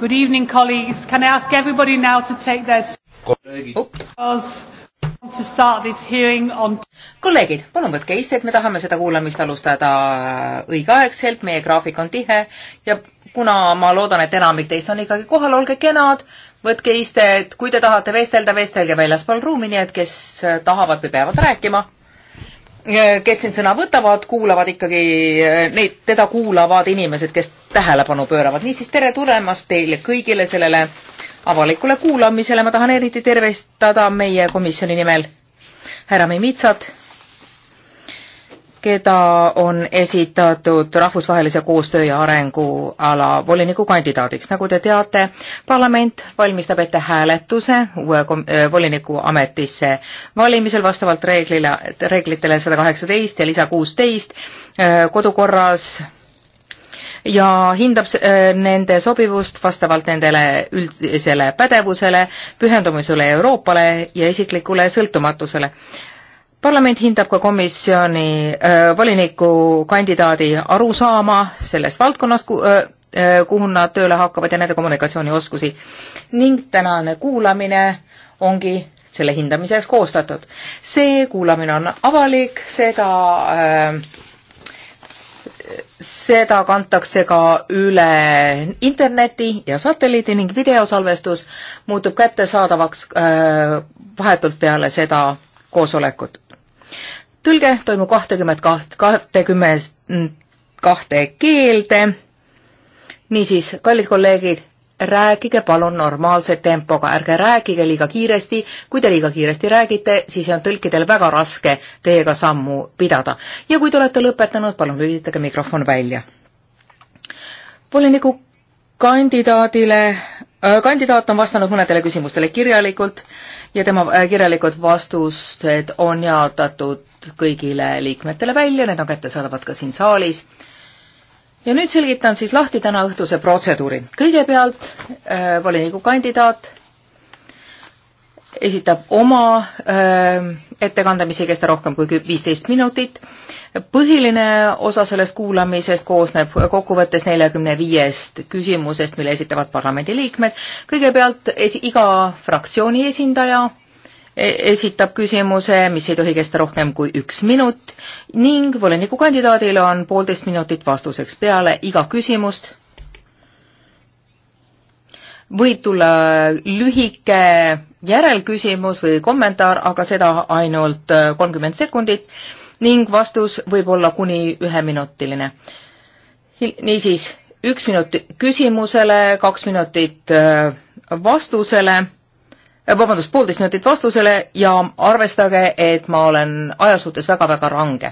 Good evening, colleagues. Can I ask everybody now to take their seats? kolleegid, palun võtke istet, me tahame seda kuulamist alustada õigeaegselt, meie graafik on tihe ja kuna ma loodan, et enamik teist on ikkagi kohal, olge kenad, võtke istet, kui te tahate vestelda, vestelge väljaspool ruumi, nii et kes tahavad või peavad rääkima Äh, kes siin sõna võtavad, kuulavad ikkagi äh, neid, teda kuulavad inimesed, kes tähelepanu pööravad. niisiis tere tulemast teile kõigile sellele avalikule kuulamisele. ma tahan eriti tervestada meie komisjoni nimel härra Mimitsat keda on esitatud rahvusvahelise koostöö ja arenguala voliniku kandidaadiks. nagu te teate, parlament valmistab ette hääletuse uue kom-, äh, voliniku ametisse valimisel vastavalt reeglile, reeglitele sada kaheksateist ja lisa kuusteist äh, kodukorras ja hindab äh, nende sobivust vastavalt nendele üldisele pädevusele, pühendumisele Euroopale ja isiklikule sõltumatusele parlament hindab ka komisjoni äh, volinikukandidaadi arusaama sellest valdkonnast äh, äh,, kuhu nad tööle hakkavad ja nende kommunikatsioonioskusi ning tänane kuulamine ongi selle hindamiseks koostatud. see kuulamine on avalik, seda äh, seda kantakse ka üle interneti ja satelliidi ning videosalvestus muutub kättesaadavaks äh, vahetult peale seda koosolekut tõlge toimub kahtekümmet kaht-, kahtekümmend kahte keelde. niisiis, kallid kolleegid, rääkige palun normaalse tempoga, ärge rääkige liiga kiiresti, kui te liiga kiiresti räägite, siis on tõlkidel väga raske teiega sammu pidada. ja kui te olete lõpetanud, palun lülitage mikrofon välja. voliniku kandidaadile äh, kandidaat on vastanud mõnedele küsimustele kirjalikult ja tema äh, kirjalikud vastused on jaotatud kõigile liikmetele välja, need on kättesaadavad ka siin saalis. ja nüüd selgitan siis lahti täna õhtuse protseduuri. kõigepealt äh, volinikukandidaat esitab oma äh, ettekande, mis ei kesta rohkem kui viisteist minutit. põhiline osa sellest kuulamisest koosneb kokkuvõttes neljakümne viiest küsimusest, mille esitavad parlamendiliikmed. kõigepealt esi-, iga fraktsiooni esindaja E-, esitab küsimuse, mis ei tohi kesta rohkem kui üks minut ning volinikukandidaadil on poolteist minutit vastuseks peale iga küsimust. võib tulla lühike järelküsimus või kommentaar, aga seda ainult äh, kolmkümmend sekundit ning vastus võib olla kuni üheminutiline. niisiis, üks minut küsimusele, kaks minutit äh, vastusele Äh, vabandust, poolteist minutit vastusele ja arvestage, et ma olen aja suhtes väga-väga range.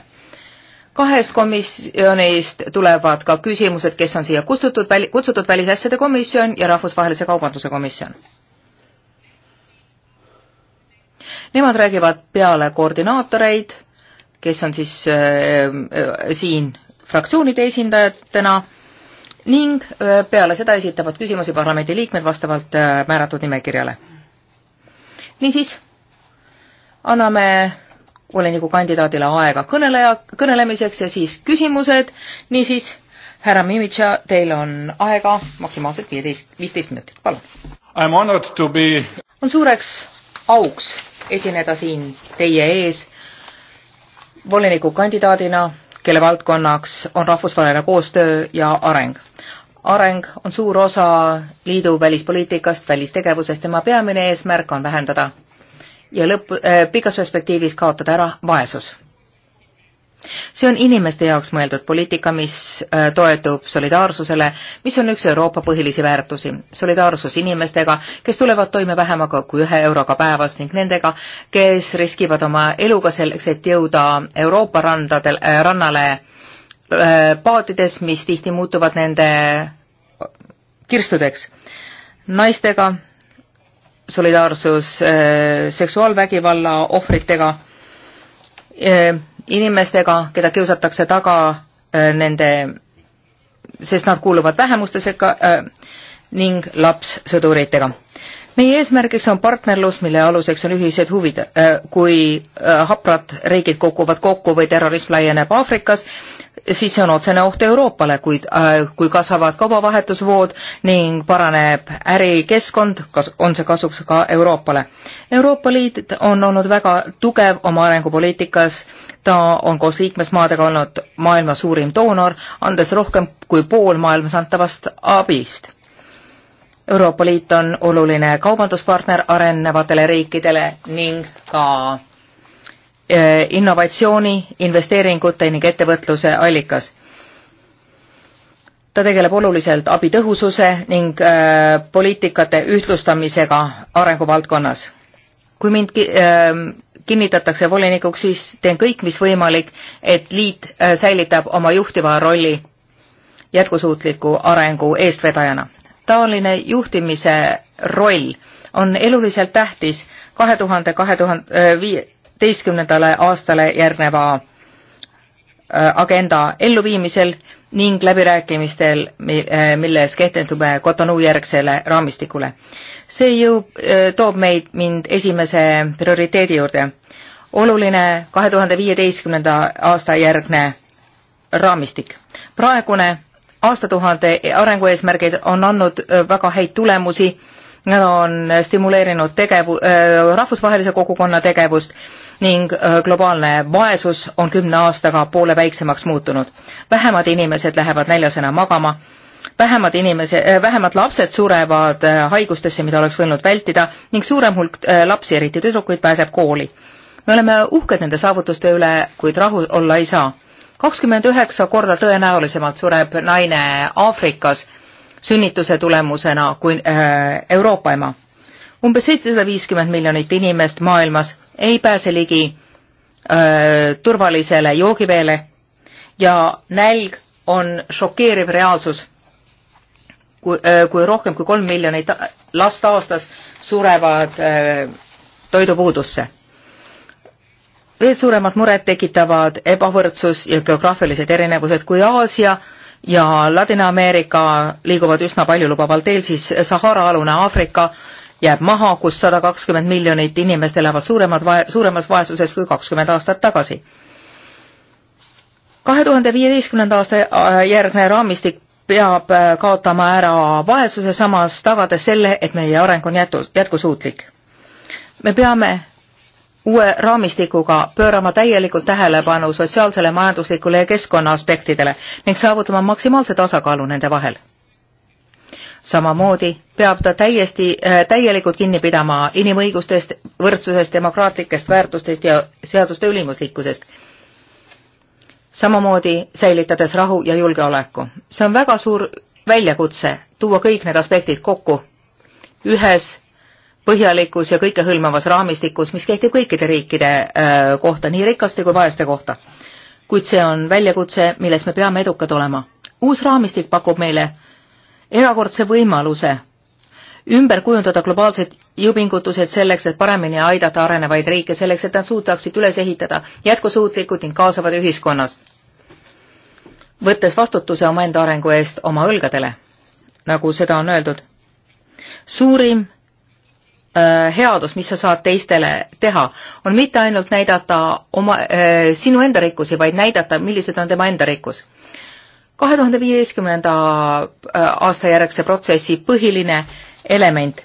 kahest komisjonist tulevad ka küsimused, kes on siia kustutud, väli, kutsutud Välisasjade Komisjon ja Rahvusvahelise Kaubanduse Komisjon. Nemad räägivad peale koordinaatoreid, kes on siis äh, äh, siin fraktsioonide esindajatena ning äh, peale seda esitavad küsimusi parlamendi liikmed vastavalt äh, määratud nimekirjale niisiis anname voliniku kandidaadile aega kõneleja, kõnelemiseks ja siis küsimused. niisiis, härra Mimitša, teil on aega maksimaalselt viieteist, viisteist minutit, palun. Be... on suureks auks esineda siin teie ees voliniku kandidaadina, kelle valdkonnaks on rahvusvaheline koostöö ja areng areng on suur osa liidu välispoliitikast, välistegevusest, tema peamine eesmärk on vähendada ja lõpp äh,, pikas perspektiivis kaotada ära vaesus. see on inimeste jaoks mõeldud poliitika, mis äh, toetub solidaarsusele, mis on üks Euroopa põhilisi väärtusi. solidaarsus inimestega, kes tulevad toime vähemaga kui ühe euroga päevas ning nendega, kes riskivad oma eluga selleks, et jõuda Euroopa randadel äh,, rannale Äh, paatides, mis tihti muutuvad nende kirstudeks. naistega solidaarsus äh, seksuaalvägivalla ohvritega, äh, inimestega, keda kiusatakse taga nende, sest nad kuuluvad vähemuste sekka ning lapssõduritega. meie eesmärgiks on partnerlus, mille aluseks on ühised huvid. kui haprad riigid kukuvad kokku või terrorism laieneb Aafrikas, siis see on otsene oht Euroopale, kuid äh, kui kasvavad kaubavahetusvood ning paraneb ärikeskkond, kas on see kasuks ka Euroopale. Euroopa Liit on olnud väga tugev oma arengupoliitikas, ta on koos liikmesmaadega olnud maailma suurim doonor, andes rohkem kui pool maailmas antavast abist. Euroopa Liit on oluline kaubanduspartner arenevatele riikidele ning ka Eh, innovatsiooni, investeeringute ning ettevõtluse allikas. ta tegeleb oluliselt abi tõhususe ning eh, poliitikate ühtlustamisega arenguvaldkonnas. kui mind eh, kinnitatakse volinikuks, siis teen kõik, mis võimalik, et liit säilitab oma juhtiva rolli jätkusuutliku arengu eestvedajana. taoline juhtimise roll on eluliselt tähtis kahe tuhande kahe tuhande kaheteistkümnendale aastale järgneva äh, agenda elluviimisel ning läbirääkimistel, äh, milles keskendume Cotonou järgsele raamistikule. see jõu-, äh, toob meid, mind esimese prioriteedi juurde. oluline kahe tuhande viieteistkümnenda aasta järgne raamistik. praegune aastatuhande arengueesmärgid on andnud väga häid tulemusi, nad on stimuleerinud tegevu-, rahvusvahelise kogukonna tegevust ning äh, globaalne vaesus on kümne aastaga poole väiksemaks muutunud. vähemad inimesed lähevad näljasena magama, vähemad inimese, äh, vähemad lapsed surevad äh, haigustesse, mida oleks võinud vältida ning suurem hulk lapsi, eriti tüdrukuid, pääseb kooli. me oleme uhked nende saavutuste üle, kuid rahul olla ei saa. kakskümmend üheksa korda tõenäolisemalt sureb naine Aafrikas sünnituse tulemusena kui Euroopa ema umbes seitsesada viiskümmend miljonit inimest maailmas ei pääse ligi öö, turvalisele joogiveele ja nälg on šokeeriv reaalsus, kui, kui rohkem kui kolm miljonit last aastas surevad öö, toidupuudusse. veel suuremat muret tekitavad ebavõrdsus ja geograafilised erinevused, kui Aasia ja Ladina-Ameerika liiguvad üsna paljulubaval teel, siis Sahara-alune Aafrika jääb maha, kus sada kakskümmend miljonit inimest elavad suuremad vae-, suuremas vaesuses kui kakskümmend aastat tagasi. kahe tuhande viieteistkümnenda aasta äh, järgne raamistik peab äh, kaotama ära vaesuse, samas tagades selle, et meie areng on jätu-, jätkusuutlik. me peame uue raamistikuga pöörama täielikult tähelepanu sotsiaalsele, majanduslikule ja keskkonna aspektidele ning saavutama maksimaalse tasakaalu nende vahel samamoodi peab ta täiesti äh,, täielikult kinni pidama inimõigustest, võrdsusest, demokraatlikest väärtustest ja seaduste ülimuslikkusest. samamoodi säilitades rahu ja julgeoleku. see on väga suur väljakutse, tuua kõik need aspektid kokku ühes põhjalikus ja kõikehõlmavas raamistikus, mis kehtib kõikide riikide äh, kohta, nii rikaste kui vaeste kohta. kuid see on väljakutse, milles me peame edukad olema. uus raamistik pakub meile äh, erakordse võimaluse ümber kujundada globaalsed jõupingutused selleks, et paremini aidata arenevaid riike, selleks, et nad suudaksid üles ehitada jätkusuutlikud ning kaasavad ühiskonnast, võttes vastutuse omaenda arengu eest oma õlgadele, nagu seda on öeldud. suurim äh, headus, mis sa saad teistele teha, on mitte ainult näidata oma, äh, sinu enda rikkusi, vaid näidata, millised on tema enda rikkus kahe tuhande viieteistkümnenda äh, aasta järgse protsessi põhiline element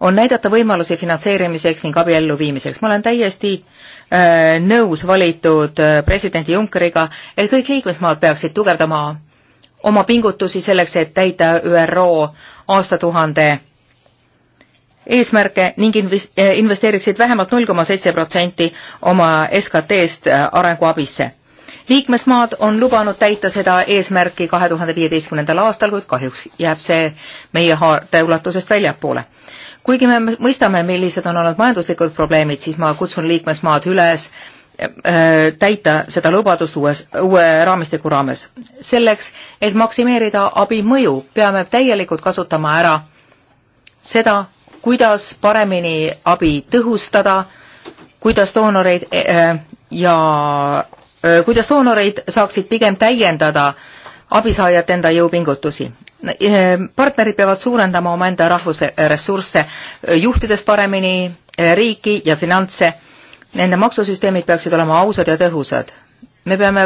on näidata võimalusi finantseerimiseks ning abiellu viimiseks. ma olen täiesti äh, nõus valitud äh, presidendi Junckeriga, et kõik liikmesmaad peaksid tugevdama oma pingutusi selleks, et täita ÜRO aastatuhande eesmärke ning äh, investeeriksid vähemalt null koma seitse protsenti oma SKT-st äh, arenguabisse liikmesmaad on lubanud täita seda eesmärki kahe tuhande viieteistkümnendal aastal, kuid kahjuks jääb see meie haarte ulatusest väljapoole. kuigi me mõistame, millised on olnud majanduslikud probleemid, siis ma kutsun liikmesmaad üles äh, täita seda lubadust uues, uue raamistiku raames. selleks, et maksimeerida abi mõju, peame täielikult kasutama ära seda, kuidas paremini abi tõhustada, kuidas doonoreid äh, ja Äh, kuidas doonoreid saaksid pigem täiendada abisaajate enda jõupingutusi. Äh, partnerid peavad suurendama omaenda rahvusressursse, äh, juhtides paremini riiki ja finantse. Nende maksusüsteemid peaksid olema ausad ja tõhusad. me peame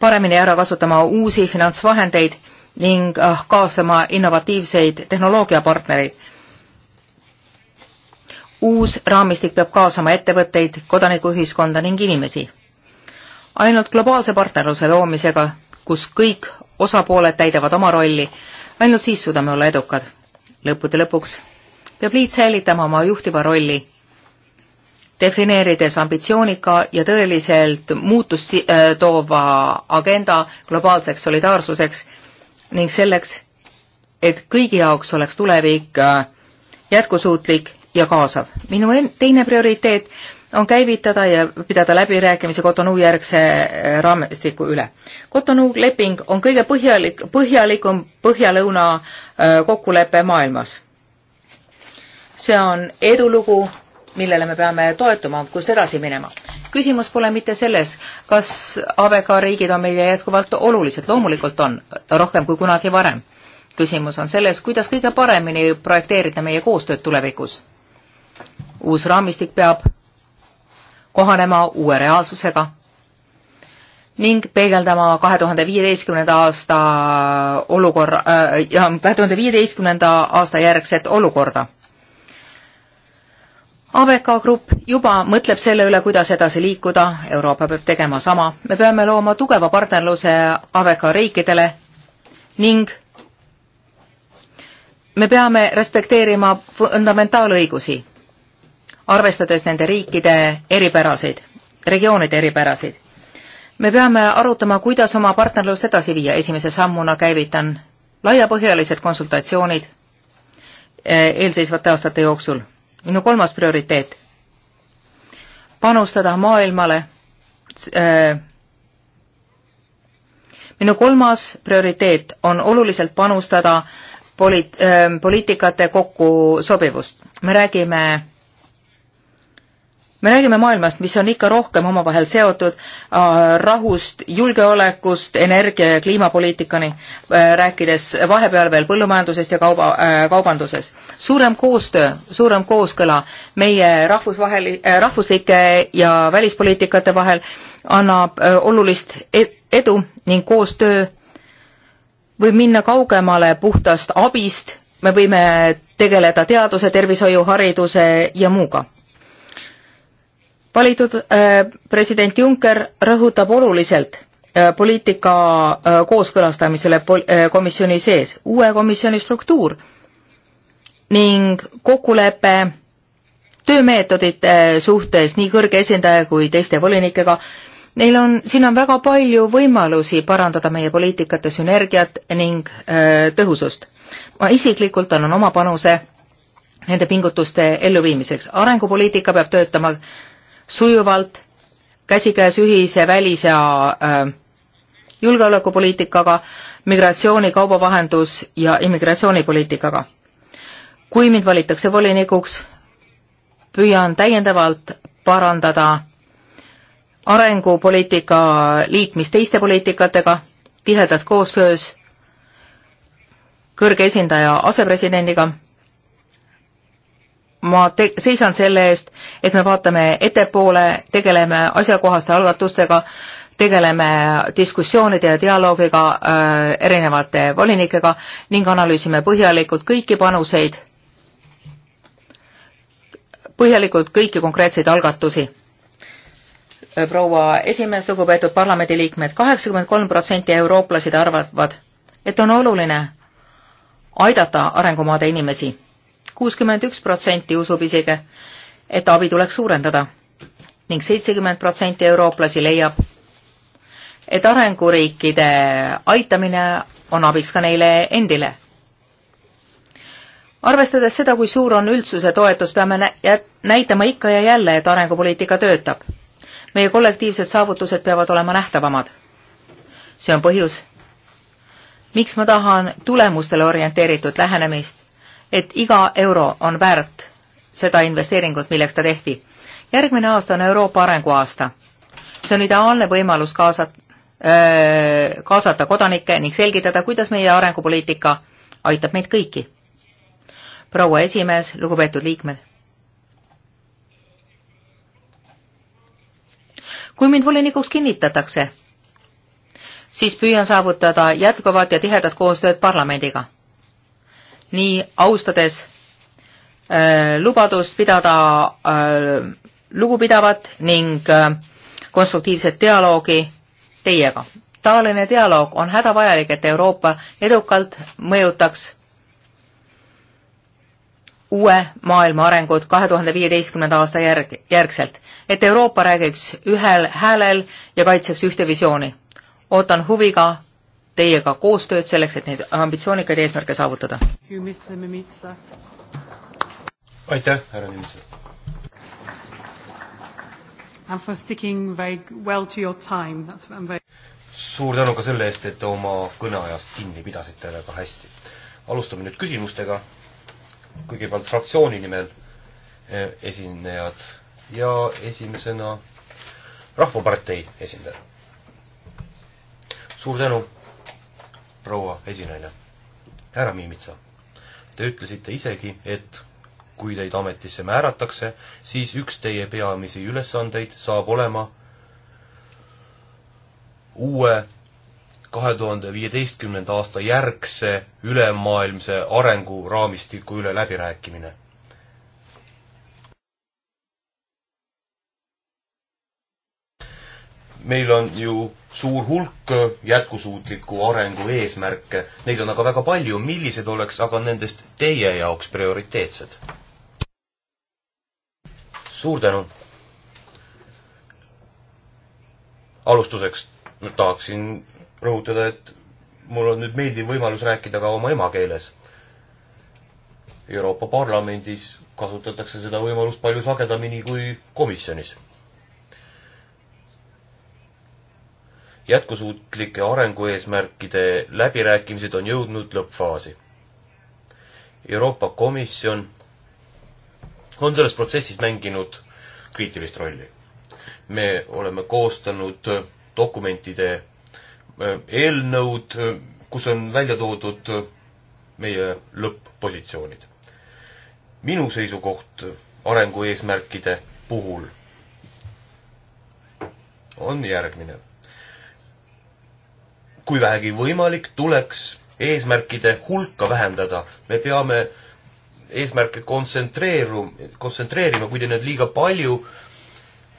paremini ära kasutama uusi finantsvahendeid ning kaasama innovatiivseid tehnoloogiapartnereid. uus raamistik peab kaasama ettevõtteid, kodanikuühiskonda ning inimesi ainult globaalse partnerluse loomisega, kus kõik osapooled täidavad oma rolli, ainult siis suudame olla edukad. lõppude lõpuks peab liit säilitama oma juhtiva rolli, defineerides ambitsioonika ja tõeliselt muutust äh, toova agenda globaalseks solidaarsuseks ning selleks, et kõigi jaoks oleks tulevik äh, jätkusuutlik ja kaasav. minu teine prioriteet on käivitada ja pidada läbirääkimisi Cotonou järgse eh, raamistiku üle. Cotonou leping on kõige põhjalik, põhjalikum põhja-lõuna eh, kokkulepe maailmas. see on edulugu, millele me peame toetuma, kust edasi minema. küsimus pole mitte selles, kas ABK riigid on meile jätkuvalt olulised, loomulikult on, rohkem kui kunagi varem. küsimus on selles, kuidas kõige paremini projekteerida meie koostööd tulevikus. uus raamistik peab kohanema uue reaalsusega ning peegeldama kahe tuhande viieteistkümnenda aasta olukorra äh, ja kahe tuhande viieteistkümnenda aasta järgset olukorda. ABK Grupp juba mõtleb selle üle, kuidas edasi liikuda, Euroopa peab tegema sama. me peame looma tugeva partnerluse ABK riikidele ning me peame respekteerima fundamentaalõigusi arvestades nende riikide eripärasid, regioonide eripärasid. me peame arutama, kuidas oma partnerlust edasi viia, esimese sammuna käivitan laiapõhjalised konsultatsioonid eh, eelseisvate aastate jooksul. minu kolmas prioriteet, panustada maailmale eh, minu kolmas prioriteet on oluliselt panustada poliit-, eh, poliitikate kokkusobivust. me räägime me räägime maailmast, mis on ikka rohkem omavahel seotud äh, rahust, julgeolekust, energia ja kliimapoliitikani äh,, rääkides vahepeal veel põllumajandusest ja kauba äh,, kaubanduses. suurem koostöö, suurem kooskõla meie rahvusvahel, äh, rahvuslike ja välispoliitikate vahel annab äh, olulist e-, edu ning koostöö võib minna kaugemale puhtast abist, me võime tegeleda teaduse, tervishoiu, hariduse ja muuga valitud äh, president Juncker rõhutab oluliselt äh, poliitika äh, kooskõlastamisele komisjoni sees, uue komisjoni struktuur ning kokkulepe töömeetodite suhtes nii kõrge esindaja kui teiste volinikega, neil on, siin on väga palju võimalusi parandada meie poliitikate sünergiat ning öö, tõhusust. ma isiklikult annan oma panuse nende pingutuste elluviimiseks. arengupoliitika peab töötama sujuvalt käsikäes ühise välis- ja äh, julgeolekupoliitikaga, migratsiooni, kaubavahendus ja immigratsioonipoliitikaga. kui mind valitakse volinikuks, püüan täiendavalt parandada arengupoliitika liitmist teiste poliitikatega tihedas koostöös kõrge esindaja asepresidendiga ma te-, seisan selle eest, et me vaatame ettepoole, tegeleme asjakohaste algatustega, tegeleme diskussioonide ja dialoogiga äh, erinevate volinikega ning analüüsime põhjalikult kõiki panuseid, põhjalikult kõiki konkreetseid algatusi. Äh, proua esimees, lugupeetud parlamendiliikmed, kaheksakümmend kolm protsenti eurooplasid arvavad, et on oluline aidata arengumaade inimesi kuuskümmend üks protsenti usub isegi, et abi tuleks suurendada ning seitsekümmend protsenti eurooplasi leiab, et arenguriikide aitamine on abiks ka neile endile. arvestades seda, kui suur on üldsuse toetus, peame näitama ikka ja jälle, et arengupoliitika töötab. meie kollektiivsed saavutused peavad olema nähtavamad. see on põhjus, miks ma tahan tulemustele orienteeritud lähenemist et iga euro on väärt seda investeeringut, milleks ta tehti. järgmine aasta on Euroopa arenguaasta. see on ideaalne võimalus kaasata, kaasata kodanikke ning selgitada, kuidas meie arengupoliitika aitab meid kõiki. proua esimees, lugupeetud liikmed. kui mind volinikuks kinnitatakse, siis püüan saavutada jätkuvat ja tihedat koostööd parlamendiga nii austades äh, lubadust pidada äh, lugupidavat ning äh, konstruktiivset dialoogi teiega. taoline dialoog on hädavajalik, et Euroopa edukalt mõjutaks uue maailma arengut kahe tuhande viieteistkümnenda aasta järg, järgselt, et Euroopa räägiks ühel häälel ja kaitseks ühte visiooni. ootan huviga teiega koostööd selleks, et neid ambitsioonikaid eesmärke saavutada. aitäh, härra Nimitsa. And for sticking very well to your time, that's what I am very suur tänu ka selle eest, et te oma kõneajast kinni pidasite väga hästi. alustame nüüd küsimustega. kõigepealt fraktsiooni nimel eh, esinejad ja esimesena Rahvapartei esindaja. suur tänu proua esinaine, härra Miimitsa, te ütlesite isegi, et kui teid ametisse määratakse, siis üks teie peamisi ülesandeid saab olema uue kahe tuhande viieteistkümnenda aasta järgse ülemaailmse arenguraamistiku üle läbirääkimine meil on ju suur hulk jätkusuutliku arengu eesmärke, neid on aga väga palju, millised oleks aga nendest teie jaoks prioriteetsed? suur tänu! alustuseks tahaksin rõhutada, et mul on nüüd meeldiv võimalus rääkida ka oma emakeeles. Euroopa Parlamendis kasutatakse seda võimalust palju sagedamini kui komisjonis jätkusuutlike arengueesmärkide läbirääkimised on jõudnud lõppfaasi. Euroopa Komisjon on selles protsessis mänginud kriitilist rolli. me oleme koostanud dokumentide äh, eelnõud, äh, kus on välja toodud meie lõpp-positsioonid. minu seisukoht arengueesmärkide puhul on järgmine kui vähegi võimalik, tuleks eesmärkide hulka vähendada. me peame eesmärke kontsentreerum-, kontsentreerima, kui teil on liiga palju,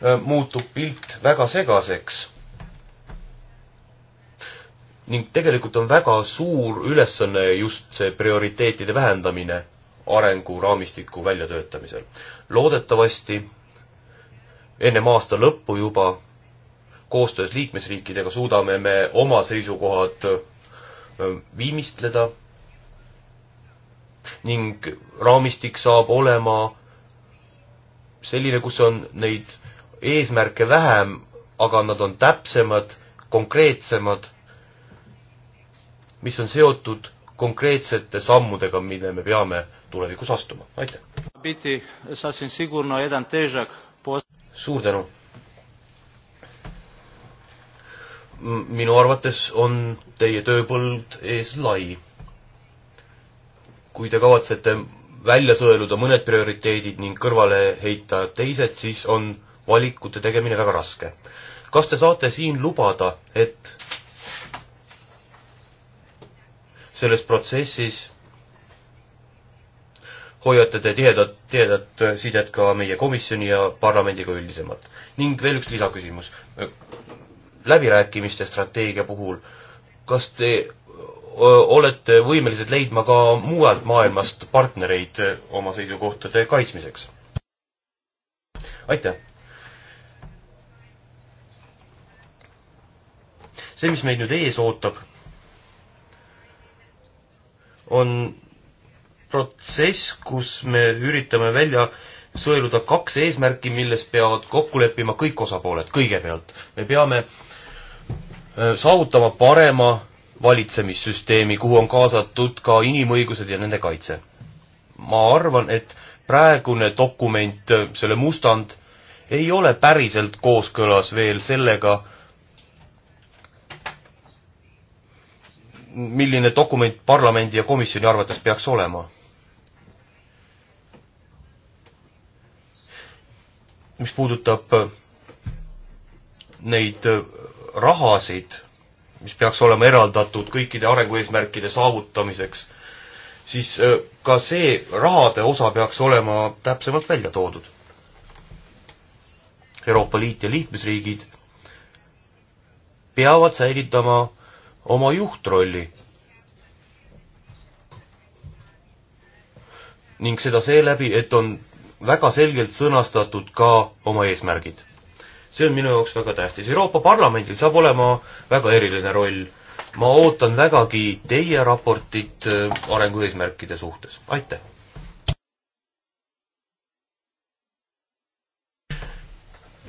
äh, muutub pilt väga segaseks. ning tegelikult on väga suur ülesanne just see prioriteetide vähendamine arenguraamistiku väljatöötamisel. loodetavasti ennem aasta lõppu juba koostöös liikmesriikidega suudame me oma seisukohad viimistleda ning raamistik saab olema selline, kus on neid eesmärke vähem, aga nad on täpsemad, konkreetsemad, mis on seotud konkreetsete sammudega, mille me peame tulevikus astuma. aitäh! suur tänu! minu arvates on teie tööpõld ees lai. kui te kavatsete välja sõeluda mõned prioriteedid ning kõrvale heita teised, siis on valikute tegemine väga raske. kas te saate siin lubada, et selles protsessis hoiate te tihedat, tihedat sidet ka meie komisjoni ja parlamendiga üldisemalt. ning veel üks lisaküsimus läbirääkimiste strateegia puhul, kas te olete võimelised leidma ka mujalt maailmast partnereid oma seisukohtade kaitsmiseks? aitäh! see, mis meid nüüd ees ootab, on protsess, kus me üritame välja sõeluda kaks eesmärki, milles peavad kokku leppima kõik osapooled kõigepealt. me peame äh, Äh, saavutama parema valitsemissüsteemi, kuhu on kaasatud ka inimõigused ja nende kaitse. ma arvan, et praegune dokument, äh, selle mustand, ei ole päriselt kooskõlas veel sellega, milline dokument parlamendi ja komisjoni arvates peaks olema? mis puudutab äh, neid rahasid, mis peaks olema eraldatud kõikide arengueesmärkide saavutamiseks, siis äh, ka see rahade osa peaks olema täpsemalt välja toodud. Euroopa Liit ja liikmesriigid peavad säilitama oma juhtrolli ning seda seeläbi, et on väga selgelt sõnastatud ka oma eesmärgid see on minu jaoks väga tähtis. Euroopa Parlamendil saab olema väga eriline roll. ma ootan vägagi teie raportit äh, arengueesmärkide suhtes, aitäh!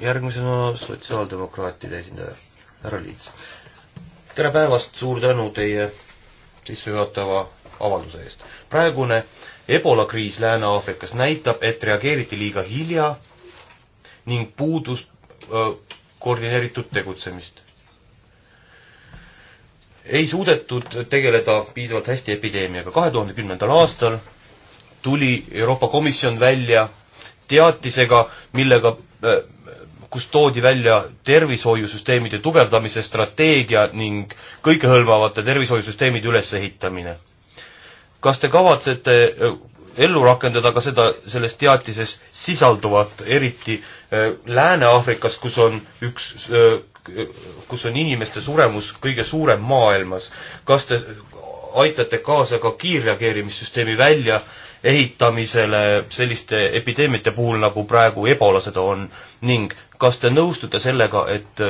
järgmisena sotsiaaldemokraatide esindaja, härra Liits. tere päevast, suur tänu teie sissejuhatava avalduse eest. praegune ebola kriis Lääne-Aafrikas näitab, et reageeriti liiga hilja ning puudus koordineeritud tegutsemist. ei suudetud tegeleda piisavalt hästi epideemiaga. kahe tuhande kümnendal aastal tuli Euroopa Komisjon välja teatisega, millega, kus toodi välja tervishoiusüsteemide tugevdamise strateegia ning kõikehõlmavate tervishoiusüsteemide ülesehitamine. kas te kavatsete ellu rakendada ka seda, selles teatises sisalduvat, eriti äh, Lääne-Aafrikas, kus on üks, äh, kus on inimeste suremus kõige suurem maailmas. kas te aitate kaasa ka kiirreageerimissüsteemi välja ehitamisele selliste epideemiate puhul, nagu praegu Ebola seda on ning kas te nõustute sellega, et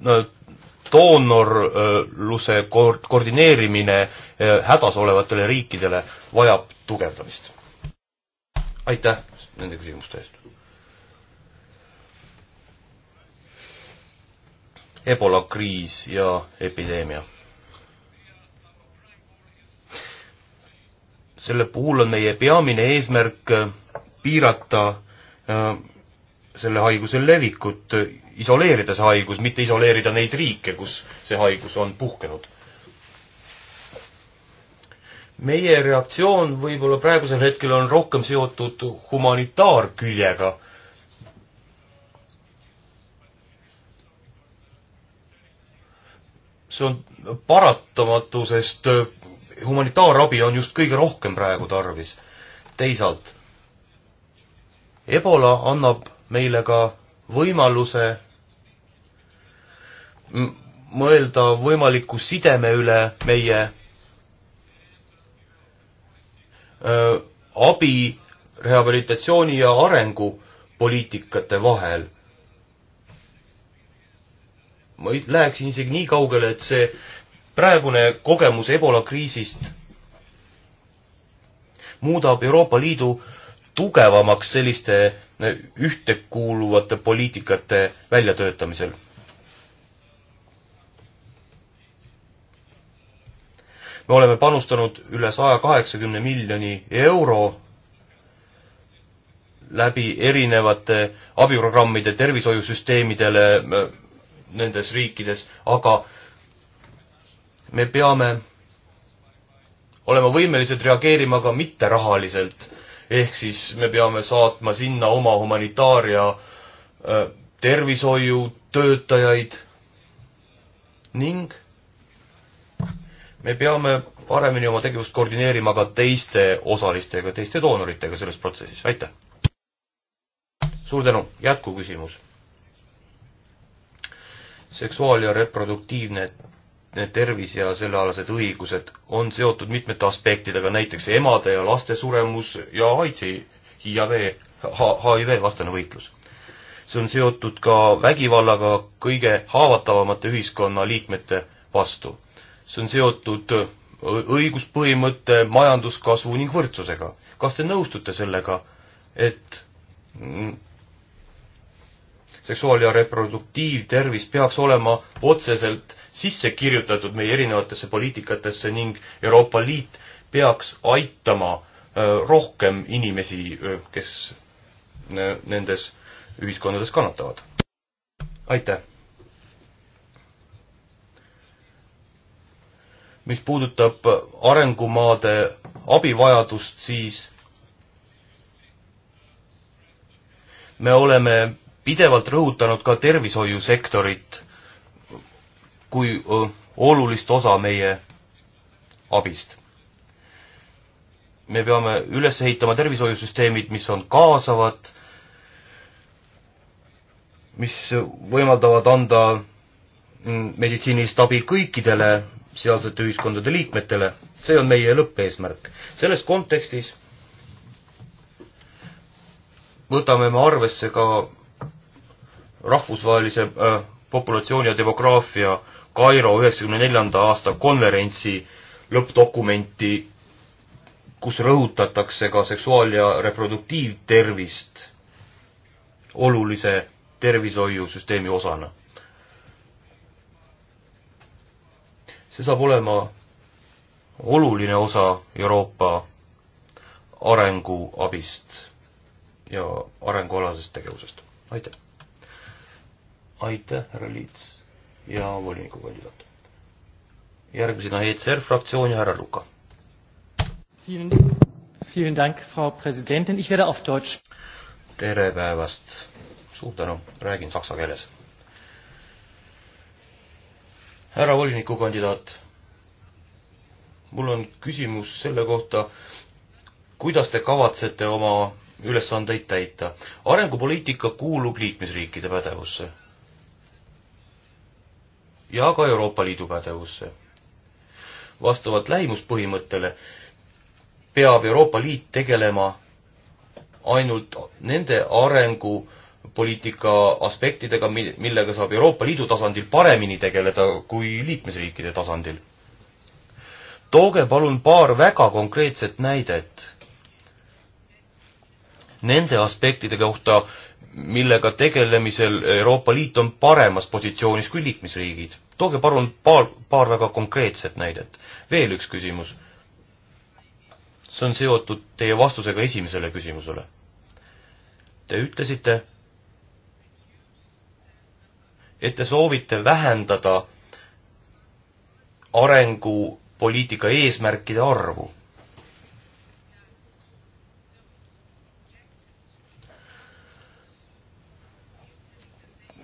no doonorluse koord-, koordineerimine hädas olevatele riikidele vajab tugevdamist. aitäh nende küsimuste eest. Ebola kriis ja epideemia. selle puhul on meie peamine eesmärk piirata äh, selle haiguse levikut, isoleerida see haigus, mitte isoleerida neid riike, kus see haigus on puhkenud. meie reaktsioon võib-olla praegusel hetkel on rohkem seotud humanitaarküljega see on paratamatu, sest humanitaarabi on just kõige rohkem praegu tarvis. teisalt, Ebola annab meile ka võimaluse mõelda võimaliku sideme üle meie öö, abi, rehabilitatsiooni ja arengupoliitikate vahel. ma läheksin isegi nii kaugele, et see praegune kogemus Ebola kriisist muudab Euroopa Liidu tugevamaks selliste ühtekuuluvate poliitikate väljatöötamisel. me oleme panustanud üle saja kaheksakümne miljoni euro läbi erinevate abiprogrammide tervishoiusüsteemidele äh, nendes riikides, aga me peame olema võimelised reageerima ka mitterahaliselt ehk siis me peame saatma sinna oma humanitaar- ja äh, tervishoiutöötajaid ning me peame paremini oma tegevust koordineerima ka teiste osalistega, teiste doonoritega selles protsessis, aitäh! suur tänu, jätkuküsimus seksuaal- ja reproduktiivne need tervis- ja sellealased õigused on seotud mitmete aspektidega, näiteks emade ja laste suremus ja AIDSi, HIV, HIV-vastane võitlus. see on seotud ka vägivallaga kõige haavatavamate ühiskonnaliikmete vastu. see on seotud õiguspõhimõtte, majanduskasvu ning võrdsusega. kas te nõustute sellega, et seksuaal- ja reproduktiivtervis peaks olema otseselt sisse kirjutatud meie erinevatesse poliitikatesse ning Euroopa Liit peaks aitama rohkem inimesi, kes nendes ühiskondades kannatavad. aitäh! mis puudutab arengumaade abivajadust, siis me oleme pidevalt rõhutanud ka tervishoiusektorit kui olulist osa meie abist. me peame üles ehitama tervishoiusüsteemid, mis on kaasavad, mis võimaldavad anda meditsiinilist abi kõikidele sealsete ühiskondade liikmetele, see on meie lõppeesmärk. selles kontekstis võtame me arvesse ka rahvusvahelise äh, populatsiooni ja demograafia Kairo üheksakümne neljanda aasta konverentsi lõppdokumenti, kus rõhutatakse ka seksuaal- ja reproduktiivtervist olulise tervishoiusüsteemi osana. see saab olema oluline osa Euroopa arenguabist ja arengualasest tegevusest. aitäh! aitäh, härra Liits ja volinikukandidaat. järgmisena ECR fraktsioon ja härra Luka. tere päevast, suur tänu, räägin saksa keeles. härra volinikukandidaat, mul on küsimus selle kohta, kuidas te kavatsete oma ülesandeid täita. arengupoliitika kuulub liikmesriikide pädevusse ja ka Euroopa Liidu pädevusse. vastavalt lähimuspõhimõttele peab Euroopa Liit tegelema ainult nende arengupoliitika aspektidega, millega saab Euroopa Liidu tasandil paremini tegeleda kui liikmesriikide tasandil. tooge palun paar väga konkreetset näidet nende aspektide kohta, millega tegelemisel Euroopa Liit on paremas positsioonis kui liikmesriigid tooge palun paar, paar väga konkreetset näidet. veel üks küsimus. see on seotud teie vastusega esimesele küsimusele. Te ütlesite, et te soovite vähendada arengupoliitika eesmärkide arvu.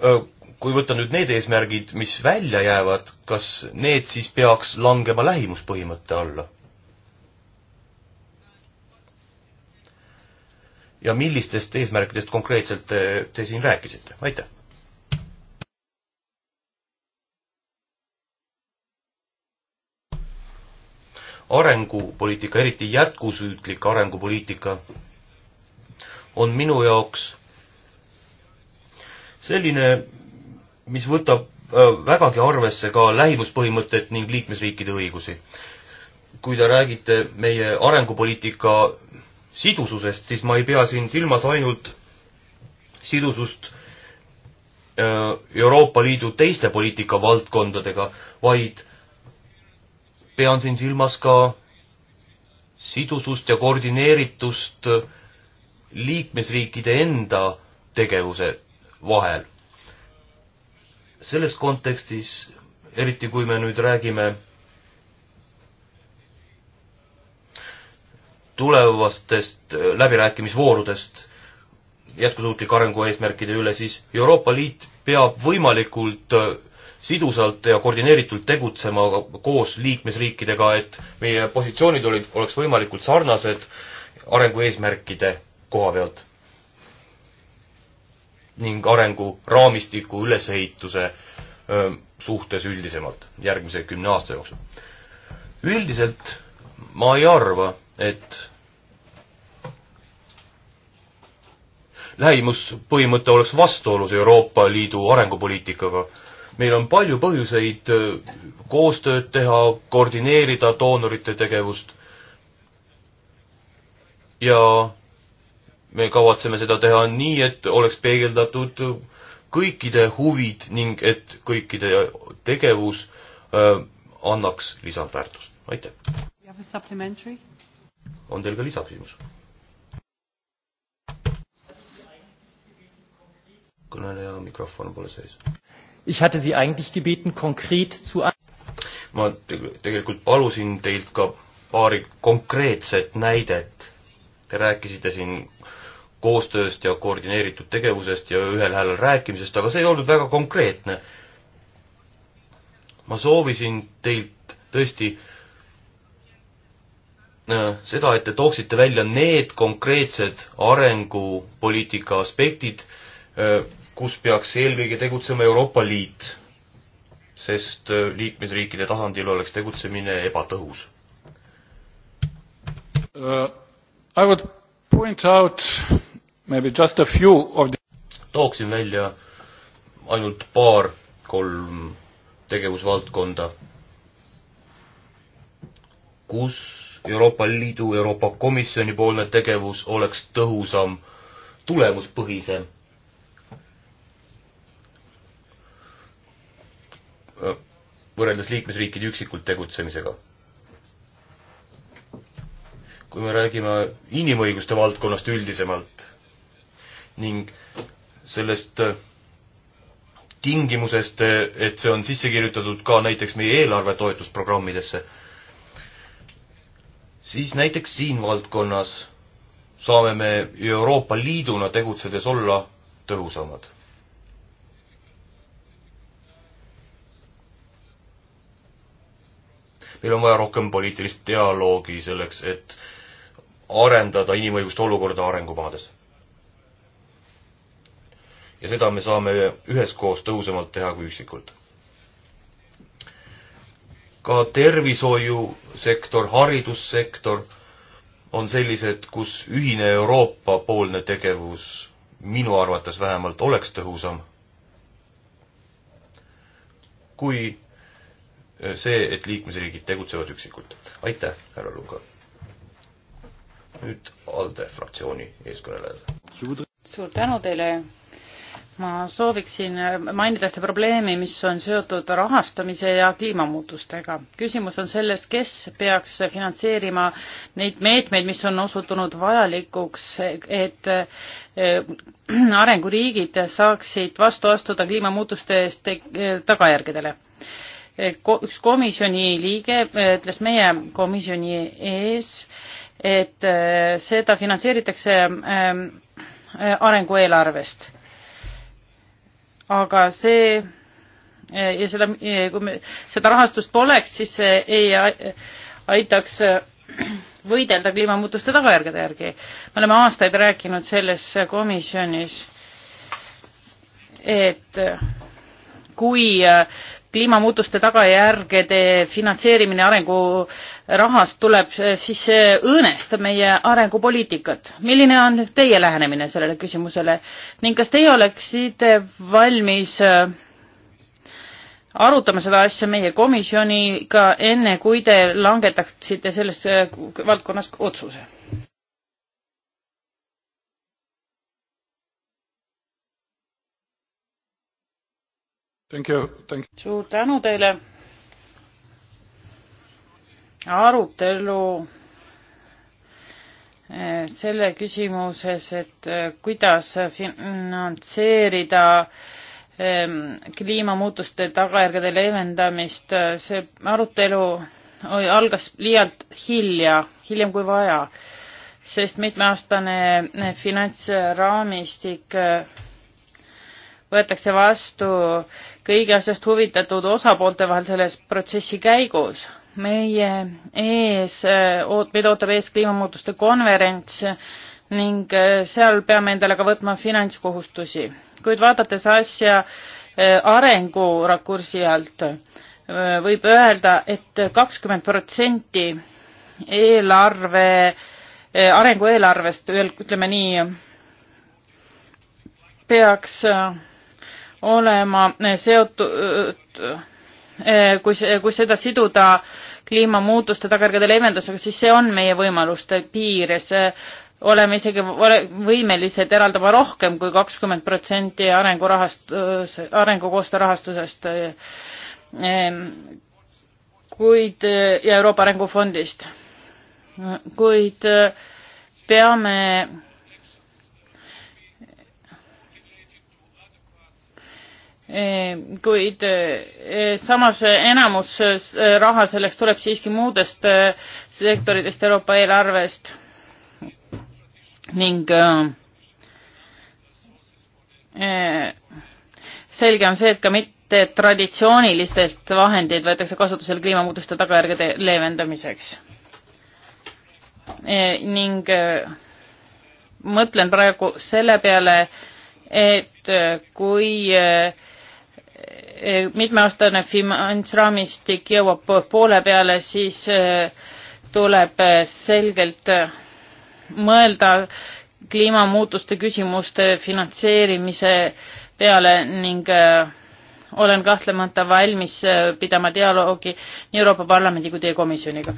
Öö, kui võtta nüüd need eesmärgid, mis välja jäävad, kas need siis peaks langema lähimuspõhimõtte alla? ja millistest eesmärkidest konkreetselt te, te siin rääkisite, aitäh! arengupoliitika, eriti jätkusüütlik arengupoliitika, on minu jaoks selline mis võtab vägagi arvesse ka lähimuspõhimõtet ning liikmesriikide õigusi. kui te räägite meie arengupoliitika sidususest, siis ma ei pea siin silmas ainult sidusust Euroopa Liidu teiste poliitikavaldkondadega, vaid pean siin silmas ka sidusust ja koordineeritust liikmesriikide enda tegevuse vahel selles kontekstis, eriti kui me nüüd räägime tulevastest äh, läbirääkimisvoorudest jätkusuutliku arengu eesmärkide üle, siis Euroopa Liit peab võimalikult äh, sidusalt ja koordineeritult tegutsema koos liikmesriikidega, et meie positsioonid olid, oleks võimalikult sarnased arengu eesmärkide koha pealt ning arenguraamistiku ülesehituse suhtes üldisemalt järgmise kümne aasta jooksul. üldiselt ma ei arva, et lähimuspõhimõte oleks vastuolus Euroopa Liidu arengupoliitikaga. meil on palju põhjuseid koostööd teha, koordineerida doonorite tegevust ja me kavatseme seda teha nii, et oleks peegeldatud kõikide huvid ning et kõikide tegevus äh, annaks lisandväärtust. aitäh! on teil ka lisaküsimus? kõneleja mikrofon pole sees. Ich hatte Sie eigentlich gebeten, konkreet zu ma tegelikult palusin teilt ka paari konkreetset näidet. Te rääkisite siin äh, koostööst ja koordineeritud tegevusest ja ühel häälel rääkimisest, aga see ei olnud väga konkreetne. ma soovisin teilt tõesti äh, seda, et te tooksite välja need konkreetsed arengupoliitika aspektid, äh, kus peaks eelkõige tegutsema Euroopa Liit, sest äh, liikmesriikide tasandil oleks tegutsemine ebatõhus uh,. I would point out The... tooksin välja ainult paar-kolm tegevusvaldkonda, kus Euroopa Liidu, Euroopa Komisjoni poolne tegevus oleks tõhusam, tulemuspõhisem. võrreldes liikmesriikide üksikult tegutsemisega kui me räägime inimõiguste valdkonnast üldisemalt, ning sellest äh, tingimusest, äh, et see on sisse kirjutatud ka näiteks meie eelarve toetusprogrammidesse, siis näiteks siin valdkonnas saame me Euroopa Liiduna tegutsedes olla tõhusamad. meil on vaja rohkem poliitilist dialoogi selleks, et arendada inimõiguste olukorda arengumaades ja seda me saame üheskoos tõhusamalt teha kui üksikult. ka tervishoiusektor, haridussektor on sellised, kus ühine Euroopa-poolne tegevus minu arvates vähemalt oleks tõhusam kui see, et liikmesriigid tegutsevad üksikult. aitäh, härra Luga! nüüd ALDE fraktsiooni eeskõnelejale. suur tänu teile, ma sooviksin mainida ühte probleemi, mis on seotud rahastamise ja kliimamuutustega. küsimus on selles, kes peaks finantseerima neid meetmeid, mis on osutunud vajalikuks, et eh, arenguriigid saaksid vastu astuda kliimamuutuste eest eh, tagajärgedele. Eh, üks komisjoni liige ütles meie komisjoni ees, et seda finantseeritakse arengueelarvest aga see e, ja seda, e, kui me seda rahastust poleks, siis see ei aitaks e, võidelda kliimamuutuste tagajärgede järgi. me oleme aastaid rääkinud selles komisjonis, et kui kliimamuutuste tagajärgede finantseerimine arengurahast tuleb, eh, siis see õõnestab meie arengupoliitikat. milline on teie lähenemine sellele küsimusele ning kas teie oleksite valmis eh, arutame seda asja meie komisjoniga enne, kui te langetaksite selles eh, valdkonnas otsuse. suur tänu teile. arutelu eh, selle küsimuses, et eh, kuidas finantseerida eh, kliimamuutuste tagajärgede leevendamist, see arutelu algas liialt hilja, hiljem kui vaja, sest mitmeaastane finantsraamistik võetakse vastu kõigi asjast huvitatud osapoolte vahel selles protsessi käigus. meie ees, meid ootab ees kliimamuutuste konverents ning äh, seal peame endale ka võtma finantskohustusi, kuid vaadates asja äh, arengurakursi alt, äh, võib öelda et, et kakskümmend protsenti eelarve, arengueelarvest, ütleme nii, peaks olema eh, seotud, eh, eh, kui see, kui seda siduda kliimamuutuste tagajärgede leevendusega, siis see on meie võimaluste piires. oleme isegi võimelised eraldama rohkem kui kakskümmend protsenti arengurahast-, arengukoostöö rahastusest, kuid, ja Euroopa Arengufondist. kuid peame Eh, kuid eh, samas eh, enamus raha selleks tuleb siiski muudest sektoritest Euroopa eelarvest ning selge on see, et ka mitte traditsioonilistelt vahendeid võetakse kasutusele kliimamuutuste tagajärgede leevendamiseks. ning mõtlen praegu selle peale, et kui äh, Eh, mitmeaastane finantsraamistik jõuab poole peale, siis eh, tuleb eh, selgelt mõelda kliimamuutuste küsimuste finantseerimise peale ning olen kahtlemata valmis pidama dialoogi nii Euroopa Parlamendi kui teie komisjoniga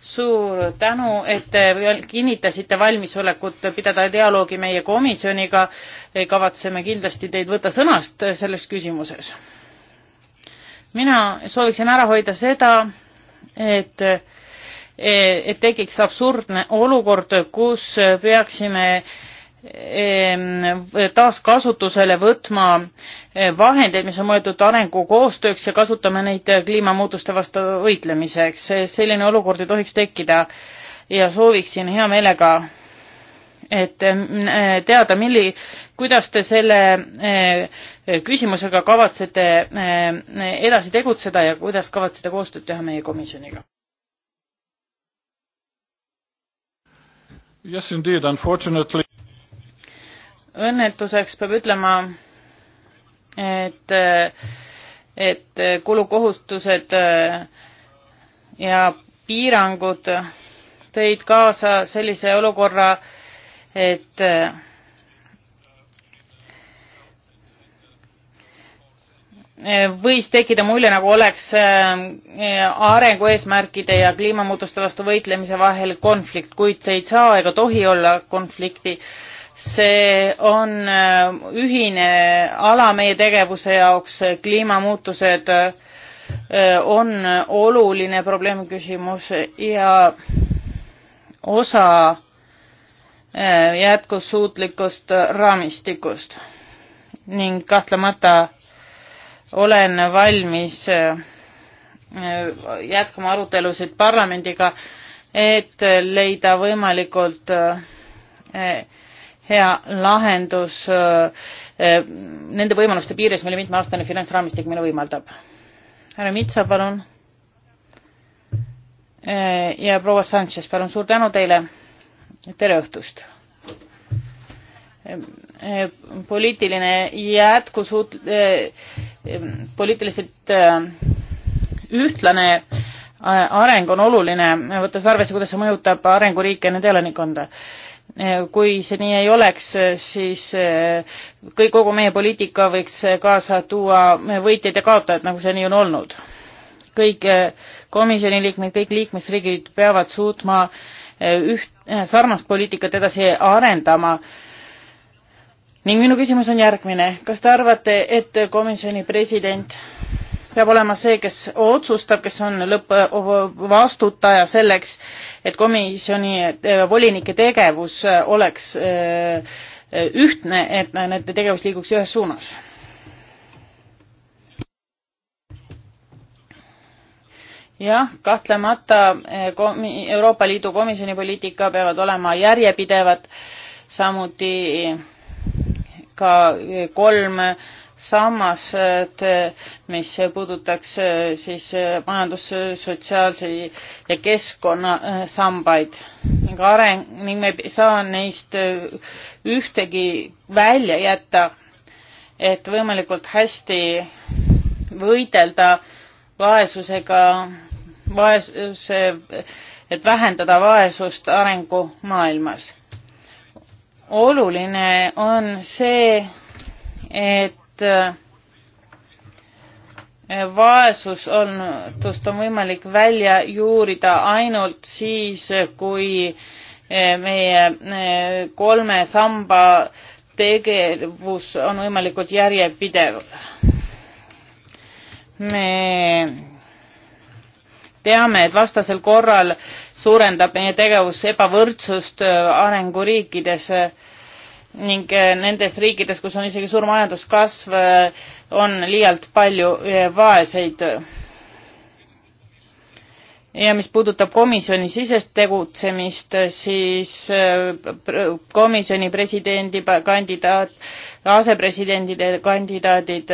suur tänu, et te kinnitasite valmisolekut pidada dialoogi meie komisjoniga. kavatseme kindlasti teid võtta sõnast selles küsimuses. mina sooviksin ära hoida seda, et et tekiks absurdne olukord, kus peaksime äh, taaskasutusele võtma eh, vahendeid, mis on mõeldud arengukoostööks ja kasutame neid eh, kliimamuutuste vastu võitlemiseks. Eh, selline olukord ei tohiks tekkida ja sooviksin hea meelega et teada, milli, kuidas te selle küsimusega kavatsete edasi tegutseda ja kuidas kavatsete koostööd teha meie komisjoniga? Yes indeed, unfortunately õnnetuseks peab ütlema, et, et kulukohustused ja piirangud tõid kaasa sellise olukorra, et võis tekkida mulje, nagu oleks eh, arengu eesmärkide ja kliimamuutuste vastu võitlemise vahel konflikt, kuid see ei saa ega tohi olla konflikti see on äh, ühine ala meie tegevuse jaoks, kliimamuutused äh, on oluline probleemküsimus ja osa äh, jätkusuutlikust raamistikust ning kahtlemata olen valmis jätkama arutelusid parlamendiga, et leida võimalikult hea lahendus äh, äh, nende võimaluste piires, mille mitmeaastane finantsraamistik meile võimaldab. härra Mitsa, palun. Äh, ja proua Sanchez, palun, suur tänu teile. tere õhtust. poliitiline jätkusuut-, poliitiliselt ühtlane areng on oluline, võttes arvesse, kuidas see mõjutab arenguriike ja nende elanikkonda kui see nii ei oleks, siis eh, kõik, kogu meie poliitika võiks eh, kaasa tuua võitjaid ja kaotajad, nagu see nii on olnud. kõik eh, komisjoni liikmed, kõik liikmesriigid peavad suutma üht, sarnast poliitikat edasi arendama. ning minu küsimus on järgmine, kas te arvate, et komisjoni president peab olema see, kes otsustab, kes on lõppvastutaja selleks, et komisjoni äh, volinike tegevus äh, oleks äh, ühtne, et nende tegevus liiguks ühes suunas. jah, kahtlemata komi-, Euroopa Liidu komisjoni poliitika peavad olema järjepidevad, samuti ka kolm sammas, mis puudutaks siis majandus, sotsiaalse ja keskkonnasambaid äh, ning areng ning me ei saa neist äh, ühtegi välja jätta, et võimalikult hästi võidelda vaesusega, vaesuse, et vähendada vaesust arengumaailmas. oluline on see, et et äh, vaesus on, tust on võimalik välja juurida ainult siis, kui äh, meie äh, kolme samba tegevus on võimalikult järjepidev. me teame, et vastasel korral suurendab meie tegevus ebavõrdsust arenguriikides äh, ning eh, nendes riikides, kus on isegi suur majanduskasv, eh, on liialt palju eh, vaeseid. ja mis puudutab komisjoni sisest tegutsemist, siis komisjoni presidendi kandidaat, asepresidendide kandidaadid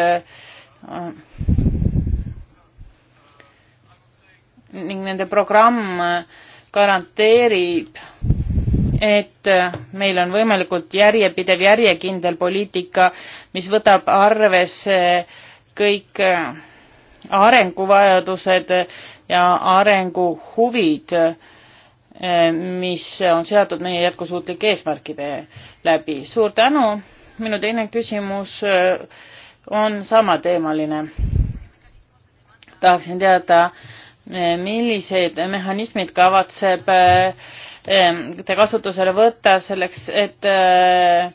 ning nende programm garanteerib et meil on võimalikult järjepidev, järjekindel poliitika, mis võtab arvesse kõik äh, arenguvajadused ja arenguhuvid, äh, mis on seatud meie jätkusuutlike eesmärkide läbi. suur tänu, minu teine küsimus äh, on samateemaline. tahaksin teada, millised mehhanismid kavatseb Ehm, te kasutusele võtta selleks, et äh,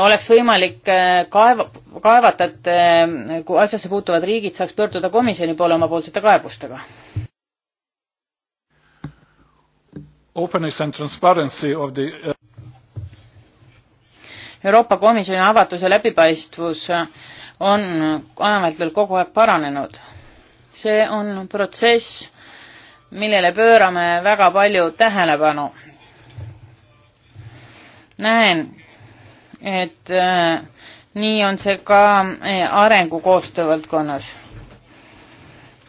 oleks võimalik äh, kaeva, kaevata, et äh, kui asjasse puutuvad riigid saaks pöörduda komisjoni poole omapoolsete kaebustega? Openness and transparency of the Euroopa Komisjoni avatus ja läbipaistvus on ajameeltel kogu aeg paranenud. see on protsess, millele pöörame väga palju tähelepanu. näen, et äh, nii on see ka äh, arengukoostöö valdkonnas.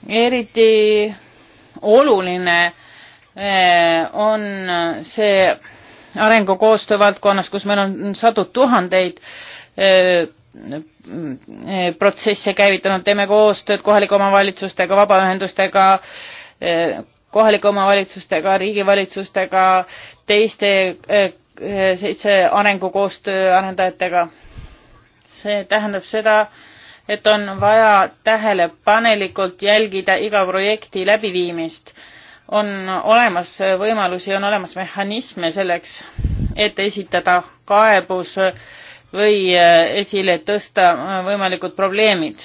eriti oluline äh, on see arengukoostöö valdkonnas, kus meil on sadu tuhandeid äh, äh, protsesse käivitanud, teeme koostööd kohalike omavalitsustega, vabaühendustega äh,, Eh, kohalike omavalitsustega, riigivalitsustega, teiste eh, eh, seitse arengukoostöö arendajatega. see tähendab seda, et on vaja tähelepanelikult jälgida iga projekti läbiviimist. on olemas võimalusi, on olemas mehhanisme selleks, et esitada kaebus või esile tõsta võimalikud probleemid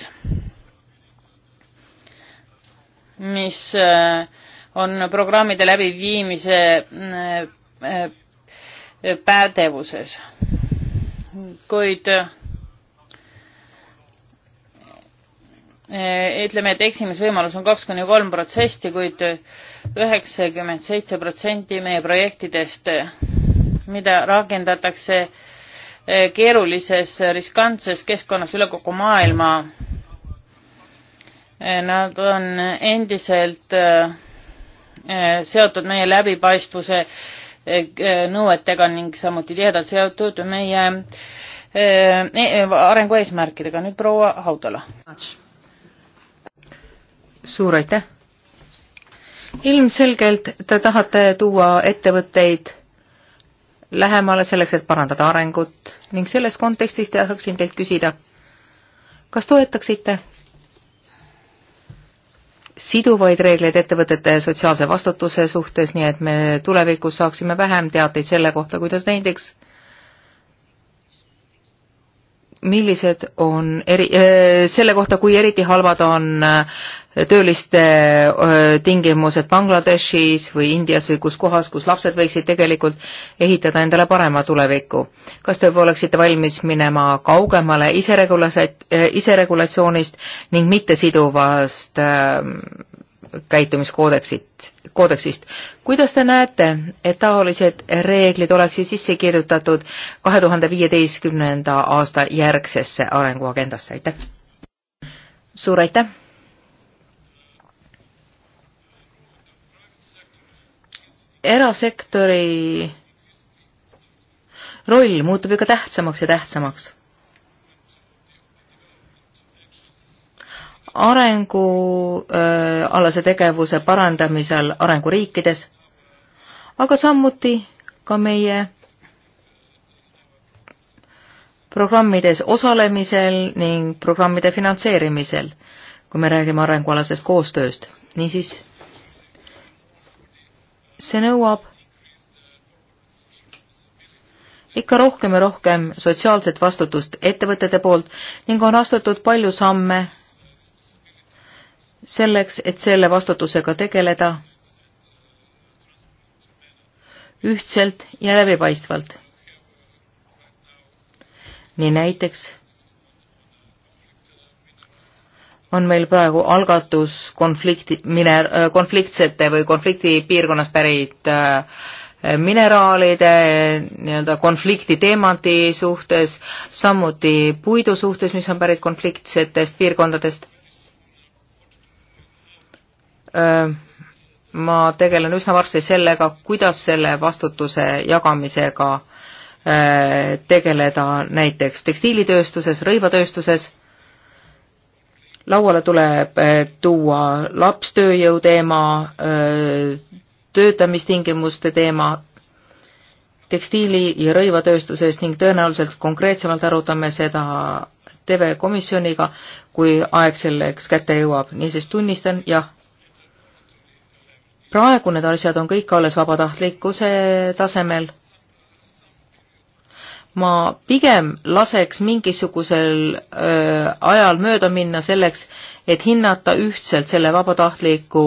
mis äh, on programmide läbiviimise äh, äh, pädevuses. kuid ütleme, et eksimisvõimalus on kaks kuni kolm protsenti, kuid üheksakümmend seitse protsenti meie projektidest, mida rakendatakse keerulises riskantses keskkonnas üle kogu maailma Nad on endiselt äh, äh, seotud meie läbipaistvuse äh, nõuetega ning samuti tihedalt seotud meie e-, arengu eesmärkidega. nüüd proua Haudala. suur aitäh! ilmselgelt te tahate tuua ettevõtteid lähemale selleks, et parandada arengut ning selles kontekstis tahaksin teilt küsida, kas toetaksite siduvaid reegleid ettevõtete sotsiaalse vastutuse suhtes, nii et me tulevikus saaksime vähem teateid selle kohta, kuidas näiteks millised on eri, eh, selle kohta, kui eriti halvad on eh, tööliste eh, tingimused Bangladeshis või Indias või kus kohas, kus lapsed võiksid tegelikult ehitada endale parema tuleviku. kas te oleksite valmis minema kaugemale iseregulasat-, iseregulatsioonist ning mittesiduvast käitumiskoodeksit, koodeksist. kuidas te näete, et taolised reeglid oleksid sisse kirjutatud kahe tuhande viieteistkümnenda aasta järgsesse arenguagendasse, aitäh! suur aitäh! erasektori roll muutub ikka tähtsamaks ja tähtsamaks arengualase äh, tegevuse parandamisel arenguriikides, aga samuti ka meie programmides osalemisel ning programmide finantseerimisel, kui me räägime arengualasest koostööst. niisiis, see nõuab ikka rohkem ja rohkem sotsiaalset vastutust ettevõtete poolt ning on astutud palju samme selleks, et selle vastutusega tegeleda ühtselt ja läbipaistvalt. nii näiteks on meil praegu algatus konflikti, mine-, äh, konfliktsete või konfliktipiirkonnast pärit äh, mineraalide nii-öelda konflikti teemandi suhtes, samuti puidu suhtes, mis on pärit konfliktsetest piirkondadest ma tegelen üsna varsti sellega, kuidas selle vastutuse jagamisega tegeleda näiteks tekstiilitööstuses, rõivatööstuses, lauale tuleb tuua lapstööjõu teema, töötamistingimuste teema, tekstiili- ja rõivatööstuses ning tõenäoliselt konkreetsemalt arutame seda TV Komisjoniga, kui aeg selleks kätte jõuab. niisiis tunnistan, jah, praegu need asjad on kõik alles vabatahtlikkuse tasemel. ma pigem laseks mingisugusel öö, äh, ajal mööda minna selleks, et hinnata ühtselt selle vabatahtliku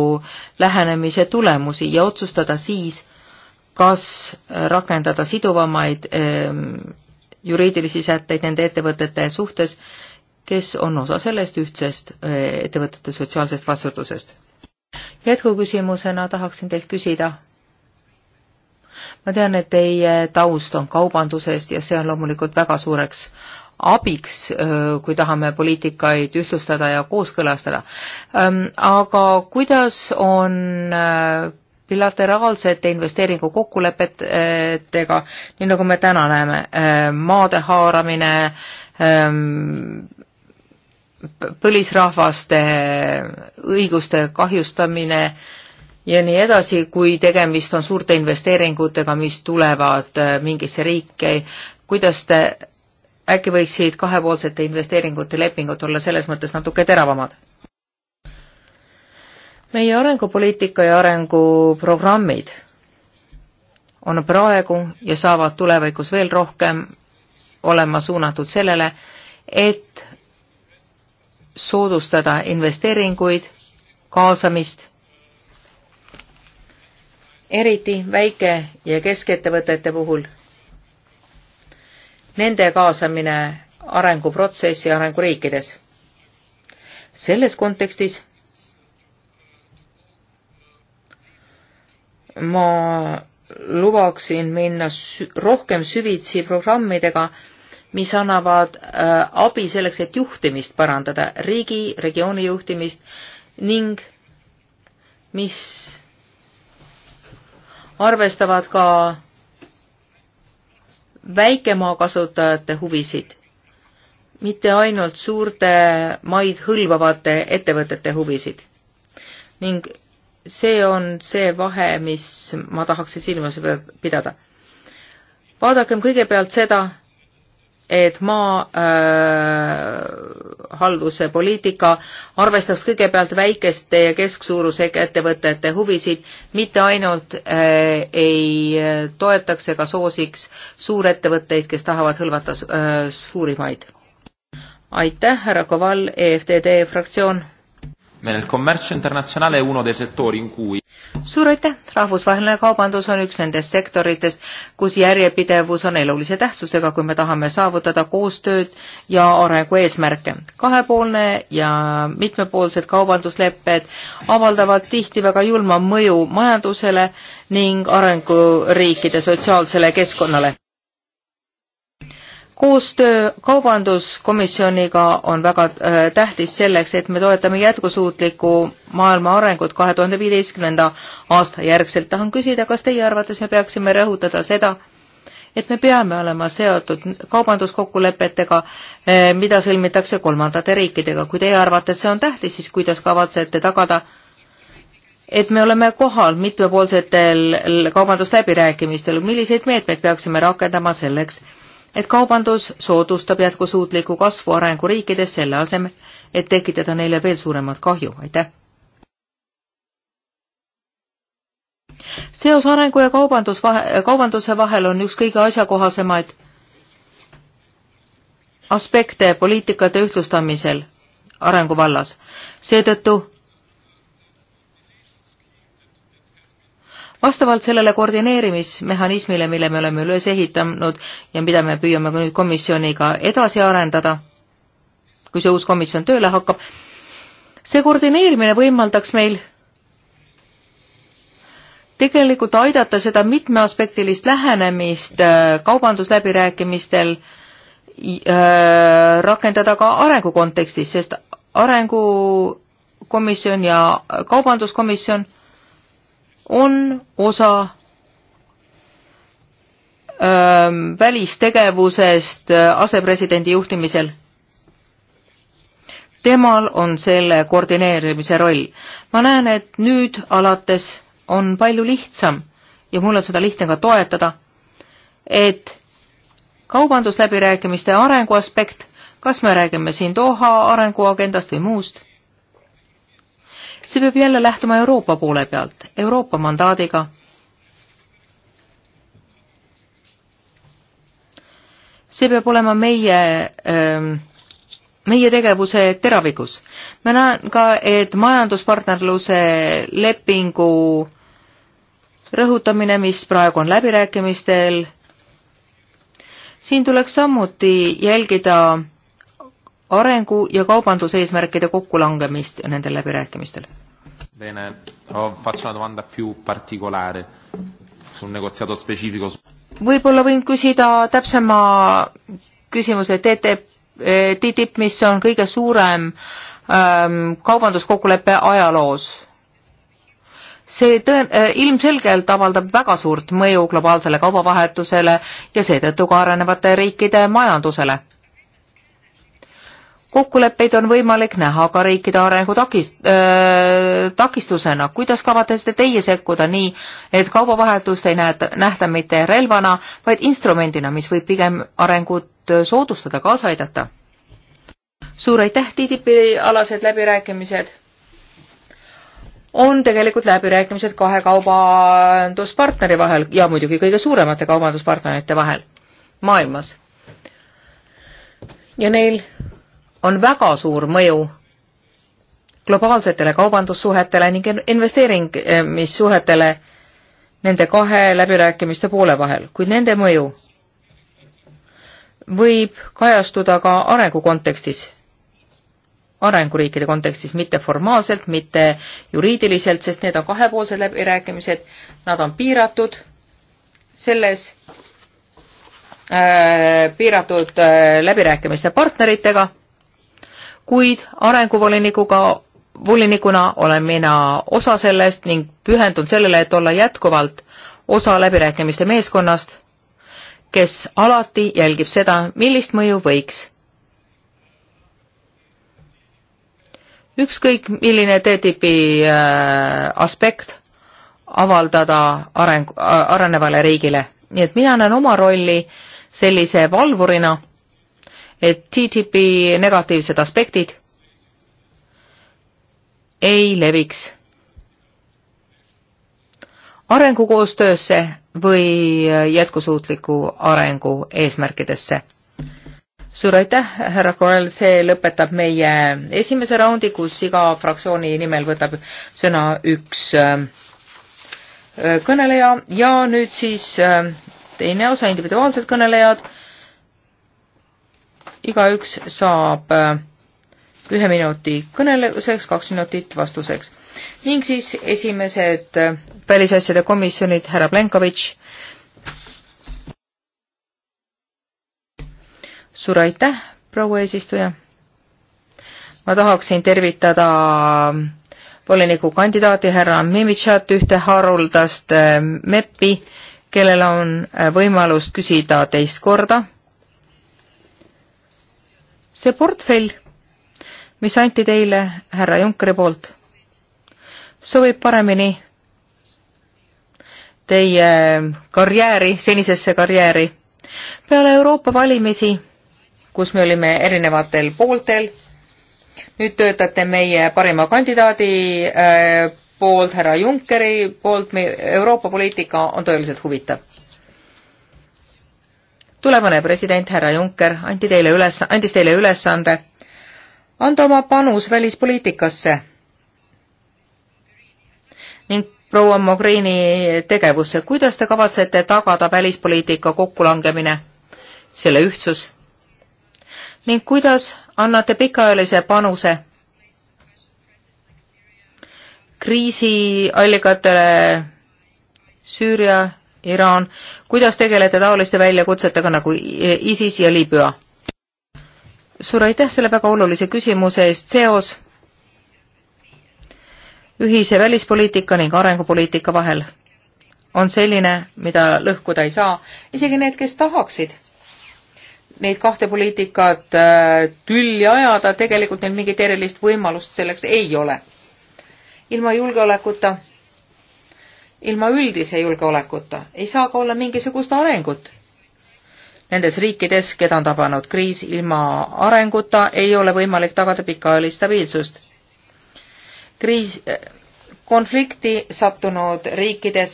lähenemise tulemusi ja otsustada siis, kas rakendada siduvamaid öö, ähm, juriidilisi sätteid nende ettevõtete suhtes, kes on osa sellest ühtsest äh, ettevõtete sotsiaalsest vastutusest jätkuküsimusena tahaksin teilt küsida. ma tean, et teie taust on kaubandusest ja see on loomulikult väga suureks abiks, kui tahame poliitikaid ühtlustada ja kooskõlastada. aga kuidas on bilateraalsete investeeringukokkulepetega, nii nagu me täna näeme, maade haaramine, põlisrahvaste õiguste kahjustamine ja nii edasi, kui tegemist on suurte investeeringutega, mis tulevad äh, mingisse riiki, kuidas te äkki võiksid kahepoolsete investeeringute lepingud olla selles mõttes natuke teravamad? meie arengupoliitika ja arenguprogrammid on praegu ja saavad tulevikus veel rohkem olema suunatud sellele, et soodustada investeeringuid, kaasamist, eriti väike- ja keskettevõtete puhul. Nende kaasamine arenguprotsessi arenguriikides. selles kontekstis ma lubaksin minna sü rohkem süvitsi programmidega, mis annavad äh, abi selleks, et juhtimist parandada, riigi, regiooni juhtimist ning mis arvestavad ka väikemaa kasutajate huvisid, mitte ainult suurte maid hõlvavate ettevõtete huvisid. ning see on see vahe, mis ma tahaksin silmas pidada. vaadakem kõigepealt seda, et maahalduse äh, poliitika arvestaks kõigepealt väikeste ja kesksuurusega ettevõtete huvisid, mitte ainult äh, ei toetaks ega soosiks suurettevõtteid, kes tahavad hõlvata äh, suurimaid. aitäh, härra Koval, EFTD fraktsioon meil commercio internazionale uno dei settori in cui suur aitäh, rahvusvaheline kaubandus on üks nendest sektoritest, kus järjepidevus on elulise tähtsusega, kui me tahame saavutada koostööd ja arengu eesmärke. kahepoolne ja mitmepoolsed kaubanduslepped avaldavad tihti väga julma mõju majandusele ning arenguriikide sotsiaalsele keskkonnale koostöö Kaubanduskomisjoniga on väga äh, tähtis selleks, et me toetame jätkusuutlikku maailma arengut kahe tuhande viieteistkümnenda aasta järgselt. tahan küsida, kas teie arvates me peaksime rõhutada seda, et me peame olema seotud kaubanduskokkulepetega, äh, mida sõlmitakse kolmandate riikidega. kui teie arvates see on tähtis, siis kuidas kavatsete tagada, et me oleme kohal mitmepoolsetel kaubandusläbirääkimistel, milliseid meetmeid peaksime rakendama selleks, et kaubandus soodustab jätkusuutliku kasvu arenguriikides selle asemel, et tekitada neile veel suuremat kahju, aitäh! seos arengu ja kaubandus vahe, kaubanduse vahel on üks kõige asjakohasemaid aspekte poliitikate ühtlustamisel arenguvallas. seetõttu vastavalt sellele koordineerimismehhanismile, mille me oleme üles ehitanud ja mida me püüame nüüd komisjoniga edasi arendada, kui see uus komisjon tööle hakkab, see koordineerimine võimaldaks meil tegelikult aidata seda mitmeaspektilist lähenemist äh, kaubandusläbirääkimistel äh, rakendada ka arengu kontekstis, sest arengukomisjon ja kaubanduskomisjon on osa öö, ähm, välistegevusest äh, asepresidendi juhtimisel. temal on selle koordineerimise roll. ma näen, et nüüd alates on palju lihtsam ja mul on seda lihtne ka toetada, et kaubandusläbirääkimiste arengu aspekt, kas me räägime siin Doha arenguagendast või muust, see peab jälle lähtuma Euroopa poole pealt, Euroopa mandaadiga. see peab olema meie öö, ähm, meie tegevuse teravikus. ma näen ka, et majanduspartnerluse lepingu rõhutamine, mis praegu on läbirääkimistel, siin tuleks samuti jälgida arengu- ja kaubanduseesmärkide kokkulangemist nendel läbirääkimistel. Bene, faccio una domanda più particolare sul negoziato specifico. võib-olla võin küsida täpsema küsimuse TTIP, eh, TTIP, mis on kõige suurem ähm, kaubanduskokkulepe ajaloos see tõen-, äh, ilmselgelt avaldab väga suurt mõju globaalsele kaubavahetusele ja seetõttu ka arenevate riikide majandusele kokkuleppeid on võimalik näha ka riikide arengu takist, äh, takistusena. kuidas kavatsete teie sekkuda nii, et kaubavahetust ei näeta, nähta mitte relvana, vaid instrumendina, mis võib pigem arengut soodustada, kaasa aidata? suur aitäh, TTIP-i alased läbirääkimised on tegelikult läbirääkimised kahe kaubanduspartneri vahel ja muidugi kõige suuremate kaubanduspartnerite vahel maailmas. ja neil on väga suur mõju globaalsetele kaubandussuhetele ning investeerimissuhetele nende kahe läbirääkimiste poole vahel, kuid nende mõju võib kajastuda ka arengu kontekstis, arenguriikide kontekstis, mitte formaalselt, mitte juriidiliselt, sest need on kahepoolsed läbirääkimised, nad on piiratud selles äh, piiratud äh, läbirääkimiste partneritega kuid arenguvolinikuga, volinikuna olen mina osa sellest ning pühendun sellele, et olla jätkuvalt osa läbirääkimiste meeskonnast, kes alati jälgib seda, millist mõju võiks ükskõik milline TTIP-i äh, aspekt avaldada areng, äh, arenevale riigile. nii et mina näen oma rolli sellise valvurina et TTIP negatiivsed aspektid ei leviks arengukoostöösse või jätkusuutliku arengu eesmärkidesse. suur aitäh, härra Koel, see lõpetab meie esimese raundi, kus iga fraktsiooni nimel võtab sõna üks äh, kõneleja ja nüüd siis äh, teine osa, individuaalsed kõnelejad igaüks saab äh, ühe minuti kõneluseks, kaks minutit vastuseks. ning siis esimesed äh, välisasjade komisjonid, härra Plenkovitš. suur aitäh, proua eesistuja. ma tahaksin tervitada äh, volinikukandidaati härra Mimitšat, ühte haruldast MEP-i, kellel on võimalus küsida teist korda see portfell, mis anti teile härra Junckeri poolt, sobib paremini teie karjääri, senisesse karjääri. peale Euroopa valimisi, kus me olime erinevatel pooltel, nüüd töötate meie parima kandidaadi äh, poolt, härra Junckeri poolt, Euroopa poliitika on tõeliselt huvitav tulevane president härra Juncker anti teile üles, andis teile ülesande anda oma panus välispoliitikasse ning proua Mogherini tegevusse. kuidas te kavatsete tagada välispoliitika kokkulangemine, selle ühtsus ning kuidas annate pikaajalise panuse kriisiallikatele Süüria, Iraan, kuidas tegelete taoliste väljakutsetega nagu ISIS ja Liibüa? suur aitäh selle väga olulise küsimuse eest, seos ühise välispoliitika ning arengupoliitika vahel on selline, mida lõhkuda ei saa, isegi need, kes tahaksid neid kahte poliitikat äh, tülli ajada, tegelikult neil mingit erilist võimalust selleks ei ole. ilma julgeolekuta ilma üldise julgeolekuta ei saa ka olla mingisugust arengut. Nendes riikides, keda on tabanud kriis ilma arenguta, ei ole võimalik tagada pikaajalist stabiilsust. kriis, konflikti sattunud riikides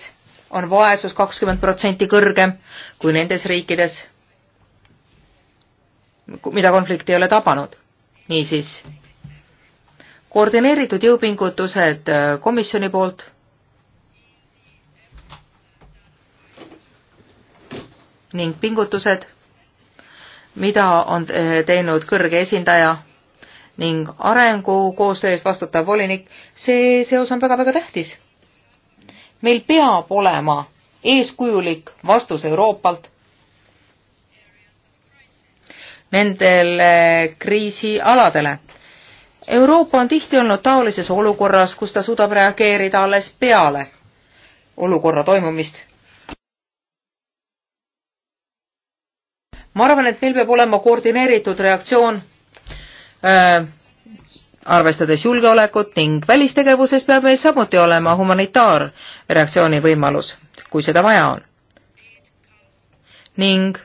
on vaesus kakskümmend protsenti kõrgem kui nendes riikides, mida konflikt ei ole tabanud. niisiis, koordineeritud jõupingutused äh, komisjoni poolt ning pingutused, mida on eh, teinud kõrge esindaja ning arengukoostöö eest vastutav volinik, see seos on väga-väga tähtis. meil peab olema eeskujulik vastus Euroopalt nendele kriisialadele. Euroopa on tihti olnud taolises olukorras, kus ta suudab reageerida alles peale olukorra toimumist ma arvan, et meil peab olema koordineeritud reaktsioon äh, arvestades julgeolekut ning välistegevuses peab meil samuti olema humanitaarreaktsiooni võimalus, kui seda vaja on. ning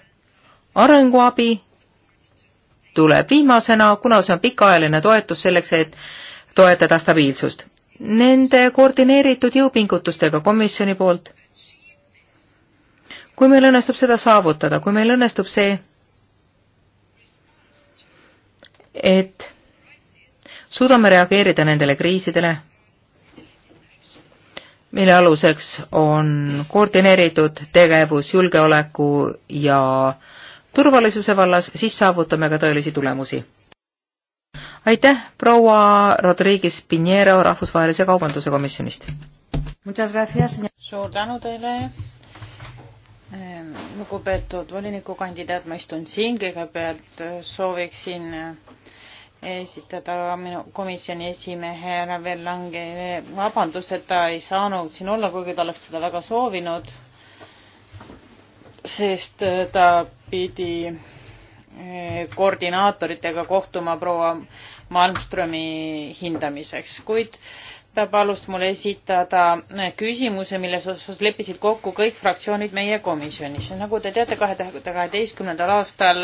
arenguabi tuleb viimasena, kuna see on pikaajaline toetus selleks, et toetada stabiilsust. Nende koordineeritud jõupingutustega komisjoni poolt kui meil õnnestub seda saavutada, kui meil õnnestub see, et suudame reageerida nendele kriisidele, mille aluseks on koordineeritud tegevus julgeoleku ja turvalisuse vallas, siis saavutame ka tõelisi tulemusi. aitäh, proua Rodriguez Pinheiro Rahvusvahelise Kaubanduse Komisjonist! suur tänu teile! Ehm, lugupeetud volinikukandidaat, ma istun siin, kõigepealt eh, sooviksin eh, esitada minu komisjoni esimehe härra Verlange vabandust, et ta ei saanud siin olla, kuigi ta oleks seda väga soovinud, sest eh, ta pidi koordinaatoritega kohtuma proua Malmströmi hindamiseks, kuid ta palus mul esitada küsimuse, milles osas leppisid kokku kõik fraktsioonid meie komisjonis. nagu te teate, kahe tuhande kaheteistkümnendal aastal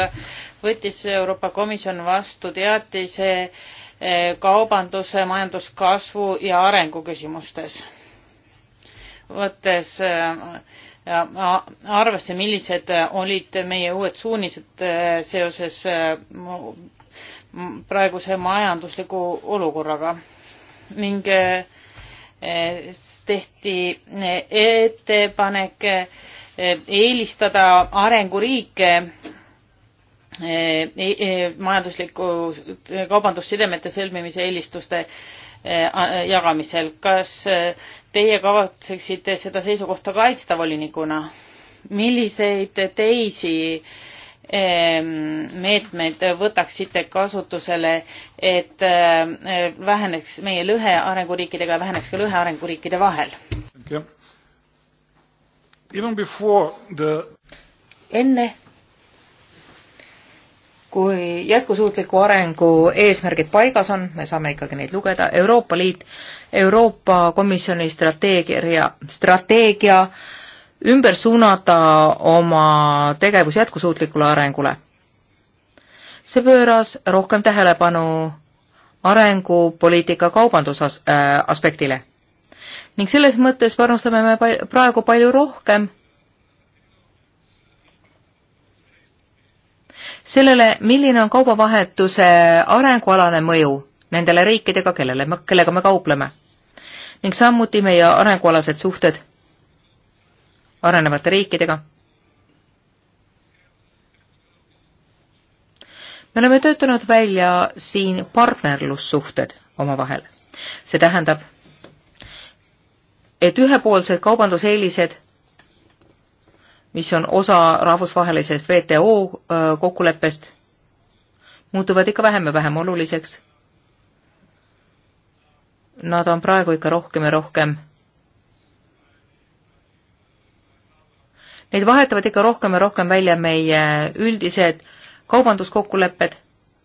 võttis Euroopa Komisjon vastu teatise eh, kaubanduse, majanduskasvu ja arengu küsimustes, võttes eh, arvesse, millised olid meie uued suunised eh, seoses praeguse majandusliku olukorraga ning eh, tehti eh, ettepanek eh, eelistada arenguriike e-, e-, majandusliku kaubandussidemete sõlmimise eelistuste jagamisel. kas teie kavatseksite seda seisukohta kaitsta volinikuna? milliseid teisi äh, Ehm, meetmeid võtaksite kasutusele, et ehm, väheneks meie lõhe arenguriikidega ja väheneks ka lõhe arenguriikide vahel? The... enne kui jätkusuutliku arengu eesmärgid paigas on, me saame ikkagi neid lugeda, Euroopa Liit, Euroopa Komisjoni strateegia, strateegia äh, ümber suunata oma tegevus jätkusuutlikule arengule. see pööras rohkem tähelepanu arengupoliitika kaubandusas- äh,, aspektile. ning selles mõttes panustame me pal praegu palju rohkem sellele, milline on kaubavahetuse arengualane mõju nendele riikidega, kellele, kellega me kaupleme. ning samuti meie arengualased suhted arenevate riikidega. me oleme töötanud välja siin partnerlussuhted omavahel. see tähendab, et ühepoolsed kaubanduseelised, mis on osa rahvusvahelisest WTO kokkuleppest, muutuvad ikka vähem ja vähem oluliseks. Nad on praegu ikka rohkem ja rohkem Neid vahetavad ikka rohkem ja rohkem välja meie üldised kaubanduskokkulepped,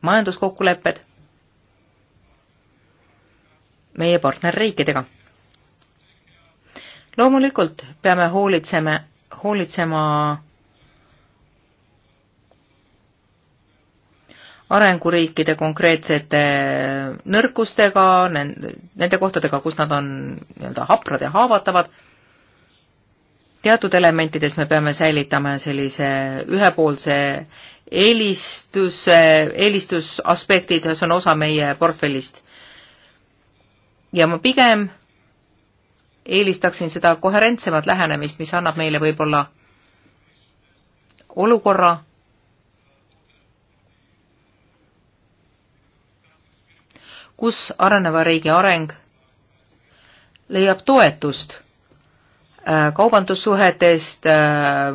majanduskokkulepped meie partnerriikidega. loomulikult peame hoolitseme, hoolitsema arenguriikide konkreetsete nõrkustega, nende kohtadega, kus nad on nii-öelda haprad ja haavatavad teatud elementides me peame säilitama sellise ühepoolse eelistuse, eelistusaspektid, see on osa meie portfellist. ja ma pigem eelistaksin seda koherentsemat lähenemist, mis annab meile võib-olla olukorra, kus areneva riigi areng leiab toetust Äh, kaubandussuhetest, äh,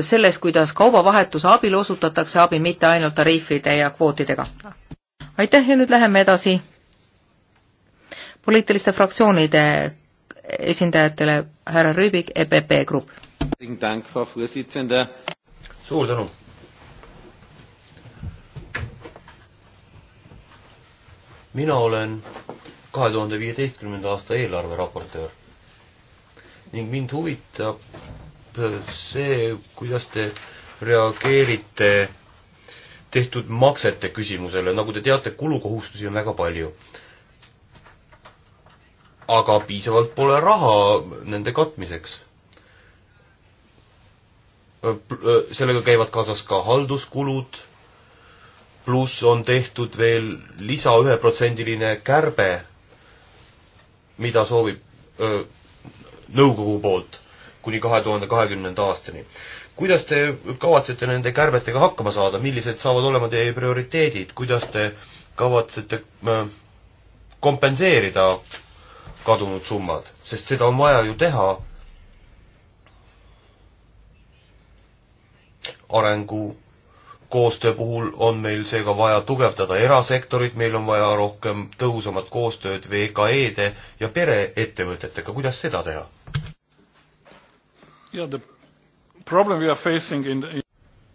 sellest, kuidas kaubavahetuse abil osutatakse abi mitte ainult tariifide ja kvootidega. aitäh ja nüüd läheme edasi poliitiliste fraktsioonide esindajatele, härra Rüübik, EPP Grupp. suur tänu. mina olen kahe tuhande viieteistkümnenda aasta eelarve raportöör. ning mind huvitab see, kuidas te reageerite tehtud maksete küsimusele, nagu te teate, kulukohustusi on väga palju. aga piisavalt pole raha nende katmiseks. sellega käivad kaasas ka halduskulud, pluss on tehtud veel lisa üheprotsendiline kärbe mida soovib öö, nõukogu poolt kuni kahe tuhande kahekümnenda aastani. kuidas te kavatsete nende kärbetega hakkama saada, millised saavad olema teie prioriteedid, kuidas te kavatsete öö, kompenseerida kadunud summad, sest seda on vaja ju teha arengu koostöö puhul on meil seega vaja tugevdada erasektorit, meil on vaja rohkem tõhusamat koostööd VKE-de ja pereettevõtetega, kuidas seda teha?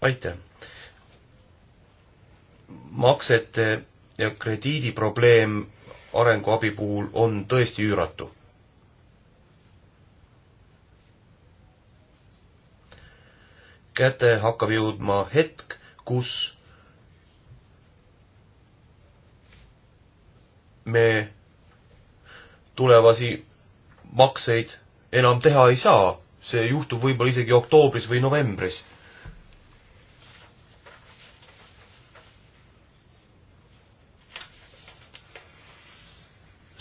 aitäh. maksete ja krediidi probleem arenguabi puhul on tõesti üüratu kätte hakkab jõudma hetk, kus me tulevasi makseid enam teha ei saa. see juhtub võib-olla isegi oktoobris või novembris.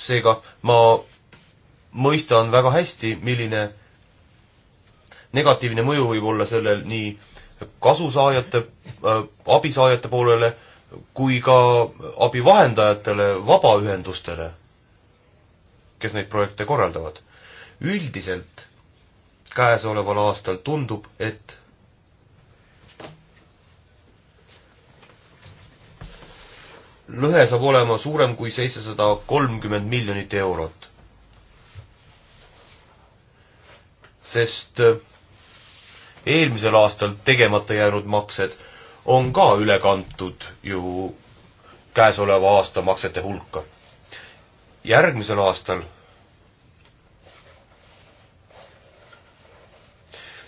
seega ma mõistan väga hästi, milline negatiivne mõju võib olla sellel nii kasusaajate, äh, abisaajate poolele kui ka abivahendajatele, vabaühendustele, kes neid projekte korraldavad. üldiselt käesoleval aastal tundub, et lõhe saab olema suurem kui seitsesada kolmkümmend miljonit eurot. sest äh, eelmisel aastal tegemata jäänud maksed on ka üle kantud ju käesoleva aasta maksete hulka. järgmisel aastal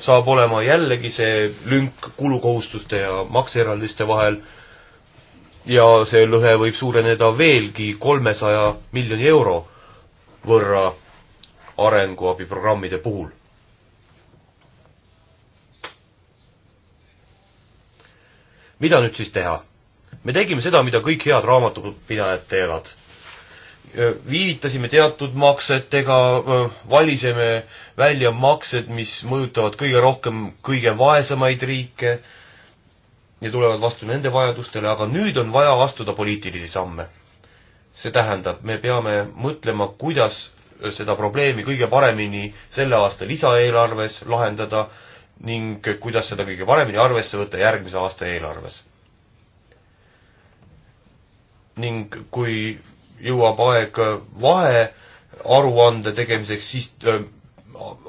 saab olema jällegi see lünk kulukohustuste ja makseeraldiste vahel ja see lõhe võib suureneda veelgi kolmesaja miljoni euro võrra arenguabiprogrammide puhul mida nüüd siis teha? me tegime seda, mida kõik head raamatupidajad teevad. viivitasime teatud maksetega, valisime välja maksed, mis mõjutavad kõige rohkem kõige vaesemaid riike ja tulevad vastu nende vajadustele, aga nüüd on vaja astuda poliitilisi samme. see tähendab, me peame mõtlema, kuidas seda probleemi kõige paremini selle aasta lisaeelarves lahendada ning kuidas seda kõige paremini arvesse võtta järgmise aasta eelarves. ning kui jõuab aeg vahearuande tegemiseks, siis äh,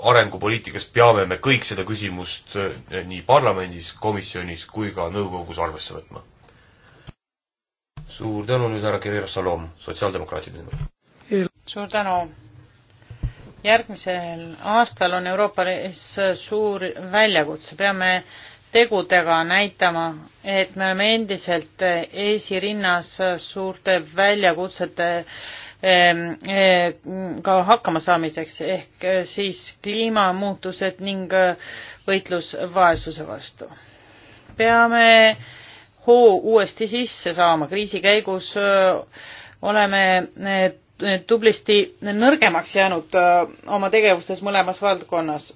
arengupoliitikas peame me kõik seda küsimust äh, nii parlamendis, komisjonis kui ka nõukogus arvesse võtma. suur tänu nüüd härra Kirjassalom, sotsiaaldemokraatide nimel. suur tänu järgmisel aastal on Euroopa ees suur väljakutse, peame tegudega näitama, et me oleme endiselt esirinnas suurte väljakutsete ka hakkama saamiseks ehk siis kliimamuutused ning võitlus vaesuse vastu. peame hoo uuesti sisse saama, kriisi käigus oleme tublisti nõrgemaks jäänud äh, oma tegevustes mõlemas valdkonnas.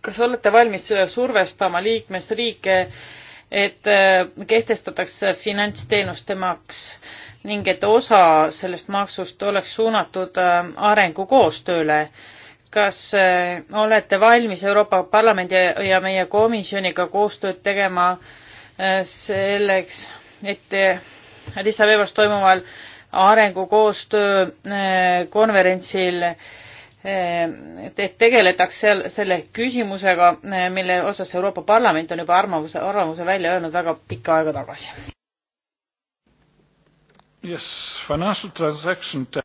kas olete valmis äh, survestama liikmesriike, et äh, kehtestatakse finantsteenuste maks ning et osa sellest maksust oleks suunatud arengukoostööle? kas olete valmis Euroopa Parlamendi ja meie komisjoniga koostööd tegema selleks, et Addis Abebas toimuval arengukoostöö eh, konverentsil eh, tegeletakse seal selle küsimusega, eh, mille osas Euroopa Parlament on juba arvamuse, arvamuse välja öelnud väga pikka aega tagasi. Yes, financial transaction ta-.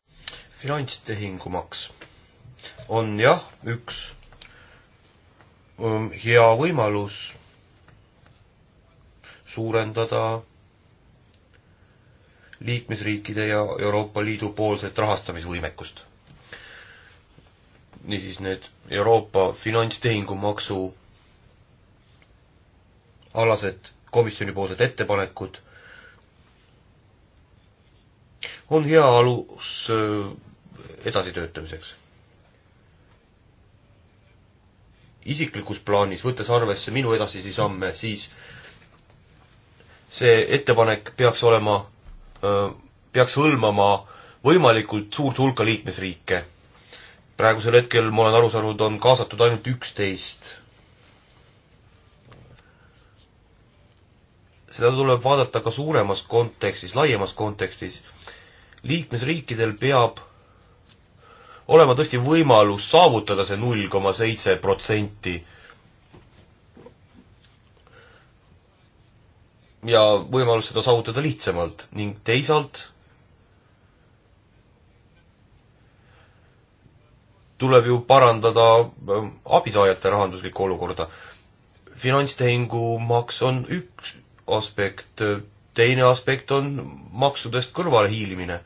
finantstehingumaks on jah, üks mm, hea võimalus suurendada liikmesriikide ja Euroopa Liidu poolset rahastamisvõimekust. niisiis need Euroopa finantstehingumaksu alased komisjonipoolsed ettepanekud on hea alus äh, edasitöötamiseks. isiklikus plaanis, võttes arvesse minu edasisi samme, siis see ettepanek peaks olema peaks hõlmama võimalikult suurt hulka liikmesriike. praegusel hetkel, ma olen aru saanud, on kaasatud ainult üksteist. seda tuleb vaadata ka suuremas kontekstis, laiemas kontekstis. liikmesriikidel peab olema tõesti võimalus saavutada see null koma seitse protsenti ja võimalus seda saavutada lihtsamalt ning teisalt tuleb ju parandada ähm, abisaajate rahanduslikku olukorda. finantstehingumaks on üks aspekt, teine aspekt on maksudest kõrvalehiilimine.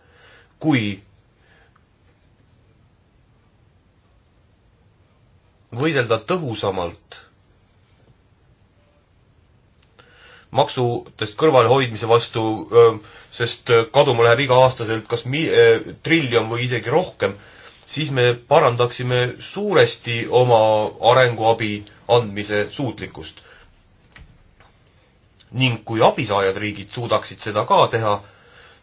kui võidelda tõhusamalt maksudest kõrvalehoidmise vastu, sest kaduma läheb iga-aastaselt kas mi-, triljon või isegi rohkem, siis me parandaksime suuresti oma arenguabi andmise suutlikkust. ning kui abisaajad riigid suudaksid seda ka teha,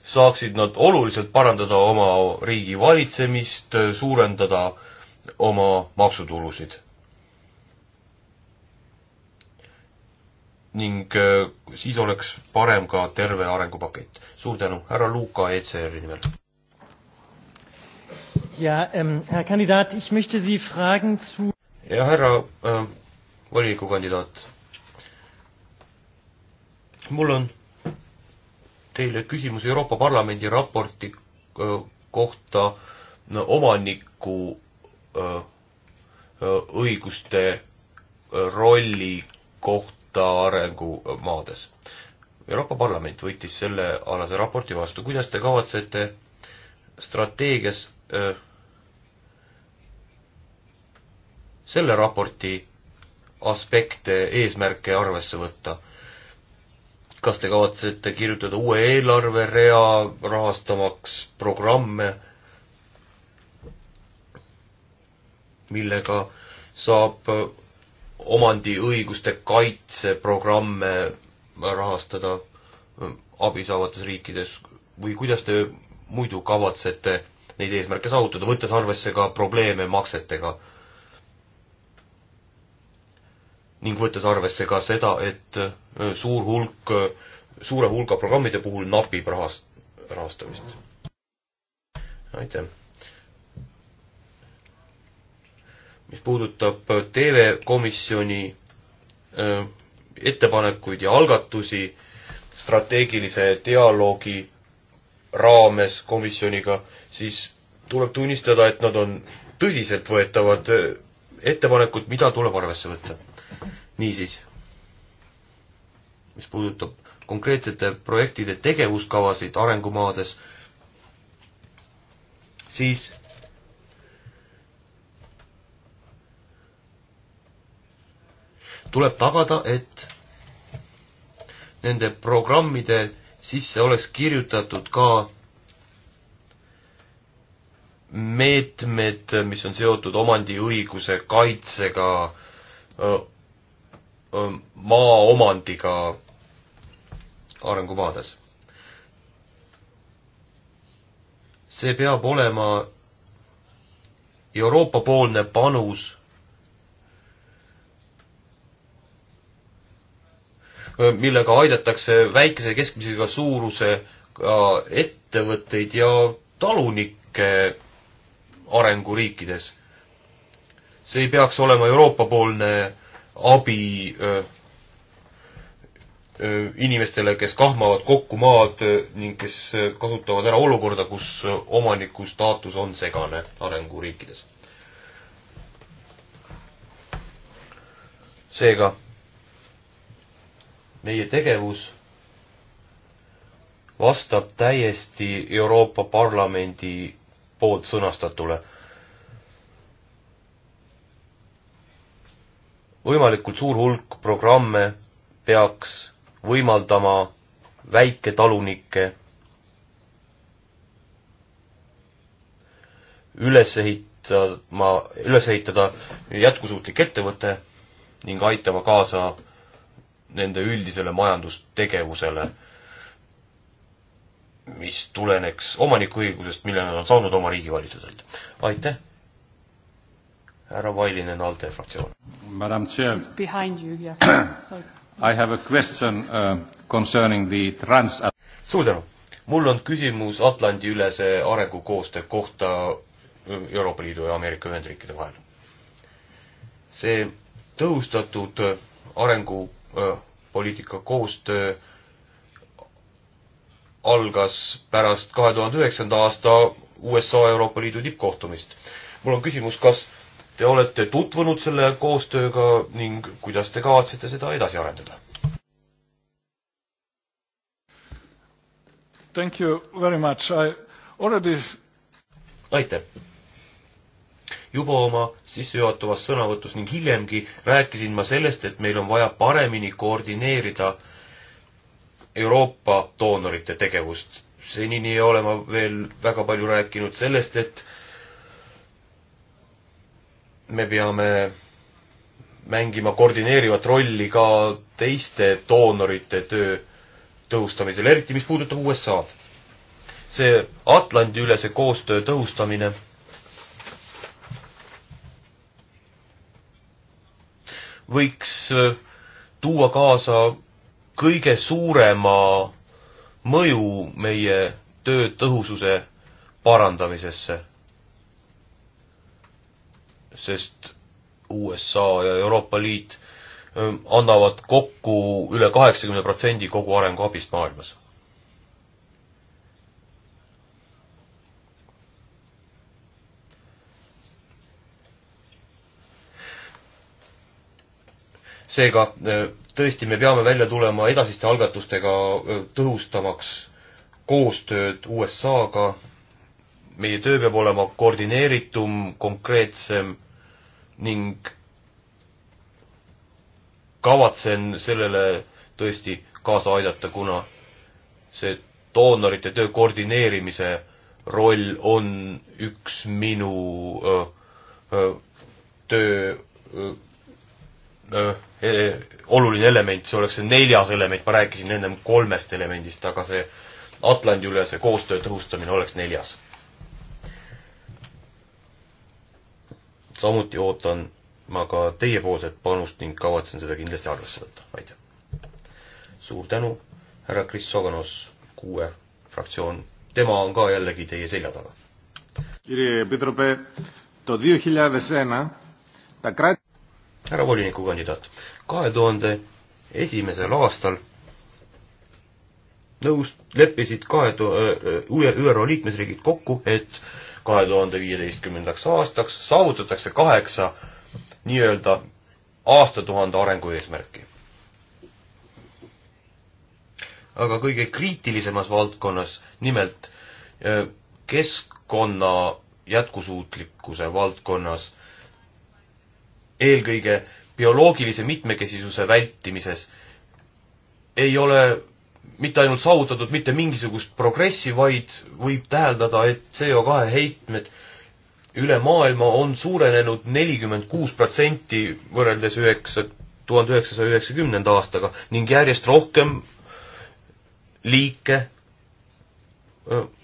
saaksid nad oluliselt parandada oma riigi valitsemist, suurendada oma maksutulusid ning äh, siis oleks parem ka terve arengupakett. suur tänu, härra Luka ECR-i nimel. Ja, ähm, Herr Kandidat, ich möchte Sie fragen zu... Ja, härra äh, volinikukandidaat, mul on teile küsimus Euroopa Parlamendi raporti äh, kohta no, omaniku äh, äh õiguste äh, rolli kohta ta arengumaades. Euroopa Parlament võttis selle alase raporti vastu, kuidas te kavatsete strateegias öö, selle raporti aspekte, eesmärke arvesse võtta. kas te kavatsete kirjutada uue eelarverea rahastamaks programme, millega saab omandiõiguste kaitseprogramme rahastada ähm, abi saavates riikides või kuidas te muidu kavatsete neid eesmärke saavutada, võttes arvesse ka probleeme maksetega? ning võttes arvesse ka seda, et äh, suur hulk, äh, suure hulga programmide puhul napib rahast-, rahastamist. aitäh! mis puudutab TV-komisjoni äh, ettepanekuid ja algatusi strateegilise dialoogi raames komisjoniga, siis tuleb tunnistada, et nad on tõsiseltvõetavad äh, ettepanekud, mida tuleb arvesse võtta. niisiis, mis puudutab konkreetsete projektide tegevuskavasid arengumaades, siis tuleb tagada, et nende programmide sisse oleks kirjutatud ka meetmed, mis on seotud omandiõiguse kaitsega, maaomandiga arengumaades. see peab olema Euroopa-poolne panus millega aidatakse väikese keskmisega suurusega ettevõtteid ja talunikke arenguriikides. see ei peaks olema Euroopa-poolne abi öö, inimestele, kes kahmavad kokku maad ning kes kasutavad ära olukorda, kus omaniku staatus on segane arenguriikides. seega meie tegevus vastab täiesti Euroopa Parlamendi poolt sõnastatule. võimalikult suur hulk programme peaks võimaldama väiketalunikke üles ehitama, üles ehitada jätkusuutlik ettevõte ning aitama kaasa nende üldisele majandustegevusele, mis tuleneks omanikuõigusest, mille nad on saanud oma riigivalitsuselt. aitäh! härra Vailinen, ALDE fraktsioon. Madam Chair. Behind you, yes. I have a question uh, concerning the trans-. suur tänu! mul on küsimus Atlandi-ülese arengukoostöö kohta uh, Euroopa Liidu ja Ameerika Ühendriikide vahel. see tõhustatud uh, arengu Äh, poliitika koostöö algas pärast kahe tuhande üheksanda aasta USA Euroopa Liidu tippkohtumist. mul on küsimus, kas te olete tutvunud selle koostööga ning kuidas te kavatsete seda edasi arendada? Thank you very much, I already aitäh! juba oma sissejuhatavas sõnavõtus ning hiljemgi rääkisin ma sellest, et meil on vaja paremini koordineerida Euroopa doonorite tegevust. senini ei ole ma veel väga palju rääkinud sellest, et me peame mängima koordineerivat rolli ka teiste doonorite töö tõhustamisel, eriti mis puudutab USA-d. see Atlandi-ülese koostöö tõhustamine võiks äh, tuua kaasa kõige suurema mõju meie töö tõhususe parandamisesse. sest USA ja Euroopa Liit äh, annavad kokku üle kaheksakümne protsendi kogu arenguabist maailmas seega e, tõesti, me peame välja tulema edasiste algatustega, e, tõhustamaks koostööd USA-ga, meie töö peab olema koordineeritum, konkreetsem ning kavatsen sellele tõesti kaasa aidata, kuna see doonorite töö koordineerimise roll on üks minu öö, e, öö, töö öö, E, oluline element, see oleks see neljas element, ma rääkisin ennem kolmest elemendist, aga see Atlandi-ülese koostöö tõhustamine oleks neljas. samuti ootan ma ka teiepoolset panust ning kavatsen seda kindlasti arvesse võtta, aitäh. suur tänu, härra Kris Soganos, kuue fraktsioon, tema on ka jällegi teie selja taga. kirje Pitrope, tuhat üheksasada üheksakümmend üks, ta härra volinikukandidaat, kahe tuhande esimesel aastal nõus, leppisid kahe tuhande, ÜRO liikmesriigid kokku, et kahe tuhande viieteistkümnendaks aastaks saavutatakse kaheksa nii-öelda aastatuhande arengu eesmärki. aga kõige kriitilisemas valdkonnas, nimelt eh, keskkonna jätkusuutlikkuse valdkonnas eelkõige bioloogilise mitmekesisuse vältimises ei ole mitte ainult saavutatud mitte mingisugust progressi, vaid võib täheldada, et CO2 heitmed üle maailma on suurenenud nelikümmend kuus protsenti võrreldes üheksa, tuhande üheksasaja üheksakümnenda aastaga ning järjest rohkem liike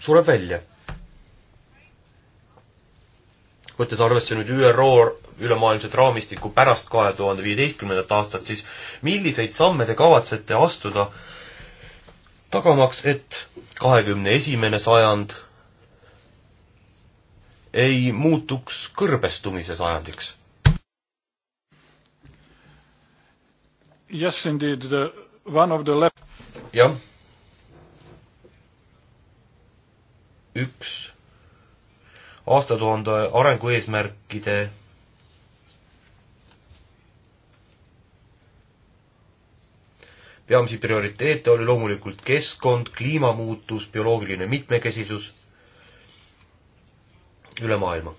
sureb välja. võttes arvesse nüüd ÜRO ülemaailmset raamistikku pärast kahe tuhande viieteistkümnendat aastat, siis milliseid samme te kavatsete astuda, tagamaks, et kahekümne esimene sajand ei muutuks kõrbestumise sajandiks? Yes, indeed, the one of the left. jah. üks aastatuhande arengueesmärkide peamisi prioriteete oli loomulikult keskkond, kliimamuutus, bioloogiline mitmekesisus üle maailma.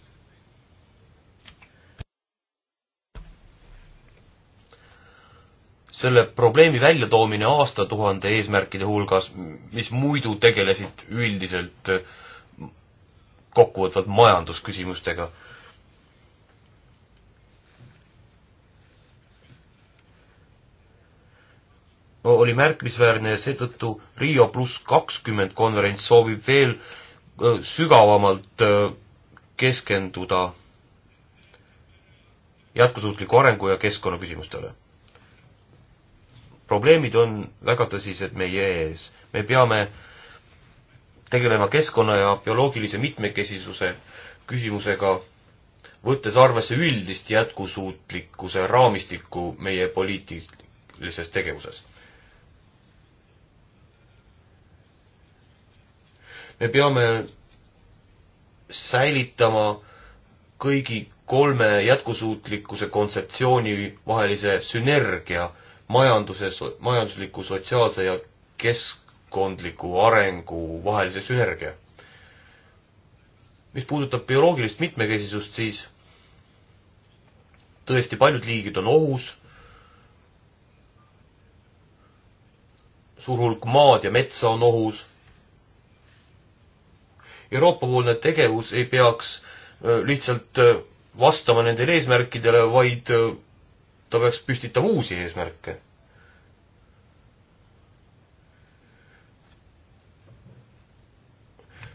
selle probleemi väljatoomine aastatuhande eesmärkide hulgas, mis muidu tegelesid üldiselt kokkuvõtvalt majandusküsimustega oli märkimisväärne ja seetõttu Rio pluss kakskümmend konverents soovib veel sügavamalt keskenduda jätkusuutliku arengu ja keskkonna küsimustele. probleemid on väga tõsised meie ees. me peame tegelema keskkonna ja bioloogilise mitmekesisuse küsimusega, võttes arvesse üldist jätkusuutlikkuse raamistikku meie poliitilises tegevuses. me peame säilitama kõigi kolme jätkusuutlikkuse kontseptsiooni vahelise sünergia majanduses, majandusliku, sotsiaalse ja keskkondliku arengu vahelise sünergia. mis puudutab bioloogilist mitmekesisust, siis tõesti, paljud liigid on ohus, suur hulk maad ja metsa on ohus Euroopa-poolne tegevus ei peaks äh, lihtsalt äh, vastama nendele eesmärkidele, vaid äh, ta peaks püstitama uusi eesmärke.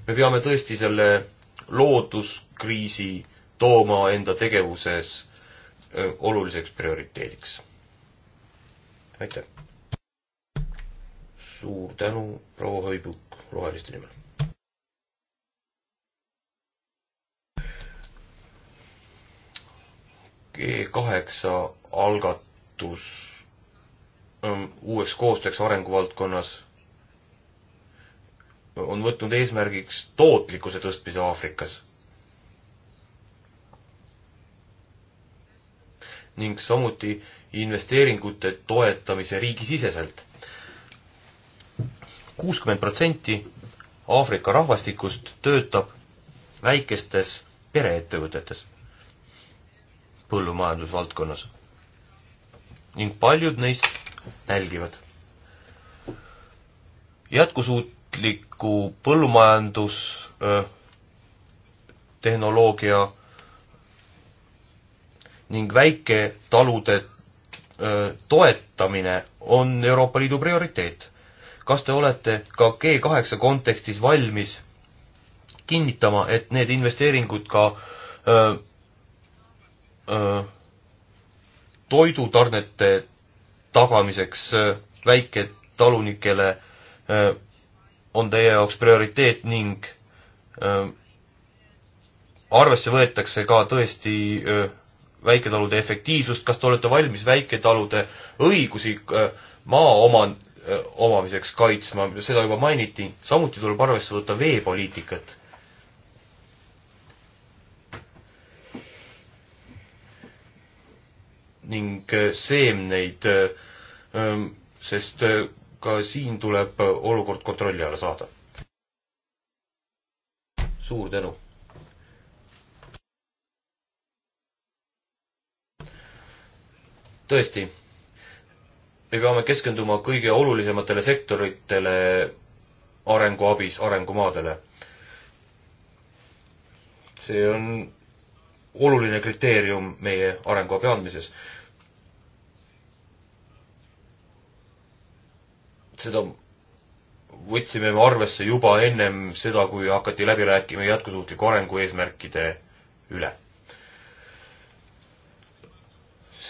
me peame tõesti selle looduskriisi tooma enda tegevuses oluliseks prioriteediks. aitäh! suur tänu, proua Hõibuk roheliste nimel! G kaheksa algatus ähm, uueks koostööks arenguvaldkonnas on võtnud eesmärgiks tootlikkuse tõstmise Aafrikas ning samuti investeeringute toetamise riigisiseselt. kuuskümmend protsenti Aafrika rahvastikust töötab väikestes pereettevõtetes põllumajandusvaldkonnas. ning paljud neist nälgivad. jätkusuutliku põllumajandustehnoloogia ning väiketalude toetamine on Euroopa Liidu prioriteet. kas te olete ka G kaheksa kontekstis valmis kinnitama, et need investeeringud ka öö, toidutarnete tagamiseks väiketalunikele on teie jaoks prioriteet ning arvesse võetakse ka tõesti väiketalude efektiivsust, kas te olete valmis väiketalude õigusi maa oma-, omamiseks kaitsma, seda juba mainiti, samuti tuleb arvesse võtta veepoliitikat. ning äh, seemneid, äh, ähm, sest äh, ka siin tuleb olukord kontrolli alla saada. suur tänu. tõesti, me peame keskenduma kõige olulisematele sektoritele arenguabis, arengumaadele. see on oluline kriteerium meie arenguabi andmises seda võtsime me arvesse juba ennem seda, kui hakati läbi rääkima jätkusuutliku arengu eesmärkide üle.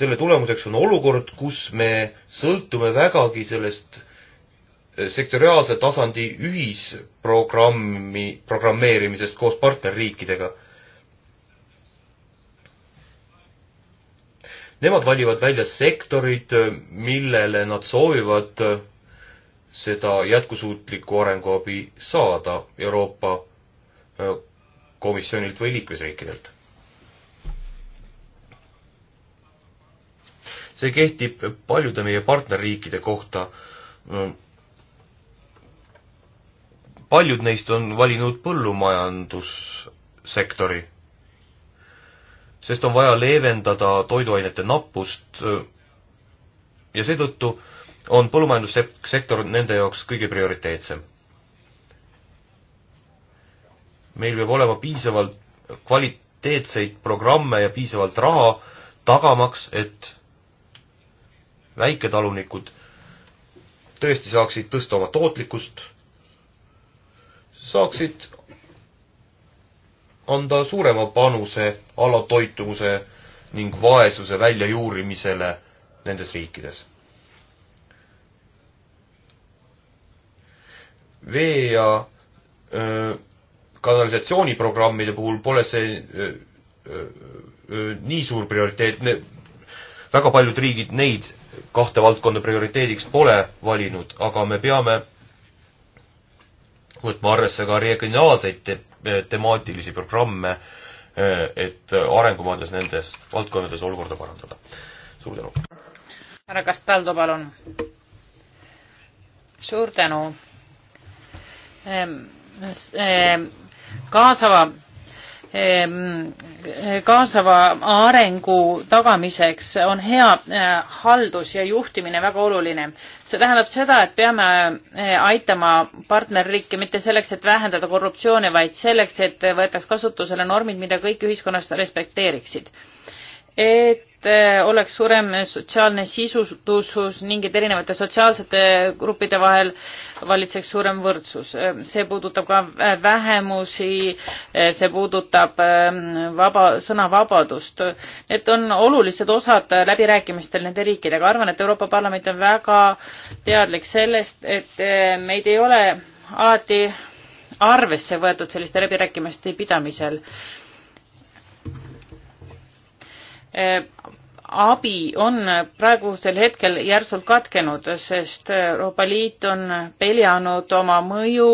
selle tulemuseks on olukord, kus me sõltume vägagi sellest eh, sektoriaalse tasandi ühisprogrammi, programmeerimisest koos partnerriikidega. Nemad valivad välja sektorid, millele nad soovivad seda jätkusuutlikku arenguabi saada Euroopa Komisjonilt või liikmesriikidelt. see kehtib paljude meie partnerriikide kohta. paljud neist on valinud põllumajandussektori, sest on vaja leevendada toiduainete nappust ja seetõttu on põllumajandussektor nende jaoks kõige prioriteetsem. meil peab olema piisavalt kvaliteetseid programme ja piisavalt raha, tagamaks, et väiketalunikud tõesti saaksid tõsta oma tootlikkust, saaksid anda suurema panuse alatoitumuse ning vaesuse väljajuurimisele nendes riikides. vee ja kanalisatsiooniprogrammide puhul pole see öö, öö, nii suur prioriteet, väga paljud riigid neid kahte valdkonda prioriteediks pole valinud, aga me peame võtma arvesse ka regionaalseid te temaatilisi programme, et arengumaades nendes valdkondades olukorda parandada. suur tänu. härra Kastaldo, palun. suur tänu Ehm, ehm, kaasava ehm, kaasava arengu tagamiseks on hea eh, haldus ja juhtimine väga oluline. see tähendab seda, et peame eh, aitama partnerriike mitte selleks, et vähendada korruptsiooni, vaid selleks, et võetaks kasutusele normid, mida kõik ühiskonnas respekteeriksid. et Äh, oleks suurem sotsiaalne sisustusus ning et erinevate sotsiaalsete gruppide vahel valitseks suurem võrdsus. Äh, see puudutab ka äh, vähemusi, see puudutab ähm, vaba, sõnavabadust. Need on olulised osad läbirääkimistel nende riikidega. arvan, et Euroopa Parlament on väga teadlik sellest, et meid ei ole alati arvesse võetud selliste läbirääkimiste pidamisel Äh, abi on praegusel hetkel järsult katkenud, sest Euroopa Liit on peljanud oma mõju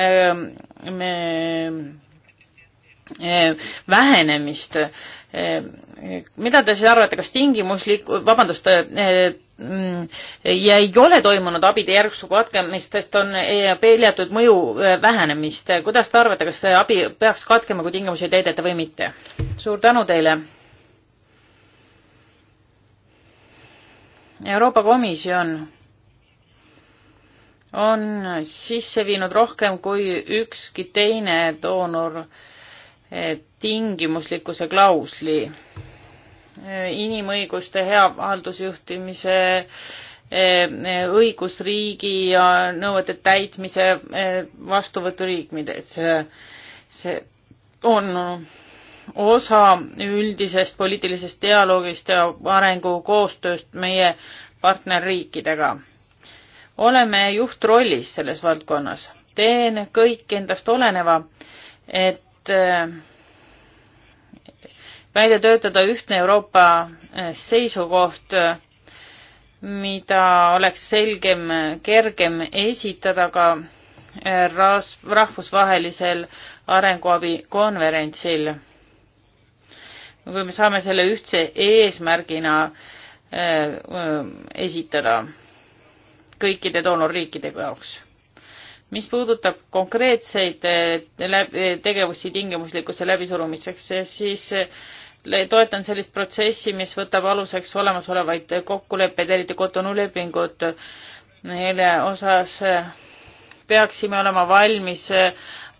ähm, me, äh, vähenemist. Äh, mida te siis arvate, kas tingimuslik, vabandust, ja ei ole toimunud abide järsku katkemistest, on peljatud mõju vähenemist. kuidas te arvate, kas see abi peaks katkema, kui tingimusi ei täideta või mitte? suur tänu teile Euroopa Komisjon on sisse viinud rohkem kui ükski teine doonor eh, tingimuslikkuse klausli eh, inimõiguste hea haldusjuhtimise eh, õigusriigi ja nõuete täitmise vastuvõturiikmides. see on osa üldisest poliitilisest dialoogist ja arengukoostööst meie partnerriikidega. oleme juhtrollis selles valdkonnas. teen kõik endast oleneva, et eh, välja töötada ühtne Euroopa eh, seisukoht, mida oleks selgem, kergem esitada ka eh, rahvusvahelisel arenguabi konverentsil kui me saame selle ühtse eesmärgina äh, äh, esitada kõikide doonorriikide jaoks. mis puudutab konkreetseid äh, tegevusi tingimuslikkuse läbisurumiseks, siis toetan sellist protsessi, mis võtab aluseks olemasolevaid kokkuleppeid, eriti Cotonou lepingut, mille osas peaksime olema valmis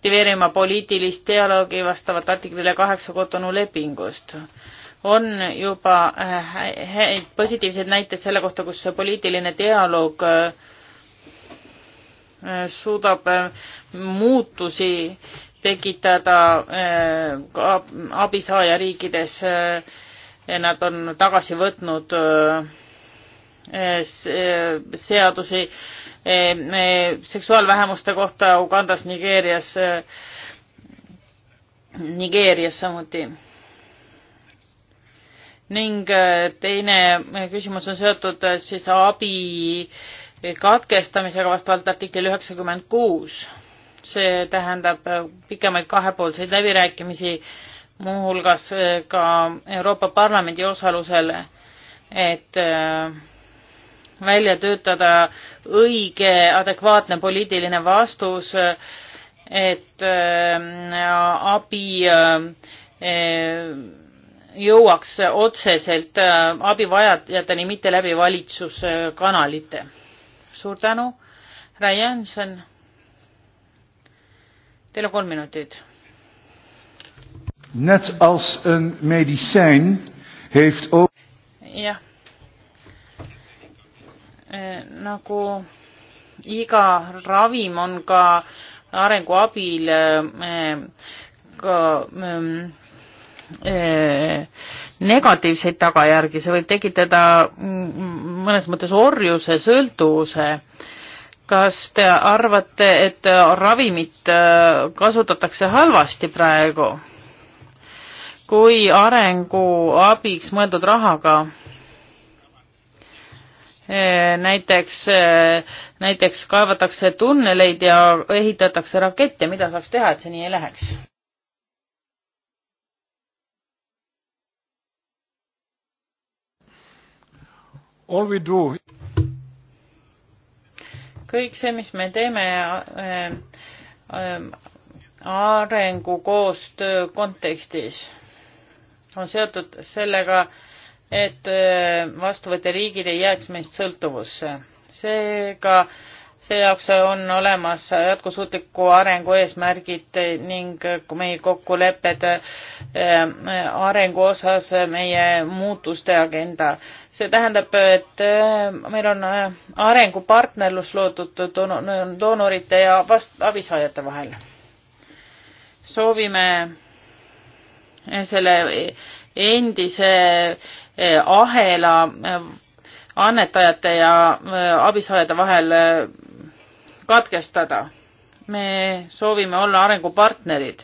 aktiveerima poliitilist dialoogi vastavalt artiklile kaheksa Kotonu lepingust. on juba äh, häid positiivseid näiteid selle kohta, kus poliitiline dialoog äh, suudab äh, muutusi tekitada abisaaja riikides. Nad on tagasi võtnud seadusi Eh, eh, seksuaalvähemuste kohta Ugandas, Nigeerias, eh, Nigeerias samuti. ning teine küsimus on seotud siis abi katkestamisega vastavalt artiklile üheksakümmend kuus. see tähendab pikemaid kahepoolseid läbirääkimisi, muuhulgas ka Euroopa Parlamendi osalusel, et äh, välja töötada õige adekvaatne poliitiline vastus, et äh, abi äh, jõuaks otseselt äh, abivajajateni, mitte läbi valitsuskanalite. suur tänu, Rai Janson. Teil on kolm minutit. Net als een medicijn heeft ook. jah Eh, nagu iga ravim on ka arengu abil eh, ka eh, negatiivseid tagajärgi, see võib tekitada mõnes mõttes orjuse, sõltuvuse. kas te arvate, et ravimit kasutatakse halvasti praegu, kui arenguabiks mõeldud rahaga Eh, näiteks, eh, näiteks kaevatakse tunneleid ja ehitatakse rakette, mida saaks teha, et see nii ei läheks? All we do kõik see, mis me teeme äh, eh, äh, arengukoostöö kontekstis, on seotud sellega, et äh, vastuvõtja riigid ei jääks meist sõltuvusse. seega see jaoks on olemas jätkusuutliku arengu eesmärgid ning meie kokkulepped äh, arengu osas meie muutuste agenda. see tähendab, et äh, meil on arengupartnerlus loodud doonorite ja vast-, abisaajate vahel. soovime selle endise ahela annetajate ja äh, abisaajate vahel äh, katkestada. me soovime olla arengupartnerid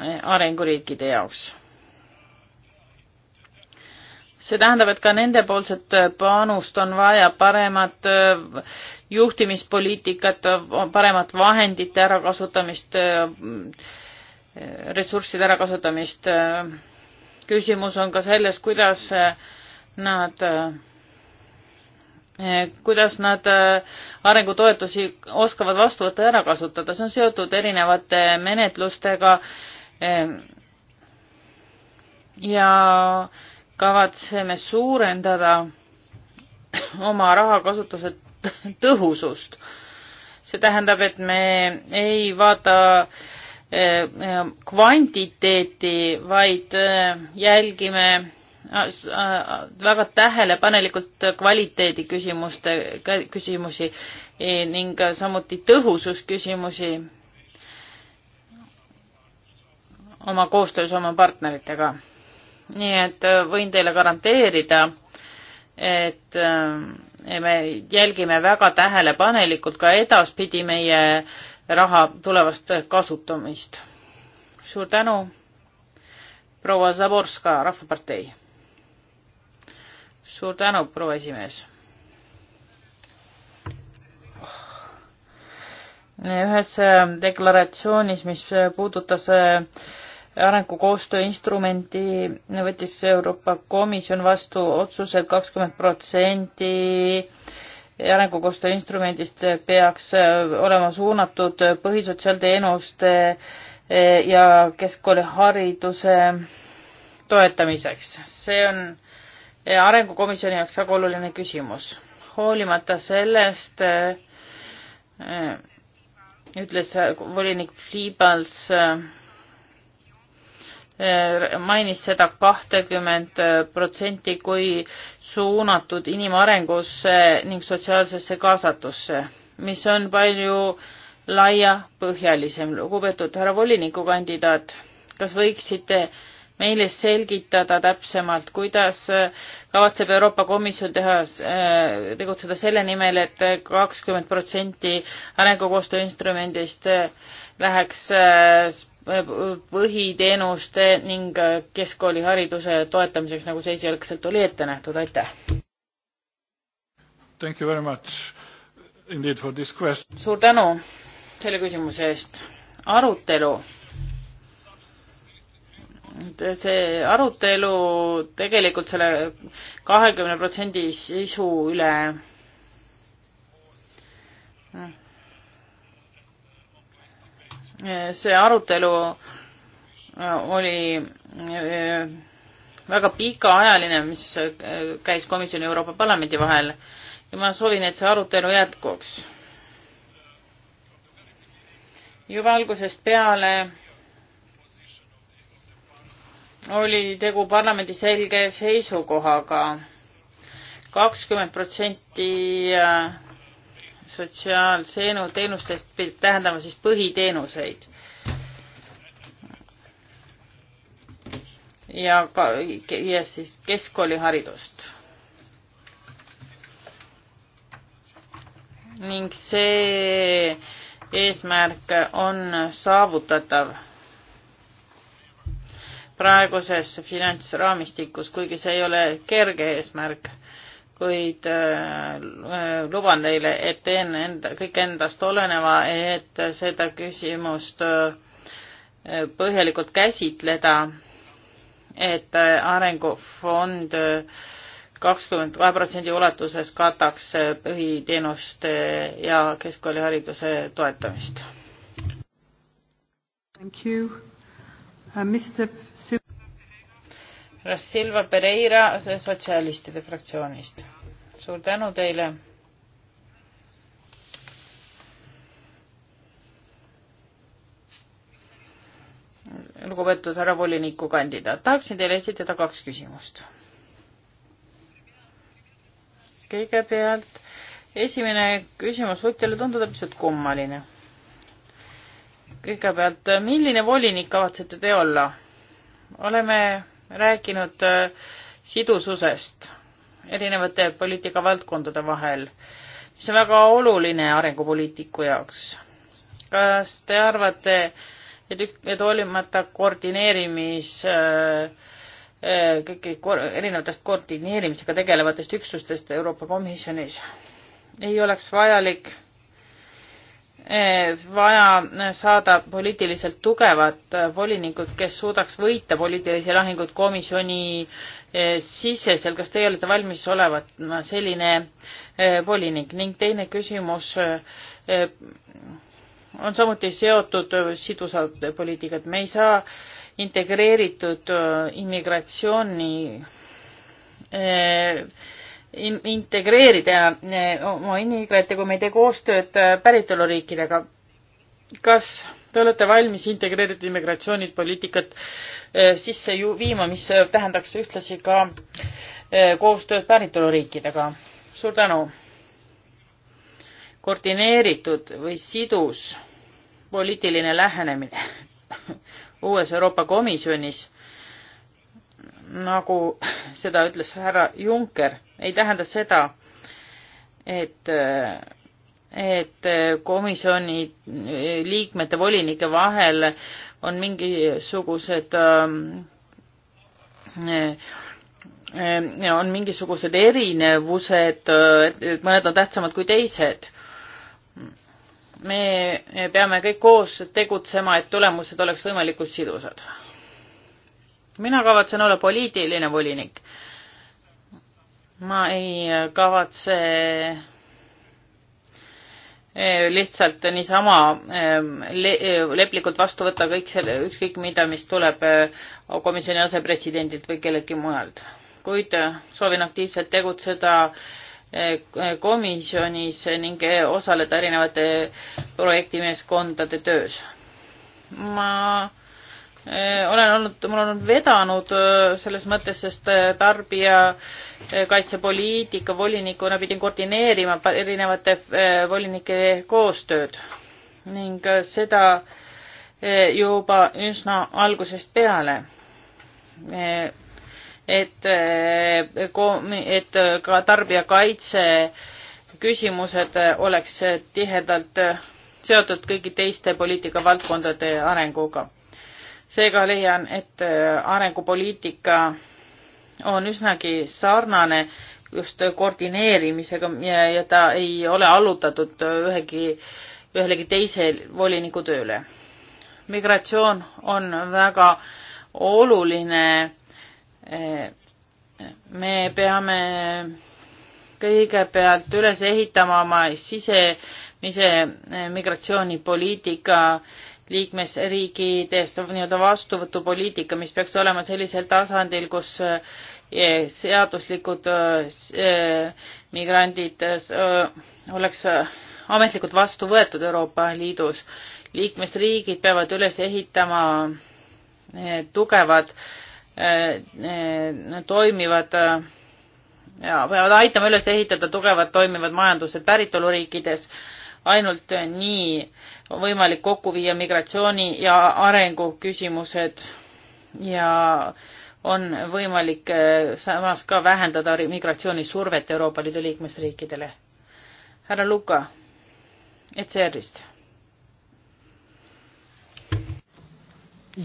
äh, arenguriikide jaoks. see tähendab, et ka nendepoolset panust on vaja paremat juhtimispoliitikat, paremat vahendite ärakasutamist, ressursside ärakasutamist küsimus on ka selles, kuidas eh, nad, eh, eh, kuidas nad arengutoetusi oskavad vastu võtta ja ära kasutada, see on seotud erinevate menetlustega ja kavatseme suurendada oma rahakasutuse tõhusust. see tähendab, et me ei vaata äh, Äh, äh, kvantiteeti, vaid äh, jälgime väga tähelepanelikult kvaliteedi küsimuste, küsimusi e, ning samuti tõhususküsimusi oma koostöös oma partneritega. nii et võin teile garanteerida, et me jälgime väga tähelepanelikult ka edaspidi meie äh, raha tulevast kasutamist. suur tänu, proua Zaborska, Rahvapartei. suur tänu, proua esimees. ühes äh, deklaratsioonis, mis puudutas äh, arengukoostöö instrumenti, võttis Euroopa Komisjon vastu otsused kakskümmend protsenti arengukoostöö instrumendist peaks äh, olema suunatud põhisotsiaalteenuste äh, ja keskkoolihariduse toetamiseks. see on äh, arengukomisjoni jaoks väga oluline küsimus. hoolimata sellest ütles volinik Fliibals Äh, mainis seda kahtekümmend äh, protsenti kui suunatud inimarengusse ning sotsiaalsesse kaasatusse, mis on palju laiapõhjalisem. lugupeetud härra volinikukandidaat, kas võiksite meile selgitada täpsemalt, kuidas äh, kavatseb Euroopa Komisjon teha, tegutseda selle nimel et, et kakskümmend protsenti arengukoostöö instrumendist läheks põhiteenuste ning keskkoolihariduse toetamiseks, nagu see esialgselt oli ette nähtud, aitäh! suur tänu selle küsimuse eest. arutelu. see arutelu tegelikult selle kahekümne protsendi sisu üle see arutelu äh, oli äh, väga pikaajaline, mis äh, käis komisjoni Euroopa Parlamendi vahel ja ma soovin, et see arutelu jätkuks. juba algusest peale oli tegu parlamendi selge seisukohaga. kakskümmend protsenti sotsiaalseenu teenustest tähendama siis põhiteenuseid. ja ka, ja siis keskkooliharidust. ning see eesmärk on saavutatav praeguses finantsraamistikus, kuigi see ei ole kerge eesmärk kuid äh, äh, luban teile, et teen enda, kõik endast oleneva, et seda küsimust äh, põhjalikult käsitleda, et arengufond kakskümmend kahe protsendi ulatuses kataks põhiteenuste ja keskkoolihariduse toetamist. Thank you uh,. Mr Silva Pereira sotsialistide fraktsioonist. suur tänu teile. lugupeetud härra volinikukandidaat, tahaksin teile esitada kaks küsimust. kõigepealt esimene küsimus võib teile tunduda pisut kummaline. kõigepealt, milline volinik kavatsete te olla? oleme rääkinud äh, sidususest erinevate poliitikavaldkondade vahel, mis on väga oluline arengupoliitiku jaoks. kas te arvate, et, et hoolimata koordineerimis äh, äh, kõiki erinevatest koordineerimisega tegelevatest üksustest Euroopa Komisjonis ei oleks vajalik Eh, vaja eh, saada poliitiliselt tugevat eh, volinikud, kes suudaks võita poliitilisi lahinguid komisjoni siseselt, kas teie olete valmis olevat selline volinik ning teine küsimus on samuti seotud sidusa poliitikaga, et me ei saa integreeritud immigratsiooni in integreerida eh, oma immigrante, kui me ei tee koostööd eh, päritoluriikidega. kas te olete valmis integreeritud immigratsioonipoliitikat eh, sisse ju viima, mis tähendaks ühtlasi ka koostööd päritoluriikidega? suur tänu! koordineeritud või sidus poliitiline lähenemine uues Euroopa Komisjonis nagu seda ütles härra Juncker, ei tähenda seda, et, et komisjoni liikmete, volinike vahel on mingisugused äh, on mingisugused erinevused, mõned on tähtsamad kui teised. me peame kõik koos tegutsema, et tulemused oleks võimalikult sidusad mina kavatsen olla poliitiline volinik. ma ei kavatse eh, lihtsalt niisama eh, le eh, leplikult vastu võtta kõik selle, ükskõik mida, mis tuleb komisjoni asepresidendilt või kelleltki mujalt. kuid soovin aktiivselt tegutseda komisjonis ning osaleda erinevate projektimeeskondade töös. ma Äh, olen olnud, mul on vedanud äh, selles mõttes, sest äh, tarbijakaitsepoliitika volinikuna pidin koordineerima erinevate volinike koostööd ning seda juba üsna algusest peale. et, et ka tarbijakaitse küsimused oleks tihedalt seotud kõigi teiste poliitikavaldkondade arenguga seega leian, et äh, arengupoliitika on üsnagi sarnane just koordineerimisega ja ta ei ole allutatud äh, ühegi, ühelegi teise voliniku tööle. migratsioon on väga oluline. Äh, me peame kõigepealt üles ehitama oma sisemise migratsioonipoliitika liikmesriikides nii-öelda vastuvõtupoliitika, mis peaks olema sellisel tasandil, kus eh, seaduslikud eh, eh, migrandid oleks ametlikult vastu võetud Euroopa Liidus. liikmesriigid peavad üles ehitama tugevad, toimivad ja peavad aitama üles ehitada tugevad toimivad majandused päritoluriikides ainult nii on võimalik kokku viia migratsiooni ja arengu küsimused ja on võimalik eh, samas ka vähendada migratsioonisurvet Euroopa Liidu liikmesriikidele. härra Luka, ECR-ist.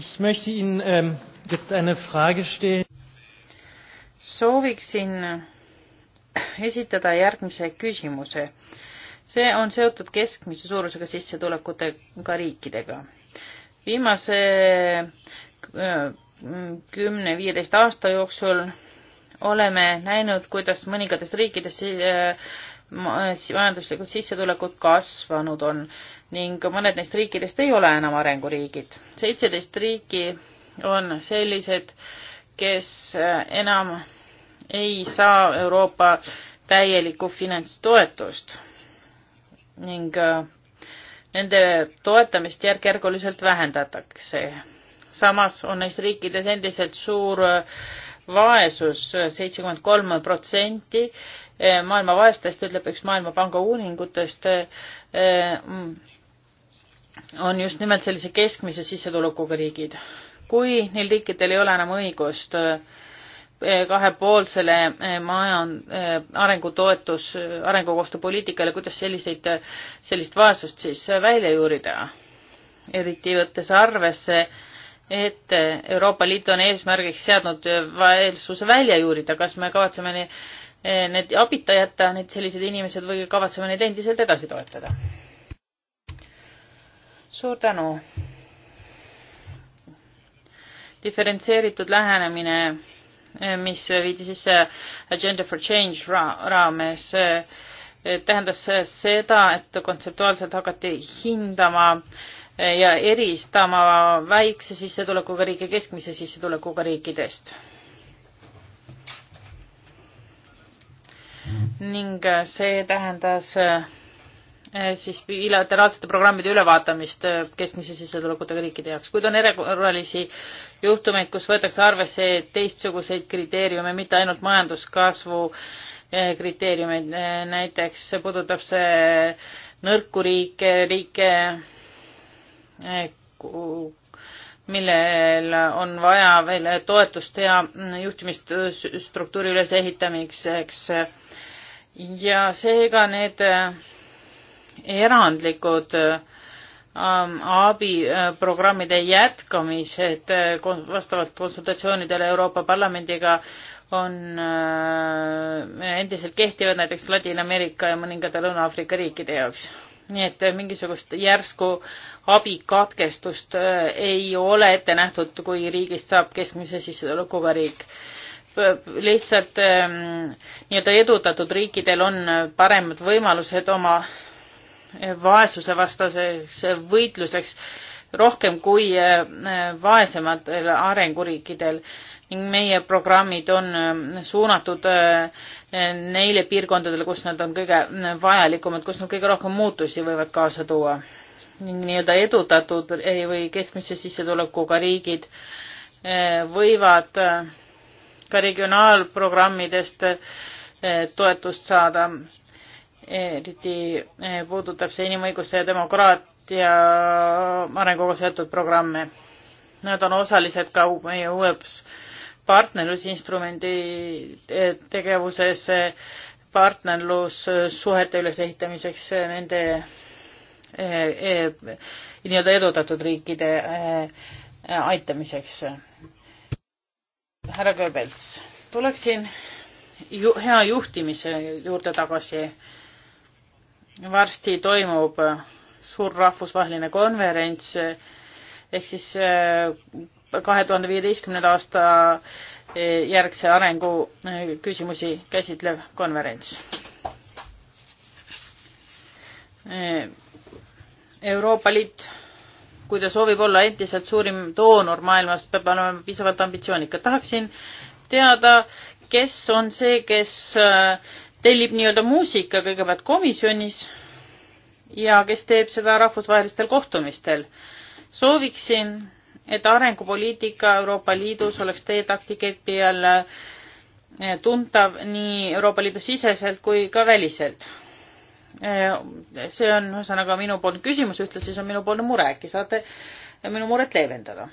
Ich möchte Ihnen ähm, jetzt eine Frage stellen. sooviksin esitada järgmise küsimuse see on seotud keskmise suurusega sissetulekutega riikidega. viimase äh, kümne-viieteist aasta jooksul oleme näinud, kuidas mõningates riikides äh, äh, majanduslikud sissetulekud kasvanud on ning mõned neist riikidest ei ole enam arenguriigid. seitseteist riiki on sellised, kes enam ei saa Euroopa täielikku finantstoetust ning äh, nende toetamist järk-järguliselt vähendatakse. samas on neis riikides endiselt suur äh, vaesus, äh, seitsekümmend kolm protsenti maailma vaestest, ütleb üks Maailmapanga uuringutest, on just nimelt sellise keskmise sissetulekuga riigid. kui neil riikidel ei ole enam õigust äh, kahepoolsele eh, maja eh, arengutoetus, eh, arengukoostööpoliitikale, kuidas selliseid, sellist vaesust siis välja juurida? eriti võttes arvesse, et Euroopa Liit on eesmärgiks seadnud vaesuse välja juurida, kas me kavatseme need, need abita jätta, need sellised inimesed, või kavatseme neid endiselt edasi toetada? suur tänu! diferentseeritud lähenemine mis viidi sisse Agenda for Change ra raames, tähendas seda, et kontseptuaalselt hakati hindama ja eristama väikse sissetulekuga riike keskmise sissetulekuga riikidest. ning see tähendas Eh, siis bilateraalsete programmide ülevaatamist eh, keskmise sissetulekutega riikide jaoks. kuid on erakorralisi juhtumeid, kus võetakse arvesse teistsuguseid kriteeriume, mitte ainult majanduskasvu eh, kriteeriumeid. näiteks puudutab see nõrku riike, riike, millel on vaja veel toetust ja mm, juhtimist struktuuri ülesehitamiseks. ja seega need erandlikud äh, abiprogrammide äh, jätkamised äh, vastavalt konsultatsioonidele Euroopa Parlamendiga on endiselt kehtivad näiteks Ladina-Ameerika ja mõningate Lõuna-Aafrika riikide jaoks. nii et mingisugust järsku abikatkestust ei ole ette nähtud, kui riigist saab keskmise sissetulekuga riik lihtsalt ähm, nii-öelda edutatud riikidel on paremad võimalused oma vaesusevastaseks võitluseks rohkem kui äh, vaesematel arenguriikidel ning meie programmid on äh, suunatud äh, neile piirkondadele, kus nad on kõige vajalikumad, kus nad kõige rohkem muutusi võivad kaasa tuua. ning nii-öelda edutatud või keskmise sissetulekuga riigid võivad ka regionaalprogrammidest toetust saada eriti eh, puudutab see inimõiguste ja demokraatia arenguga seotud programme. Nad on osalised ka meie uues partnerlusinstrumendi eh, tegevuses eh, partnerlussuhete ülesehitamiseks nende nii-öelda edutatud riikide aitamiseks. härra Goebbels, tuleksin ju, hea juhtimise juurde tagasi varsti toimub suur rahvusvaheline konverents ehk siis äh, kahe tuhande viieteistkümnenda aasta äh, järgse arengu äh, küsimusi käsitlev konverents. Euroopa Liit, kui ta soovib olla endiselt suurim doonor maailmas, peab olema piisavalt ambitsioonikas. tahaksin teada, kes on see, kes tellib nii-öelda muusika kõigepealt komisjonis ja kes teeb seda rahvusvahelistel kohtumistel. sooviksin, et arengupoliitika Euroopa Liidus oleks teie taktiketi all eh, tuntav nii Euroopa Liidu siseselt kui ka väliselt. Eh, see on ühesõnaga minu poolne küsimus, ühtlasi see on minu poolne mure, äkki saate minu muret leevendada?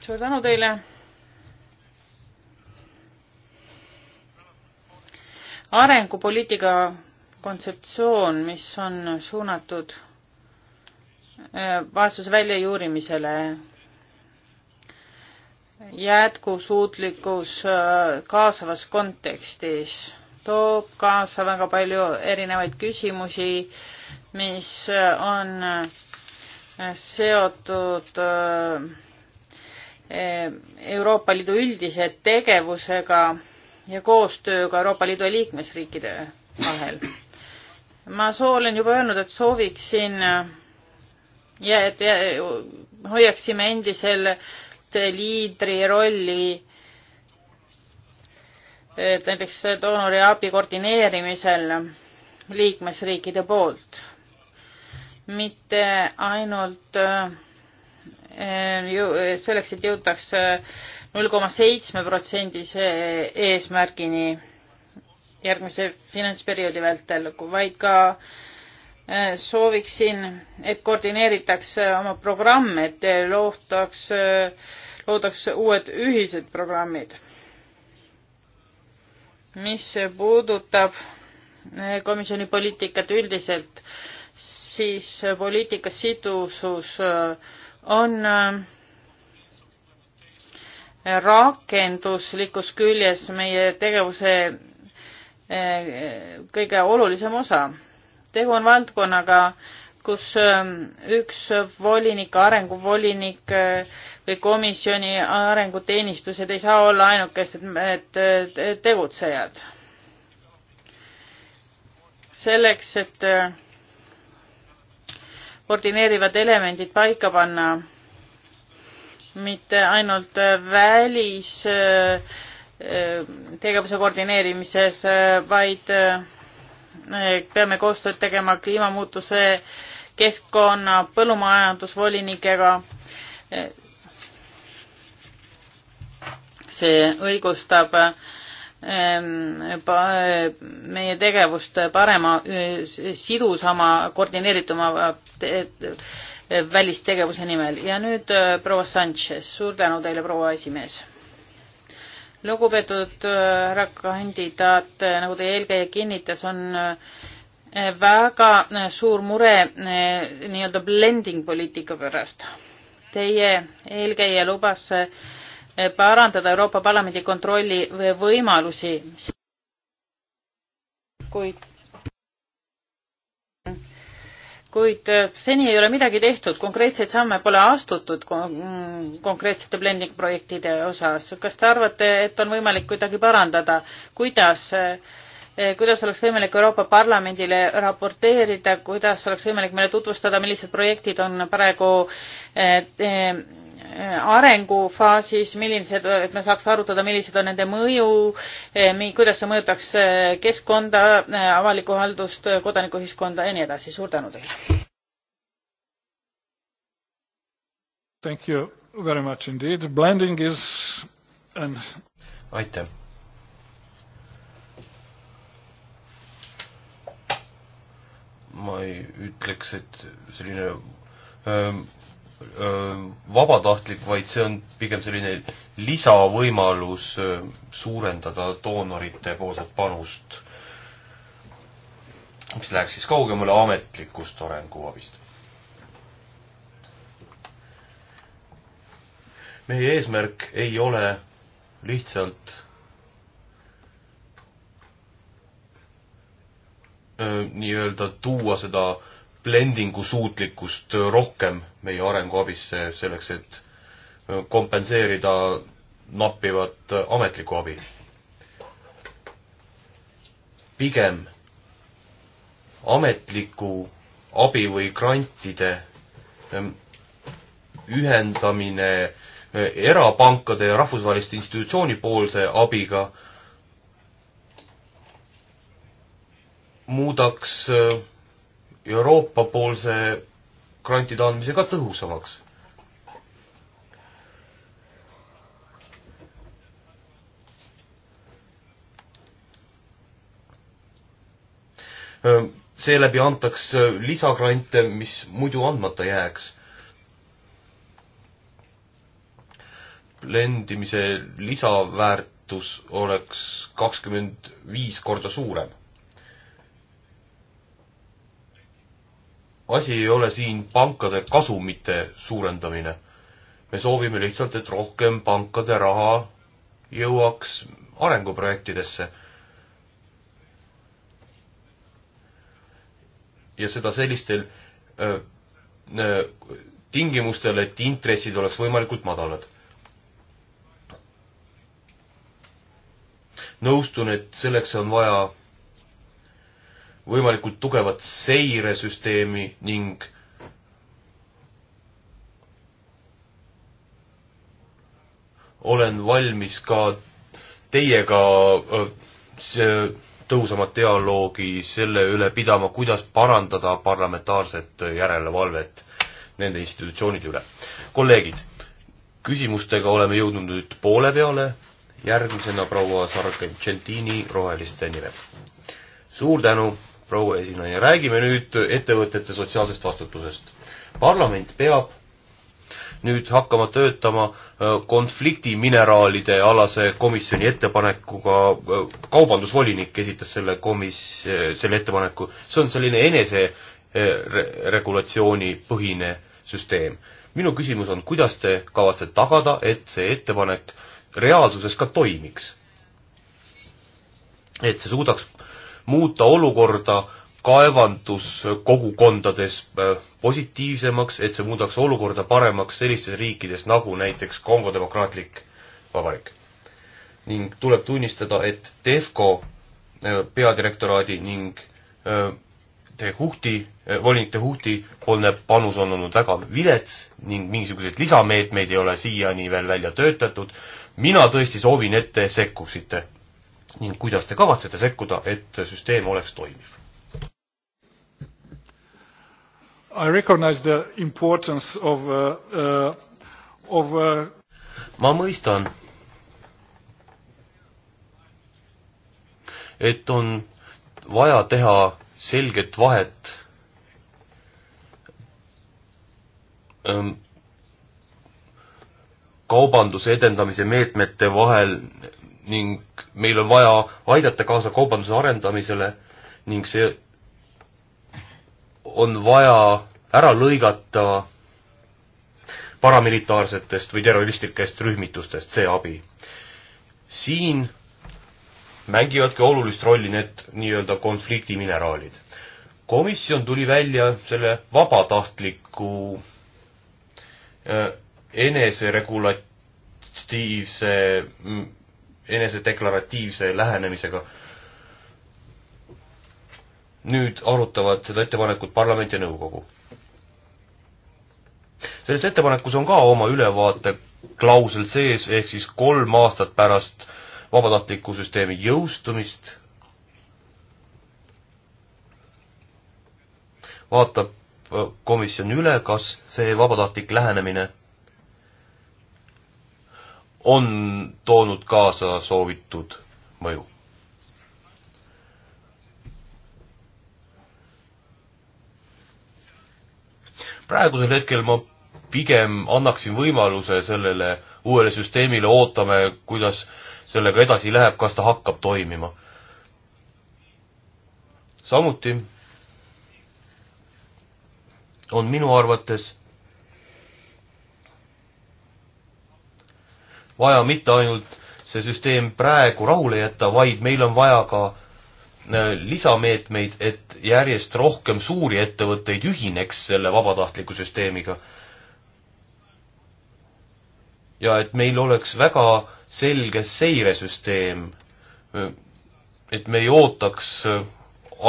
suur tänu teile arengupoliitika kontseptsioon, mis on suunatud äh, vaesuse väljajuurimisele, jätkusuutlikkus äh, kaasavas kontekstis toob kaasa väga palju erinevaid küsimusi, mis äh, on seotud Euroopa Liidu üldise tegevusega ja koostööga Euroopa Liidu ja liikmesriikide vahel. ma soo-, olen juba öelnud, et sooviksin ja et ja, hoiaksime endiselt liidri rolli et näiteks doonori abi koordineerimisel liikmesriikide poolt. mitte ainult eh, selleks, et jõutaks eh, null koma seitsme protsendise eesmärgini järgmise finantsperioodi vältel, vaid ka eh, sooviksin, et koordineeritaks eh, oma programme, et loodaks, eh, loodaks uued ühised programmid. mis puudutab komisjoni poliitikat üldiselt, siis poliitika sidusus on äh, rakenduslikus küljes meie tegevuse eh, kõige olulisem osa. tegu on valdkonnaga, kus eh, üks volinik, arenguvolinik eh, või komisjoni arenguteenistused ei saa olla ainukesed tegutsejad. selleks, et koordineerivad elemendid paika panna mitte ainult äh, välis äh, äh, tegevuse koordineerimises, vaid peame koostööd tegema kliimamuutuse keskkonna põllumajandusvolinikega. see õigustab ähm, meie tegevust parema, sidusama, koordineerituma välistegevuse nimel ja nüüd äh, proua Sanchez, suur tänu teile, proua esimees. lugupeetud härra äh, kandidaat, äh, nagu teie eelkäija kinnitas, on väga suur mure nii-öelda blending poliitika pärast. Teie eelkäija lubas parandada Euroopa Parlamendi kontrolli võimalusi, kuid kuid äh, seni ei ole midagi tehtud, konkreetseid samme pole astutud mm, konkreetsete blending-projektide osas. kas te arvate, et on võimalik kuidagi parandada, kuidas, äh, äh, kuidas oleks võimalik Euroopa Parlamendile raporteerida, kuidas oleks võimalik meile tutvustada, millised projektid on praegu Äh, arengufaasis, millised, et me saaks arutada, millised on nende mõju, äh, kuidas see mõjutaks äh, keskkonda, avalikku haldust, kodanikuühiskonda ja nii edasi. suur tänu teile. Thank you very much indeed. Blending is an... aitäh. ma ei ütleks, et selline öö, ähm, vabatahtlik, vaid see on pigem selline lisavõimalus suurendada doonorite poolset panust, mis läheks siis kaugemale ametlikust arenguabist. meie eesmärk ei ole lihtsalt nii-öelda tuua seda blendingu suutlikkust rohkem meie arenguabisse, selleks et äh, kompenseerida nappivat äh, ametlikku abi. pigem ametliku abi või grantide ähm, ühendamine äh, erapankade ja rahvusvaheliste institutsiooni poolse abiga muudaks Euroopa-poolse grantide andmise ka tõhusamaks. seeläbi antaks lisagrante, mis muidu andmata jääks. lendimise lisaväärtus oleks kakskümmend viis korda suurem. asi ei ole siin pankade kasumite suurendamine. me soovime lihtsalt, et rohkem pankade raha jõuaks arenguprojektidesse. ja seda sellistel öö, öö, tingimustel, et intressid oleks võimalikult madalad. nõustun, et selleks on vaja võimalikult tugevat seiresüsteemi ning olen valmis ka teiega tõhusamat dialoogi selle üle pidama, kuidas parandada parlamentaarset järelevalvet nende institutsioonide üle. kolleegid, küsimustega oleme jõudnud nüüd poole peale, järgmisena proua Sargentini roheliste nimel. suur tänu proua esinaine, räägime nüüd ettevõtete sotsiaalsest vastutusest. parlament peab nüüd hakkama töötama äh, konfliktimineraalide alase komisjoni ettepanekuga, äh, kaubandusvolinik esitas selle komis-, äh, selle ettepaneku, see on selline eneseregulatsiooni põhine süsteem. minu küsimus on, kuidas te kavatsete tagada, et see ettepanek reaalsuses ka toimiks? et see suudaks muuta olukorda kaevanduskogukondades äh, positiivsemaks, et see muudaks olukorda paremaks sellistes riikides nagu näiteks Kongo Demokraatlik Vabariik. ning tuleb tunnistada, et Defco äh, peadirektoraadi ning äh, te Huhti, volinik te Huhti poolne panus on olnud väga vilets ning mingisuguseid lisameetmeid ei ole siiani veel välja töötatud. mina tõesti soovin, et te sekkusite ning kuidas te kavatsete sekkuda, et süsteem oleks toimiv? I recognize the importance of uh,, uh of uh... ma mõistan, et on vaja teha selget vahet ähm, kaubanduse edendamise meetmete vahel ning meil on vaja aidata kaasa kaubanduse arendamisele ning see on vaja ära lõigata paramilitaarsetest või terroristlikest rühmitustest see abi. siin mängivadki olulist rolli need nii-öelda konfliktimineraalid. komisjon tuli välja selle vabatahtliku äh, eneseregulatiivse mm, enesedeklaratiivse lähenemisega. nüüd arutavad seda ettepanekut parlament ja nõukogu. selles ettepanekus on ka oma ülevaate klausel sees, ehk siis kolm aastat pärast vabatahtliku süsteemi jõustumist vaatab äh, komisjon üle, kas see vabatahtlik lähenemine on toonud kaasa soovitud mõju. praegusel hetkel ma pigem annaksin võimaluse sellele uuele süsteemile, ootame, kuidas sellega edasi läheb, kas ta hakkab toimima. samuti on minu arvates vaja mitte ainult see süsteem praegu rahule jätta, vaid meil on vaja ka äh, lisameetmeid, et järjest rohkem suuri ettevõtteid ühineks selle vabatahtliku süsteemiga. ja et meil oleks väga selge seiresüsteem, äh, et me ei ootaks äh,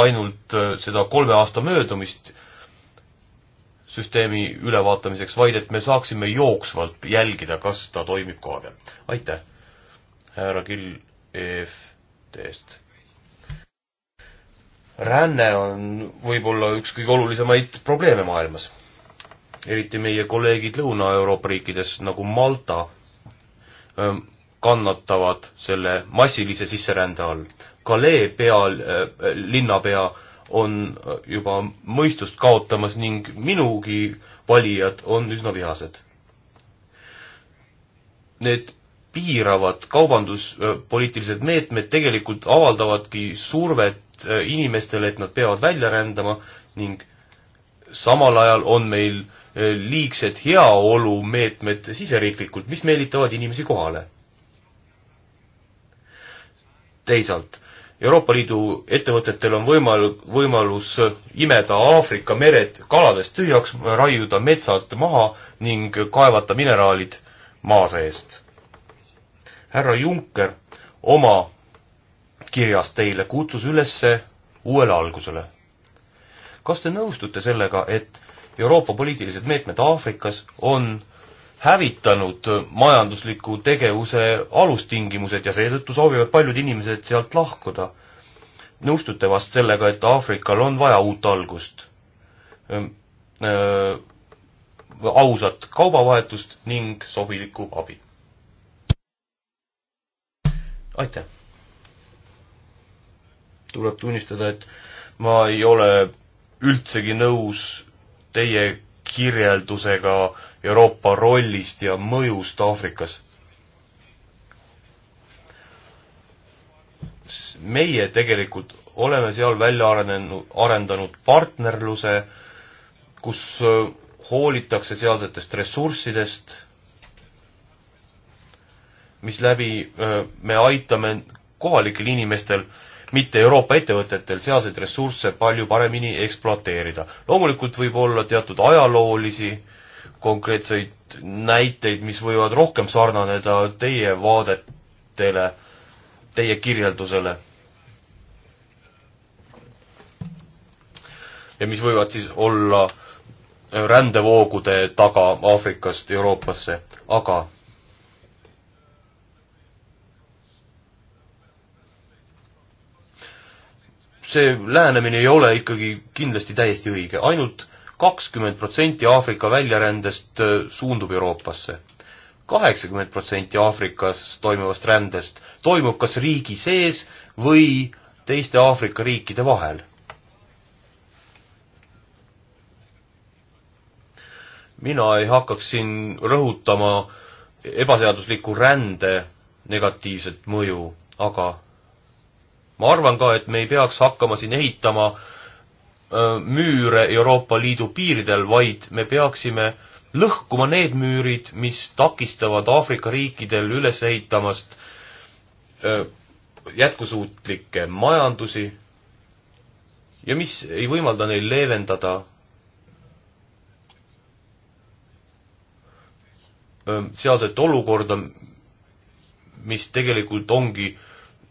ainult seda kolme aasta möödumist süsteemi ülevaatamiseks, vaid et me saaksime jooksvalt jälgida, kas ta toimib koha peal. aitäh, härra Kill EFT-st. ränne on võib-olla üks kõige olulisemaid probleeme maailmas. eriti meie kolleegid Lõuna-Euroopa riikides nagu Malta kannatavad selle massilise sisserände all. Kalee peal äh,, linnapea äh, on juba mõistust kaotamas ning minugi valijad on üsna vihased. Need piiravad kaubanduspoliitilised äh, meetmed tegelikult avaldavadki survet äh, inimestele, et nad peavad välja rändama ning samal ajal on meil äh, liigsed heaolumeetmed siseriiklikult, mis meelitavad inimesi kohale. teisalt Euroopa Liidu ettevõtetel on võimal-, võimalus imeda Aafrika mered kaladest tühjaks, raiuda metsad maha ning kaevata mineraalid maa seest. härra Juncker oma kirjas teile kutsus üles uuele algusele. kas te nõustute sellega, et Euroopa poliitilised meetmed Aafrikas on hävitanud majandusliku tegevuse alustingimused ja seetõttu soovivad paljud inimesed sealt lahkuda. nõustute vast sellega, et Aafrikal on vaja uut algust? Ehm, äh, ausat kaubavahetust ning sobilikku abi. aitäh! tuleb tunnistada, et ma ei ole üldsegi nõus teie kirjeldusega Euroopa rollist ja mõjust Aafrikas. meie tegelikult oleme seal välja arenenud, arendanud partnerluse, kus äh, hoolitakse sealsetest ressurssidest, misläbi äh, me aitame kohalikel inimestel, mitte Euroopa ettevõtetel, sealseid ressursse palju paremini ekspluateerida. loomulikult võib olla teatud ajaloolisi äh, konkreetseid näiteid, mis võivad rohkem sarnaneda teie vaadetele, teie kirjeldusele. ja mis võivad siis olla rändevoogude taga Aafrikast Euroopasse, aga see lähenemine ei ole ikkagi kindlasti täiesti õige, ainult kakskümmend protsenti Aafrika väljarändest äh, suundub Euroopasse. kaheksakümmend protsenti Aafrikas toimuvast rändest toimub kas riigi sees või teiste Aafrika riikide vahel. mina ei hakkaks siin rõhutama ebaseadusliku rände negatiivset mõju, aga ma arvan ka, et me ei peaks hakkama siin ehitama äh, müüre Euroopa Liidu piiridel, vaid me peaksime lõhkuma need müürid, mis takistavad Aafrika riikidel üles ehitamast jätkusuutlikke majandusi ja mis ei võimalda neil leevendada sealset olukorda, mis tegelikult ongi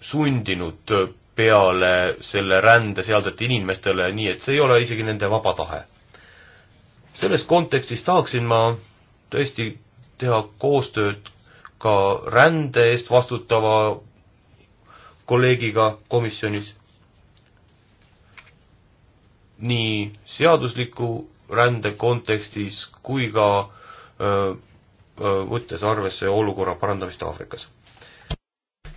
sundinud peale selle rände sealsete inimestele, nii et see ei ole isegi nende vaba tahe. selles kontekstis tahaksin ma tõesti teha koostööd ka rände eest vastutava kolleegiga komisjonis, nii seadusliku rände kontekstis kui ka öö, öö, võttes arvesse olukorra parandamist Aafrikas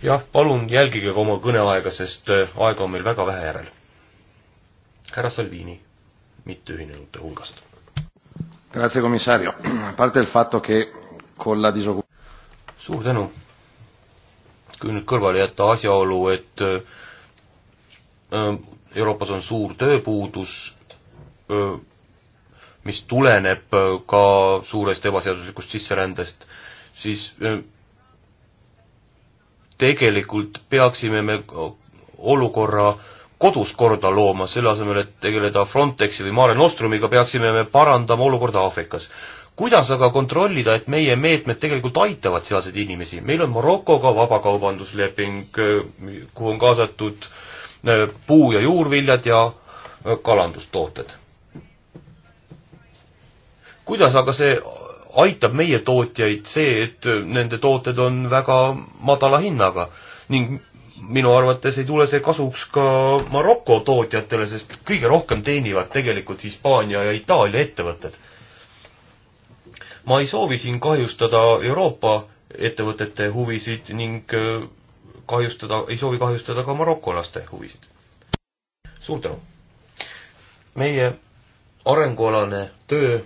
jah, palun jälgige ka oma kõneaega, sest äh, aega on meil väga vähe järel. härra Salvini, mitteühinenute hulgast. Grazie commissario, a parte il fatto che con la disocup-. suur tänu. kui nüüd kõrvale jätta asjaolu, et äh, äh, Euroopas on suur tööpuudus, mis tuleneb ka suurest ebaseaduslikust sisserändest, siis tegelikult peaksime me olukorra kodus korda looma, selle asemel, et tegeleda Frontexi või Mare Nostrumiga, peaksime me parandama olukorda Aafrikas. kuidas aga kontrollida, et meie meetmed tegelikult aitavad sealseid inimesi? meil on Marokoga vabakaubandusleping, kuhu on kaasatud äh, puu- ja juurviljad ja äh, kalandustooted. kuidas aga see aitab meie tootjaid see, et nende tooted on väga madala hinnaga ning minu arvates ei tule see kasuks ka Maroko tootjatele, sest kõige rohkem teenivad tegelikult Hispaania ja Itaalia ettevõtted. ma ei soovi siin kahjustada Euroopa ettevõtete huvisid ning äh, kahjustada, ei soovi kahjustada ka marokolaste huvisid. suur tänu! meie arengualane töö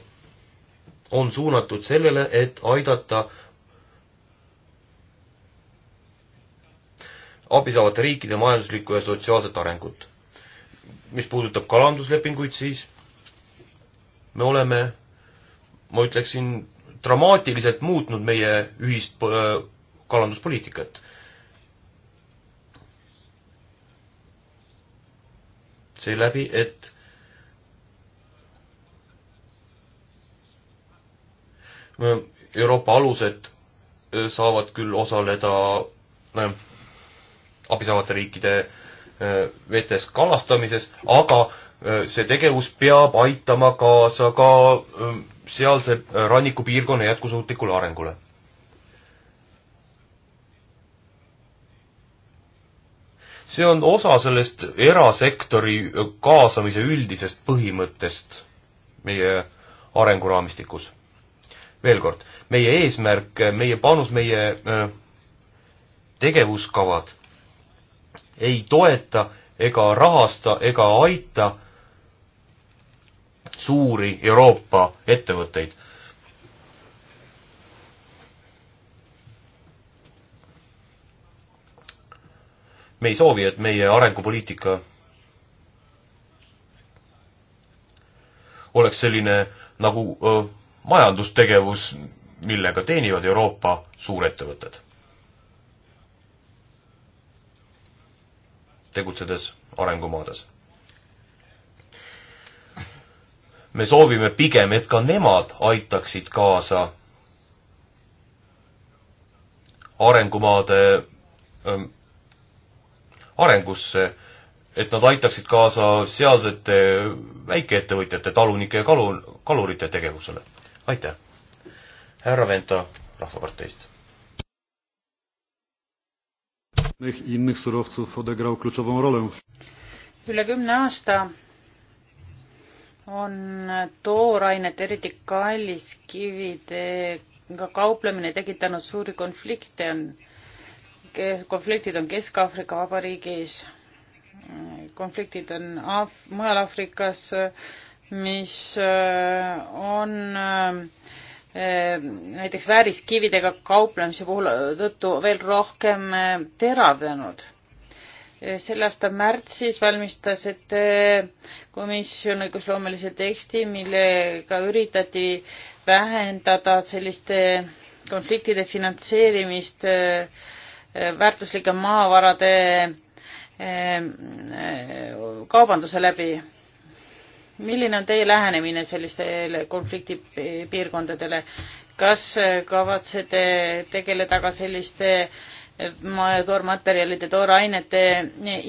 on suunatud sellele, et aidata abi saavate riikide majanduslikku ja sotsiaalset arengut. mis puudutab kalanduslepinguid, siis me oleme, ma ütleksin, dramaatiliselt muutnud meie ühist kalanduspoliitikat. seeläbi, et Euroopa alused saavad küll osaleda abi saavate riikide vetes kalastamises, aga see tegevus peab aitama kaasa ka sealse rannikupiirkonna jätkusuutlikule arengule. see on osa sellest erasektori kaasamise üldisest põhimõttest meie arenguraamistikus veel kord, meie eesmärk, meie panus, meie äh, tegevuskavad ei toeta ega rahasta ega aita suuri Euroopa ettevõtteid. me ei soovi, et meie arengupoliitika oleks selline nagu öö, äh, majandustegevus, millega teenivad Euroopa suurettevõtted. tegutsedes arengumaades. me soovime pigem, et ka nemad aitaksid kaasa arengumaade ähm, arengusse, et nad aitaksid kaasa sealsete väikeettevõtjate, talunike ja kalu, kalurite tegevusele aitäh! härra Vento Rahvaparteist. üle kümne aasta on toorainet, eriti kalliskividega kauplemine tekitanud suuri konflikte, on, konfliktid on Kesk-Aafrika Vabariigis, konfliktid on Af-, mujal Aafrikas äh,, mis äh, on äh, äh, näiteks vääriskividega kauplemise puhul tõttu veel rohkem teravdanud. selle aasta märtsis valmistas ette komisjon õigusloomelise teksti, millega üritati vähendada selliste konfliktide finantseerimist väärtuslike maavarade kaubanduse läbi milline on teie lähenemine sellistele konfliktipiirkondadele? kas kavatsete tegeleda ka selliste toormaterjalide, toorainete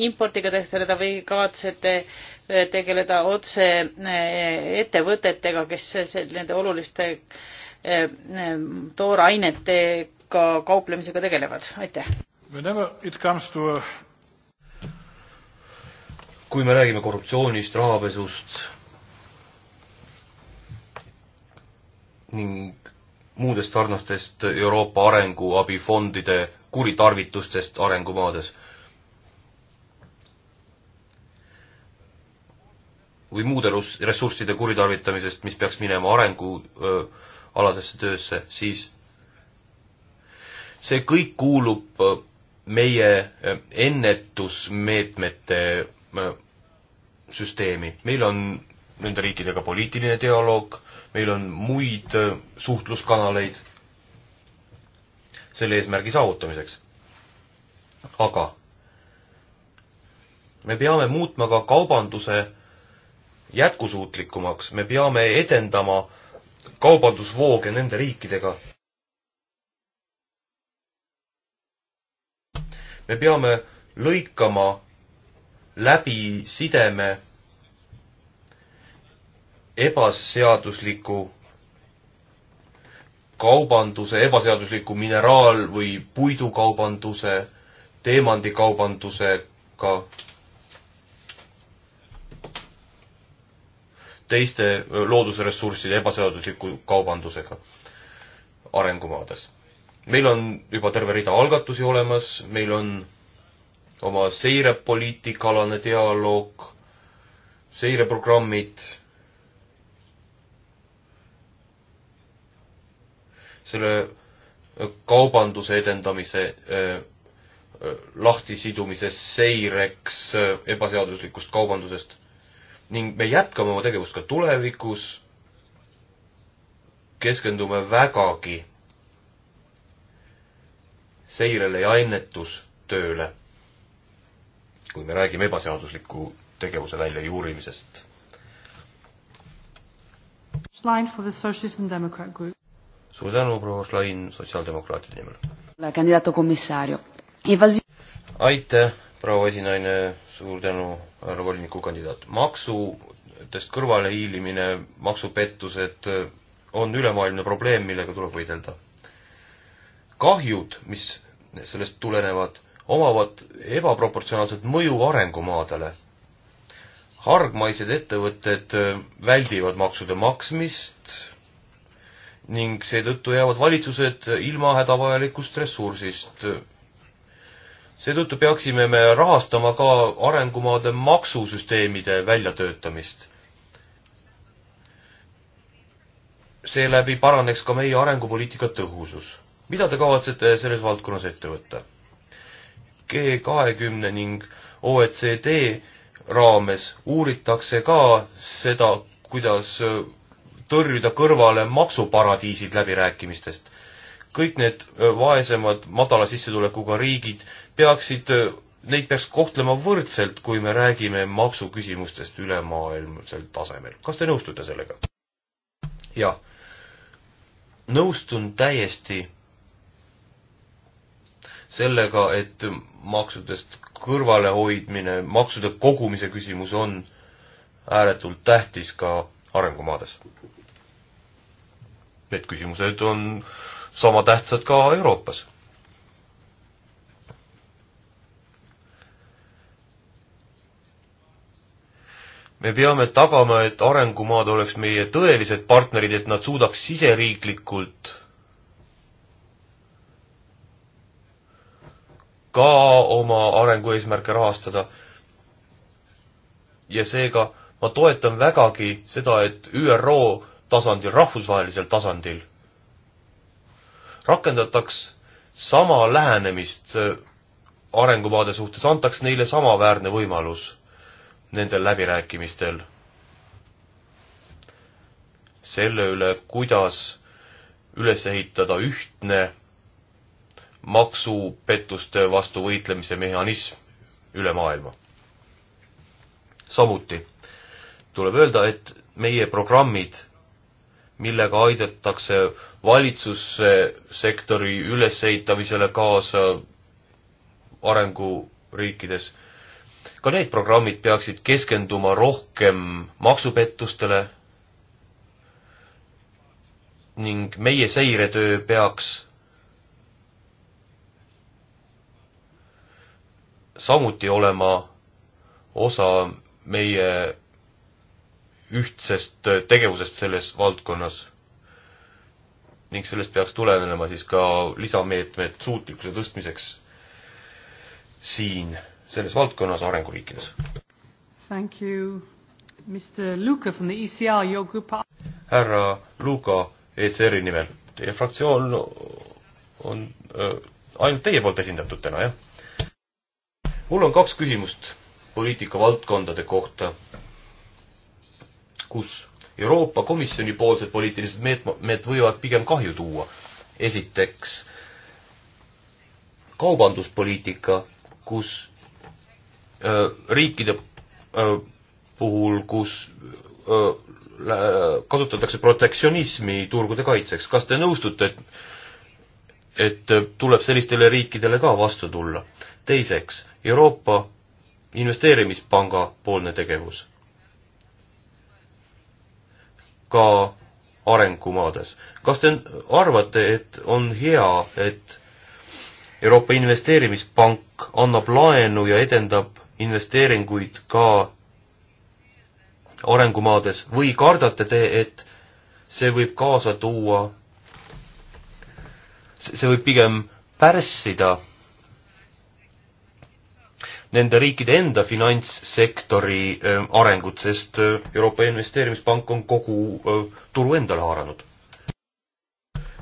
importiga tegeleda või kavatsete tegeleda otse ettevõtetega, kes nende oluliste eh, toorainetega kauplemisega tegelevad? aitäh! To... kui me räägime korruptsioonist, rahapesust, ning muudest sarnastest Euroopa arenguabifondide kuritarvitustest arengumaades. või muude ressursside kuritarvitamisest, mis peaks minema arengualasesse töösse, siis see kõik kuulub meie ennetusmeetmete süsteemi. meil on nende riikidega poliitiline dialoog, meil on muid äh, suhtluskanaleid selle eesmärgi saavutamiseks. aga me peame muutma ka kaubanduse jätkusuutlikumaks, me peame edendama kaubandusvooge nende riikidega. me peame lõikama läbi sideme ebaseadusliku kaubanduse, ebaseadusliku mineraal- või puidukaubanduse, teemandikaubandusega, teiste loodusressursside ebaseadusliku kaubandusega arengumaades. meil on juba terve rida algatusi olemas, meil on oma seirepoliitika alane dialoog, seireprogrammid selle äh, kaubanduse edendamise äh, äh, lahtisidumises seireks ebaseaduslikust kaubandusest ning me jätkame oma tegevust ka tulevikus, keskendume vägagi seirele ja ennetustööle, kui me räägime ebaseadusliku tegevuse väljajuurimisest. Line for the Socialist and Democrat Group suur tänu, proua Šlain, sotsiaaldemokraatide nimel. aitäh, proua esinaine, suur tänu, härra volinikukandidaat. maksudest kõrvalehiilimine, maksupettused eh, on ülemaailmne probleem, millega tuleb võidelda. kahjud, mis sellest tulenevad, omavad ebaproportsionaalset mõju arengumaadele hargmaised ettevõtted eh, väldivad maksude maksmist, ning seetõttu jäävad valitsused ilma hädavajalikust ressursist. seetõttu peaksime me rahastama ka arengumaade maksusüsteemide väljatöötamist. seeläbi paraneks ka meie arengupoliitika tõhusus. mida te kavatsete selles valdkonnas ette võtta? G kahekümne ning OECD raames uuritakse ka seda, kuidas tõrjuda kõrvale maksuparadiisid läbirääkimistest. kõik need vaesemad, madala sissetulekuga riigid peaksid, neid peaks kohtlema võrdselt, kui me räägime maksuküsimustest ülemaailmsel tasemel. kas te nõustute sellega? jah. nõustun täiesti sellega, et maksudest kõrvalehoidmine, maksude kogumise küsimus on ääretult tähtis ka arengumaades. Need küsimused on sama tähtsad ka Euroopas. me peame tagama, et arengumaad oleks meie tõelised partnerid, et nad suudaks siseriiklikult ka oma arengueesmärke rahastada. ja seega ma toetan vägagi seda, et ÜRO tasandil, rahvusvahelisel tasandil rakendataks sama lähenemist äh, arengumaade suhtes, antaks neile samaväärne võimalus nendel läbirääkimistel selle üle, kuidas üles ehitada ühtne maksupettuste vastu võitlemise mehhanism üle maailma. samuti tuleb öelda, et meie programmid millega aidatakse valitsussektori ülesehitamisele kaasa arenguriikides. ka need programmid peaksid keskenduma rohkem maksupettustele ning meie seiretöö peaks samuti olema osa meie ühtsest äh, tegevusest selles valdkonnas. ning sellest peaks tulenema siis ka lisameetmed suutlikkuse tõstmiseks siin selles valdkonnas arenguriikides. Thank you, Mr Luka from the ECR, your group. härra Luka ECR-i nimel, teie fraktsioon on äh, ainult teie poolt esindatud täna, jah? mul on kaks küsimust poliitikavaldkondade kohta kus Euroopa Komisjoni poolsed poliitilised meetmed võivad pigem kahju tuua. esiteks kaubanduspoliitika, kus öö, riikide öö, puhul, kus öö, kasutatakse protektsionismi turgude kaitseks, kas te nõustute, et et tuleb sellistele riikidele ka vastu tulla? teiseks, Euroopa Investeerimispanga poolne tegevus ka arengumaades. kas te arvate, et on hea, et Euroopa Investeerimispank annab laenu ja edendab investeeringuid ka arengumaades või kardate te, et see võib kaasa tuua, see võib pigem pärssida nende riikide enda finantssektori arengut, sest Euroopa Investeerimispank on kogu turu endale haaranud.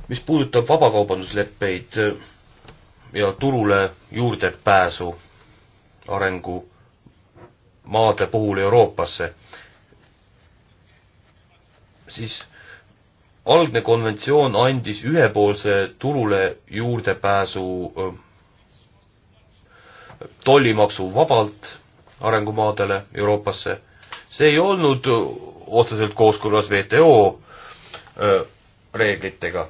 mis puudutab vabakaubandusleppeid ja turule juurdepääsu arengumaade puhul Euroopasse, siis algne konventsioon andis ühepoolse turule juurdepääsu tollimaksu vabalt arengumaadele Euroopasse. see ei olnud otseselt kooskõlas WTO reeglitega.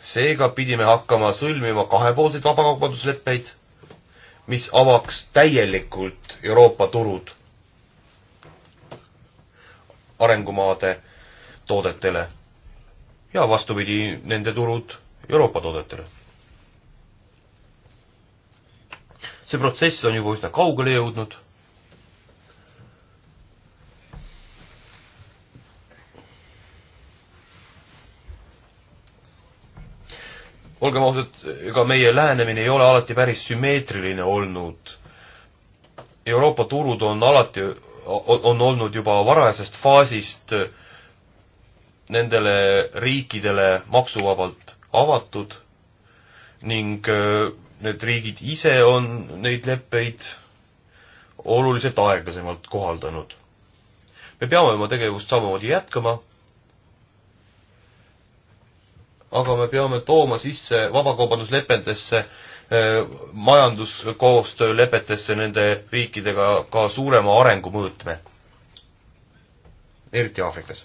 seega pidime hakkama sõlmima kahepoolseid vabakaubandusleppeid, mis avaks täielikult Euroopa turud arengumaade toodetele ja vastupidi, nende turud Euroopa toodetele see protsess on juba üsna kaugele jõudnud. olgem ausad, ega meie lähenemine ei ole alati päris sümmeetriline olnud. Euroopa turud on alati, on olnud juba varajasest faasist nendele riikidele maksuvabalt avatud ning need riigid ise on neid leppeid oluliselt aeglasemalt kohaldanud. me peame oma tegevust samamoodi jätkama, aga me peame tooma sisse vabakaubanduslepetesse, eh, majanduskoostöölepetesse nende riikidega ka suurema arengumõõtme, eriti Aafrikas.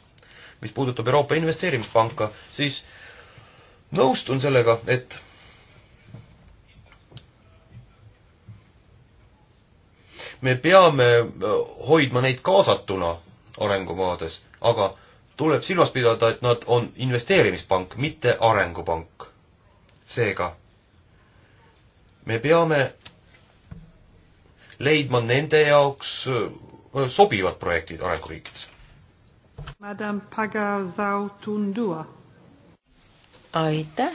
mis puudutab Euroopa Investeerimispanka, siis nõustun sellega, et me peame äh, hoidma neid kaasatuna arengumaades, aga tuleb silmas pidada, et nad on investeerimispank, mitte arengupank. seega me peame leidma nende jaoks äh, sobivad projektid arenguriikides. Madam Pagazautundua. aitäh,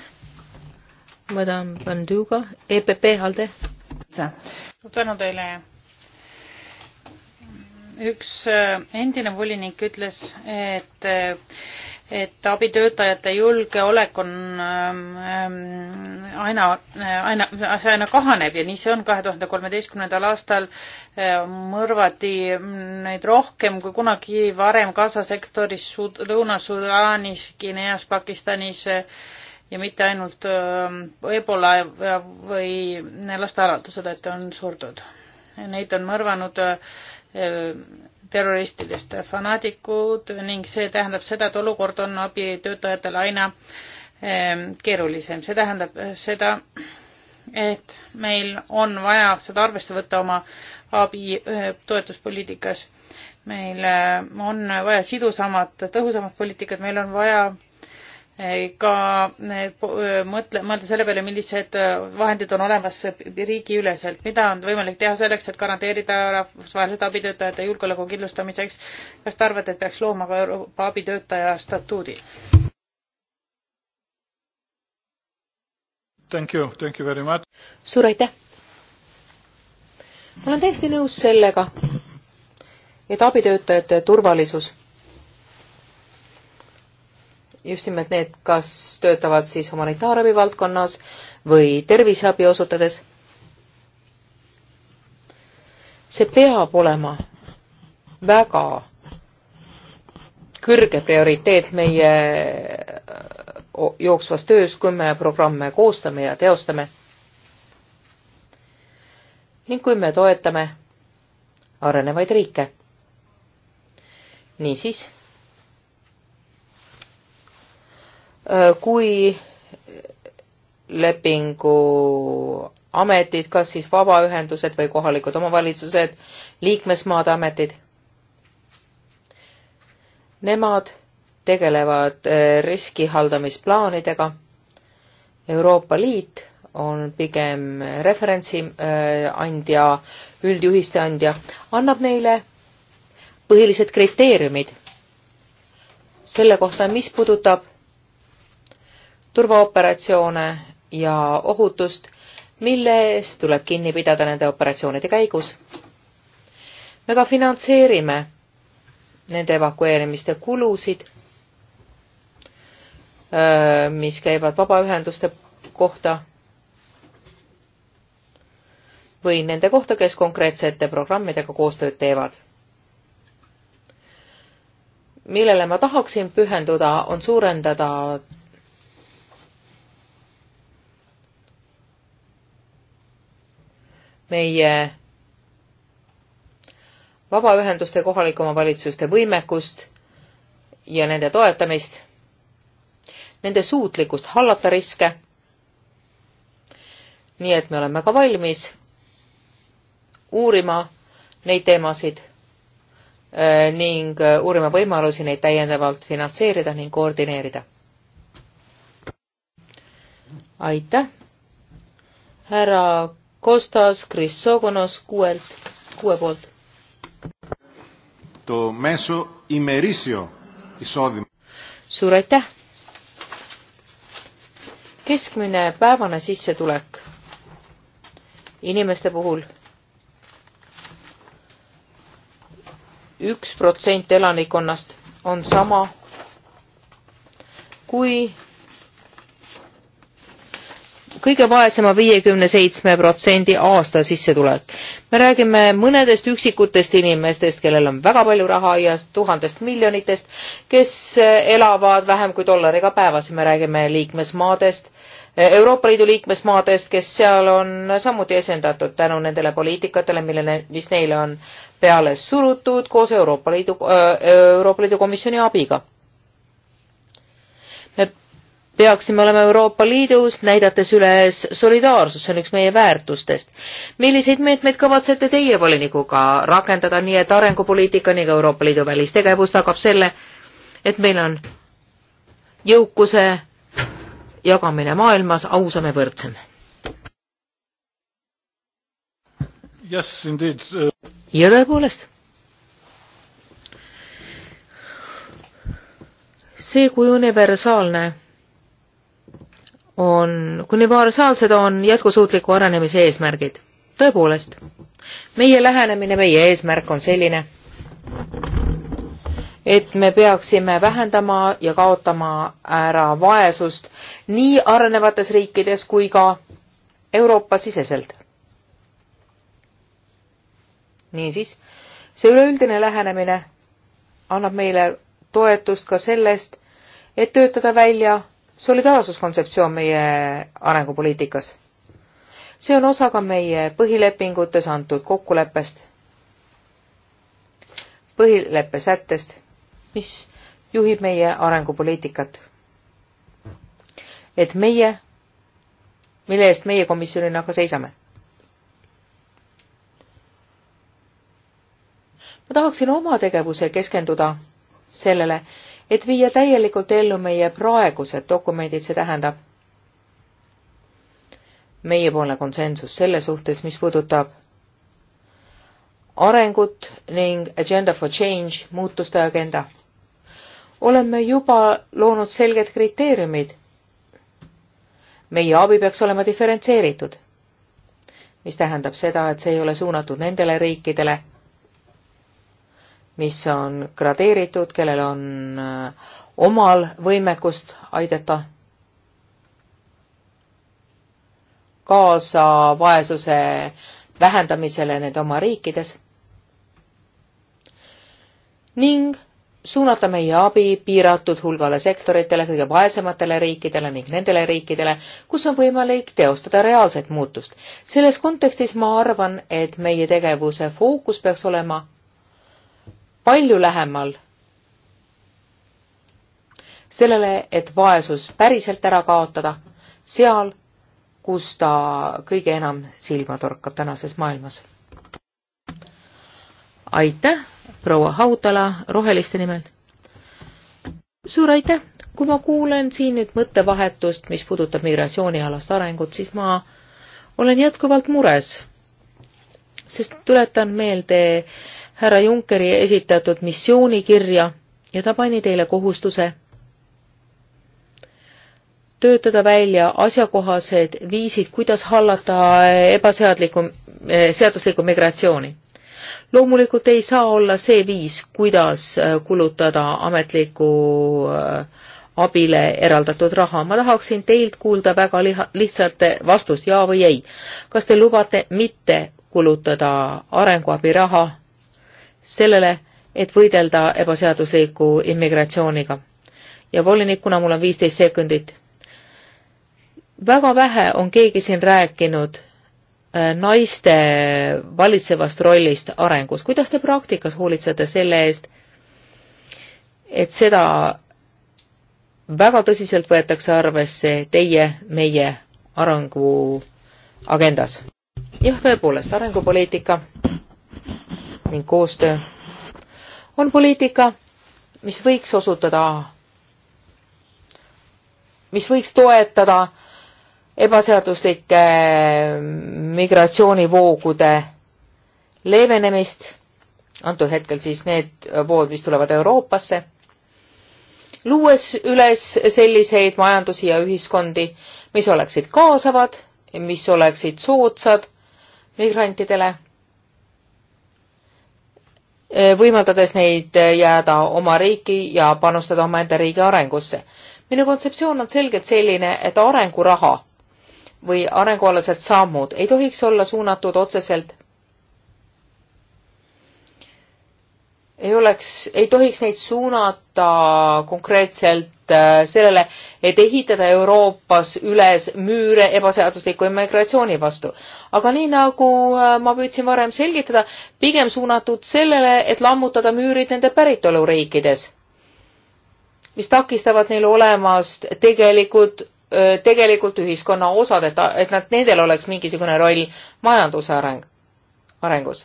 madam Panduga, EPP halde. tänu teile üks äh, endine volinik ütles, et, äh, et abitöötajate julgeolek on ähm, ähm, aina, äh, aina, aina kahaneb ja nii see on. kahe tuhande kolmeteistkümnendal aastal mõrvati neid rohkem kui kunagi varem Gaza sektoris, Lõuna-Sudaanis, Guineas, Pakistanis ja mitte ainult Ebola või lastealadused, et on surdud. Neid on mõrvanud terroristidest fanaatikud ning see tähendab seda, et olukord on abitöötajatele aina ehm, keerulisem. see tähendab seda, et meil on vaja seda arvesse võtta oma abi ehm, toetuspoliitikas. meil ehm, on vaja sidusamat, tõhusamat poliitikat, meil on vaja ka eh, eh, mõtle, mõelda selle peale, millised eh, vahendid on olemas riigiüleselt, mida on võimalik teha selleks, et garanteerida rahvusvaheliste abitöötajate julgeoleku kindlustamiseks. kas te arvate, et peaks looma ka Euroopa abitöötaja statuudi? Thank you, thank you very much. suur aitäh! ma olen täiesti nõus sellega, et abitöötajate turvalisus just nimelt need, kas töötavad siis humanitaarabi valdkonnas või terviseabi osutades. see peab olema väga kõrge prioriteet meie jooksvas töös, kui me programme koostame ja teostame. ning kui me toetame arenevaid riike. niisiis Äh, kui lepingu ametid, kas siis vabaühendused või kohalikud omavalitsused, liikmesmaade ametid, nemad tegelevad äh, riski haldamisplaanidega. Euroopa Liit on pigem referentsi äh, andja, üldjuhiste andja, annab neile põhilised kriteeriumid selle kohta, mis puudutab turvaoperatsioone ja ohutust, mille eest tuleb kinni pidada nende operatsioonide käigus. me ka finantseerime nende evakueerimiste kulusid, mis käivad vabaühenduste kohta või nende kohta, kes konkreetsete programmidega koostööd teevad. millele ma tahaksin pühenduda, on suurendada meie vabaühenduste kohalike omavalitsuste võimekust ja nende toetamist, nende suutlikkust hallata riske. nii et me oleme ka valmis uurima neid teemasid äh, ning äh, uurima võimalusi neid täiendavalt finantseerida ning koordineerida. aitäh, härra Kostas Krissogonos kuuelt, kuue poolt. to meso imerisio isodim-. suur aitäh! keskmine päevane sissetulek inimeste puhul üks protsent elanikkonnast on sama kui kõige vaesema viiekümne seitsme protsendi aastasissetulek. me räägime mõnedest üksikutest inimestest, kellel on väga palju raha ja tuhandest miljonitest, kes elavad vähem kui dollariga päevas ja me räägime liikmesmaadest, Euroopa Liidu liikmesmaadest, kes seal on samuti esindatud tänu nendele poliitikatele, millele, mis neile on peale surutud koos Euroopa Liidu, Euroopa Liidu Komisjoni abiga peaksime olema Euroopa Liidus, näidates üles solidaarsus, see on üks meie väärtustest. milliseid meetmeid kavatsete teie volinikuga rakendada, nii et arengupoliitika ning Euroopa Liidu välistegevus tagab selle, et meil on jõukuse jagamine maailmas ausam ja võrdsem? Yes, indeed. Uh, ja tõepoolest see kui universaalne on, universaalsed on jätkusuutliku arenemise eesmärgid. tõepoolest, meie lähenemine, meie eesmärk on selline, et me peaksime vähendama ja kaotama ära vaesust nii arenevates riikides kui ka Euroopa siseselt. niisiis, see üleüldine lähenemine annab meile toetust ka sellest, et töötada välja solidaarsuskontseptsioon meie arengupoliitikas. see on osa ka meie põhilepingutes antud kokkuleppest, põhileppe sättest, mis juhib meie arengupoliitikat. et meie, mille eest meie komisjonina ka seisame. ma tahaksin oma tegevuse keskenduda sellele, et viia täielikult ellu meie praegused dokumendid, see tähendab meiepoolne konsensus selle suhtes, mis puudutab arengut ning Agenda for Change muutuste agenda. oleme juba loonud selged kriteeriumid. meie abi peaks olema diferentseeritud, mis tähendab seda, et see ei ole suunatud nendele riikidele mis on gradeeritud, kellel on äh, omal võimekust aidata kaasa vaesuse vähendamisele nende oma riikides ning suunata meie abi piiratud hulgale sektoritele, kõige vaesematele riikidele ning nendele riikidele, kus on võimalik teostada reaalset muutust. selles kontekstis ma arvan, et meie tegevuse fookus peaks olema palju lähemal sellele, et vaesus päriselt ära kaotada, seal, kus ta kõige enam silma torkab tänases maailmas. aitäh, proua Hautala Roheliste nimel. suur aitäh, kui ma kuulen siin nüüd mõttevahetust, mis puudutab migratsioonialast arengut, siis ma olen jätkuvalt mures, sest tuletan meelde härra Junckeri esitatud missioonikirja ja ta pani teile kohustuse töötada välja asjakohased viisid, kuidas hallata ebaseadlikku, eh, seaduslikku migratsiooni. loomulikult ei saa olla see viis, kuidas eh, kulutada ametliku eh, abile eraldatud raha. ma tahaksin teilt kuulda väga liha, lihtsalt vastust, jaa või ei. kas te lubate mitte kulutada arenguabiraha sellele, et võidelda ebaseadusliku immigratsiooniga. ja volinikuna mul on viisteist sekundit. väga vähe on keegi siin rääkinud äh, naiste valitsevast rollist arengus. kuidas te praktikas hoolitsete selle eest, et seda väga tõsiselt võetakse arvesse teie, meie arenguagendas? jah, tõepoolest, arengupoliitika ning koostöö on poliitika, mis võiks osutada, mis võiks toetada ebaseaduslike migratsioonivoogude leevenemist, antud hetkel siis need vood, mis tulevad Euroopasse, luues üles selliseid majandusi ja ühiskondi, mis oleksid kaasavad, mis oleksid soodsad migrantidele Eh, võimaldades neid eh, jääda oma riiki ja panustada omaenda riigi arengusse. minu kontseptsioon on selgelt selline, et arenguraha või arengualased sammud ei tohiks olla suunatud otseselt ei oleks, ei tohiks neid suunata konkreetselt äh, sellele, et ehitada Euroopas üles müüre ebaseadusliku immigratsiooni vastu. aga nii, nagu äh, ma püüdsin varem selgitada, pigem suunatud sellele, et lammutada müürid nende päritoluriikides, mis takistavad neil olemast tegelikult, äh, tegelikult ühiskonna osad, et, et nad, nendel oleks mingisugune roll majanduse areng, arengus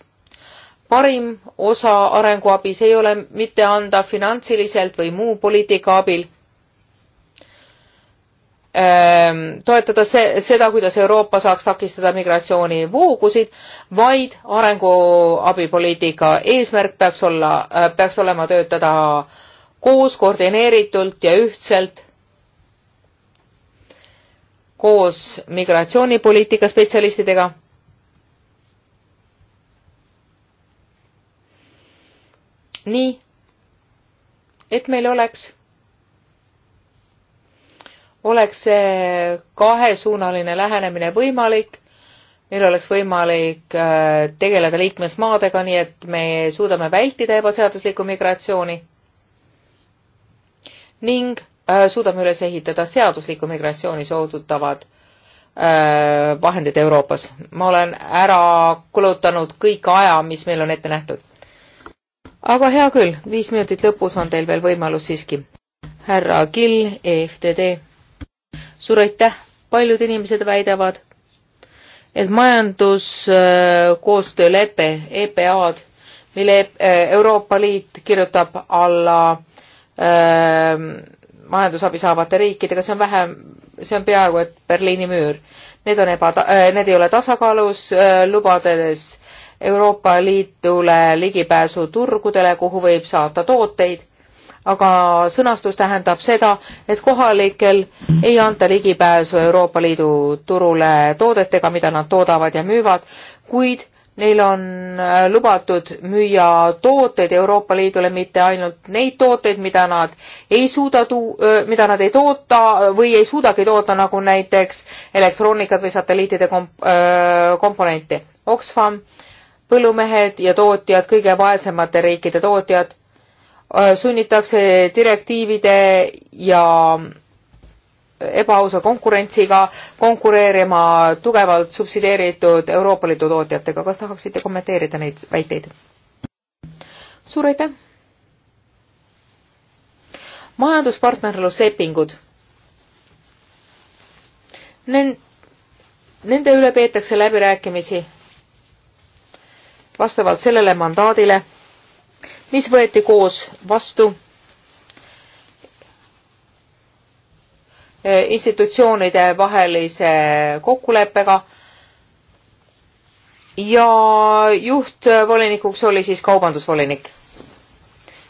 parim osa arenguabis ei ole mitte anda finantsiliselt või muu poliitika abil ähm, toetada see, seda, kuidas Euroopa saaks takistada migratsioonivoogusid, vaid arenguabipoliitika eesmärk peaks olla, äh, peaks olema töötada koos, koordineeritult ja ühtselt koos migratsioonipoliitika spetsialistidega nii, et meil oleks, oleks see kahesuunaline lähenemine võimalik, meil oleks võimalik äh, tegeleda liikmesmaadega, nii et me suudame vältida ebaseaduslikku migratsiooni ning äh, suudame üles ehitada seadusliku migratsiooni soodutavad äh, vahendid Euroopas. ma olen ära kulutanud kõik aja, mis meil on ette nähtud aga hea küll, viis minutit lõpus on teil veel võimalus siiski. härra Kill, EFTD. suur aitäh, paljud inimesed väidavad, et majanduskoostöölepe, äh, EPA-d, mille äh, Euroopa Liit kirjutab alla äh, majandusabi saavate riikidega, see on vähem, see on peaaegu et Berliini müür. Need on eba-, äh, need ei ole tasakaalus äh,, lubades Euroopa Liidule ligipääsu turgudele, kuhu võib saata tooteid, aga sõnastus tähendab seda, et kohalikel ei anta ligipääsu Euroopa Liidu turule toodetega, mida nad toodavad ja müüvad, kuid neil on äh, lubatud müüa tooteid Euroopa Liidule, mitte ainult neid tooteid, mida nad ei suuda tu-, mida nad ei toota või ei suudagi toota, nagu näiteks elektroonikat või satelliitide komp-, komponenti. Oxfam põllumehed ja tootjad, kõige vaesemate riikide tootjad, äh, sunnitakse direktiivide ja ebaausa konkurentsiga konkureerima tugevalt subsideeritud Euroopa Liidu tootjatega. kas tahaksite kommenteerida neid väiteid? suur aitäh! majanduspartnerluslepingud. Nende üle peetakse läbirääkimisi vastavalt sellele mandaadile, mis võeti koos vastu eh, institutsioonide vahelise kokkuleppega ja juhtvolinikuks oli siis kaubandusvolinik.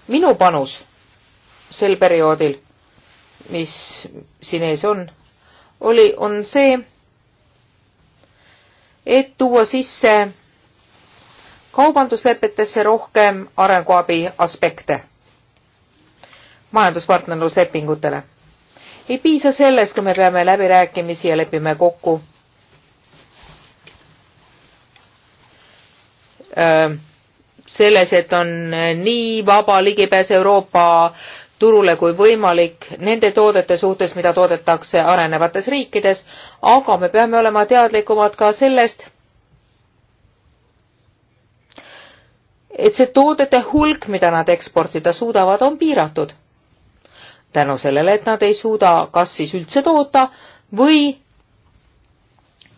minu panus sel perioodil, mis siin ees on, oli, on see, et tuua sisse kaubanduslepetesse rohkem arenguabi aspekte majanduspartnerluslepingutele. ei piisa sellest, kui me peame läbirääkimisi ja lepime kokku selles, et on nii vaba ligipääs Euroopa turule kui võimalik nende toodete suhtes, mida toodetakse arenevates riikides, aga me peame olema teadlikumad ka sellest, et see toodete hulk, mida nad eksportida suudavad, on piiratud. tänu sellele, et nad ei suuda kas siis üldse toota või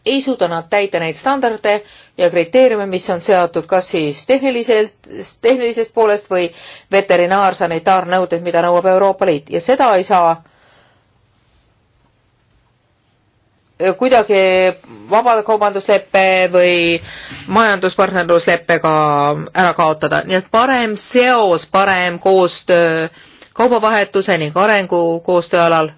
ei suuda nad täita neid standarde ja kriteeriume, mis on seatud kas siis tehniliselt, tehnilisest poolest või veterinaarsanitaarnõuded, mida nõuab Euroopa Liit ja seda ei saa Äh, kuidagi vabakaubanduslepe või majanduspartnerlusleppega ära kaotada, nii et parem seos, parem koostöö kaubavahetuse ning arengukoostöö alal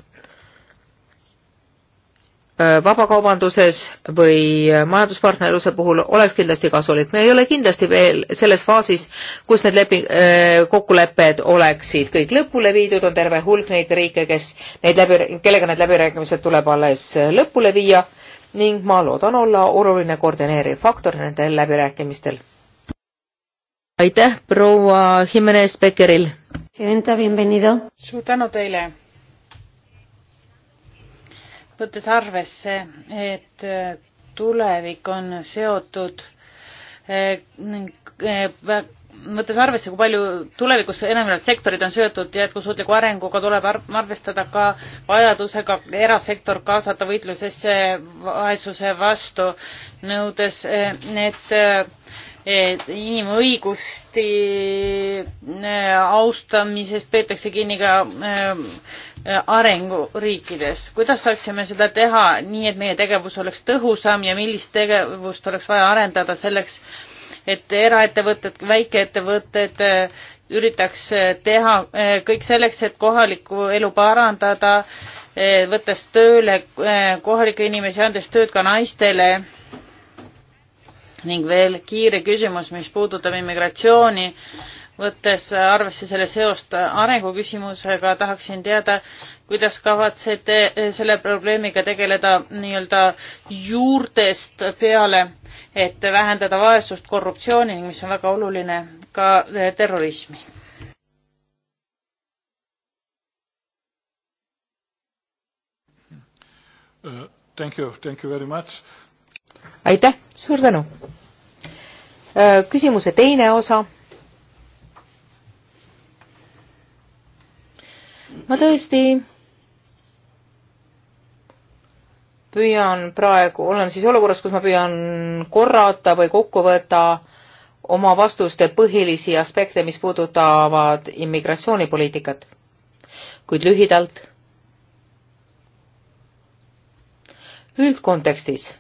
Äh, vabakaubanduses või majanduspartnerluse puhul oleks kindlasti kasulik. me ei ole kindlasti veel selles faasis, kus need lepi-, äh, kokkulepped oleksid kõik lõpule viidud, on terve hulk neid riike, kes neid läbi, kellega need läbirääkimised tuleb alles lõpule viia ning ma loodan olla oluline koordineeriv faktor nendel läbirääkimistel. aitäh, proua Jimenez Beckeril! suur tänu teile! võttes arvesse, et äh, tulevik on seotud äh, äh, võttes arvesse, kui palju tulevikus enamjaolt sektorid on seotud jätkusuutliku arenguga, tuleb arvestada ka vajadusega erasektor kaasata võitlusesse vaesuse vastu, nõudes, et inimõigusti äh, austamisest peetakse kinni ka äh, arenguriikides. kuidas saaksime seda teha nii, et meie tegevus oleks tõhusam ja millist tegevust oleks vaja arendada selleks, et eraettevõtted, väikeettevõtted äh, üritaks teha kõik selleks, et kohalikku elu parandada, võttes tööle kohalikke inimesi, andes tööd ka naistele ning veel kiire küsimus, mis puudutab immigratsiooni, võttes arvesse selle seost arenguküsimusega, tahaksin teada, kuidas kavatsete selle probleemiga tegeleda nii-öelda juurtest peale, et vähendada vaesust, korruptsiooni ning mis on väga oluline, ka terrorismi? Uh, thank you, thank you very much aitäh, suur tänu. Äh, küsimuse teine osa. ma tõesti püüan praegu, olen siis olukorras, kus ma püüan korrata või kokku võtta oma vastuste põhilisi aspekte, mis puudutavad immigratsioonipoliitikat. kuid lühidalt. üldkontekstis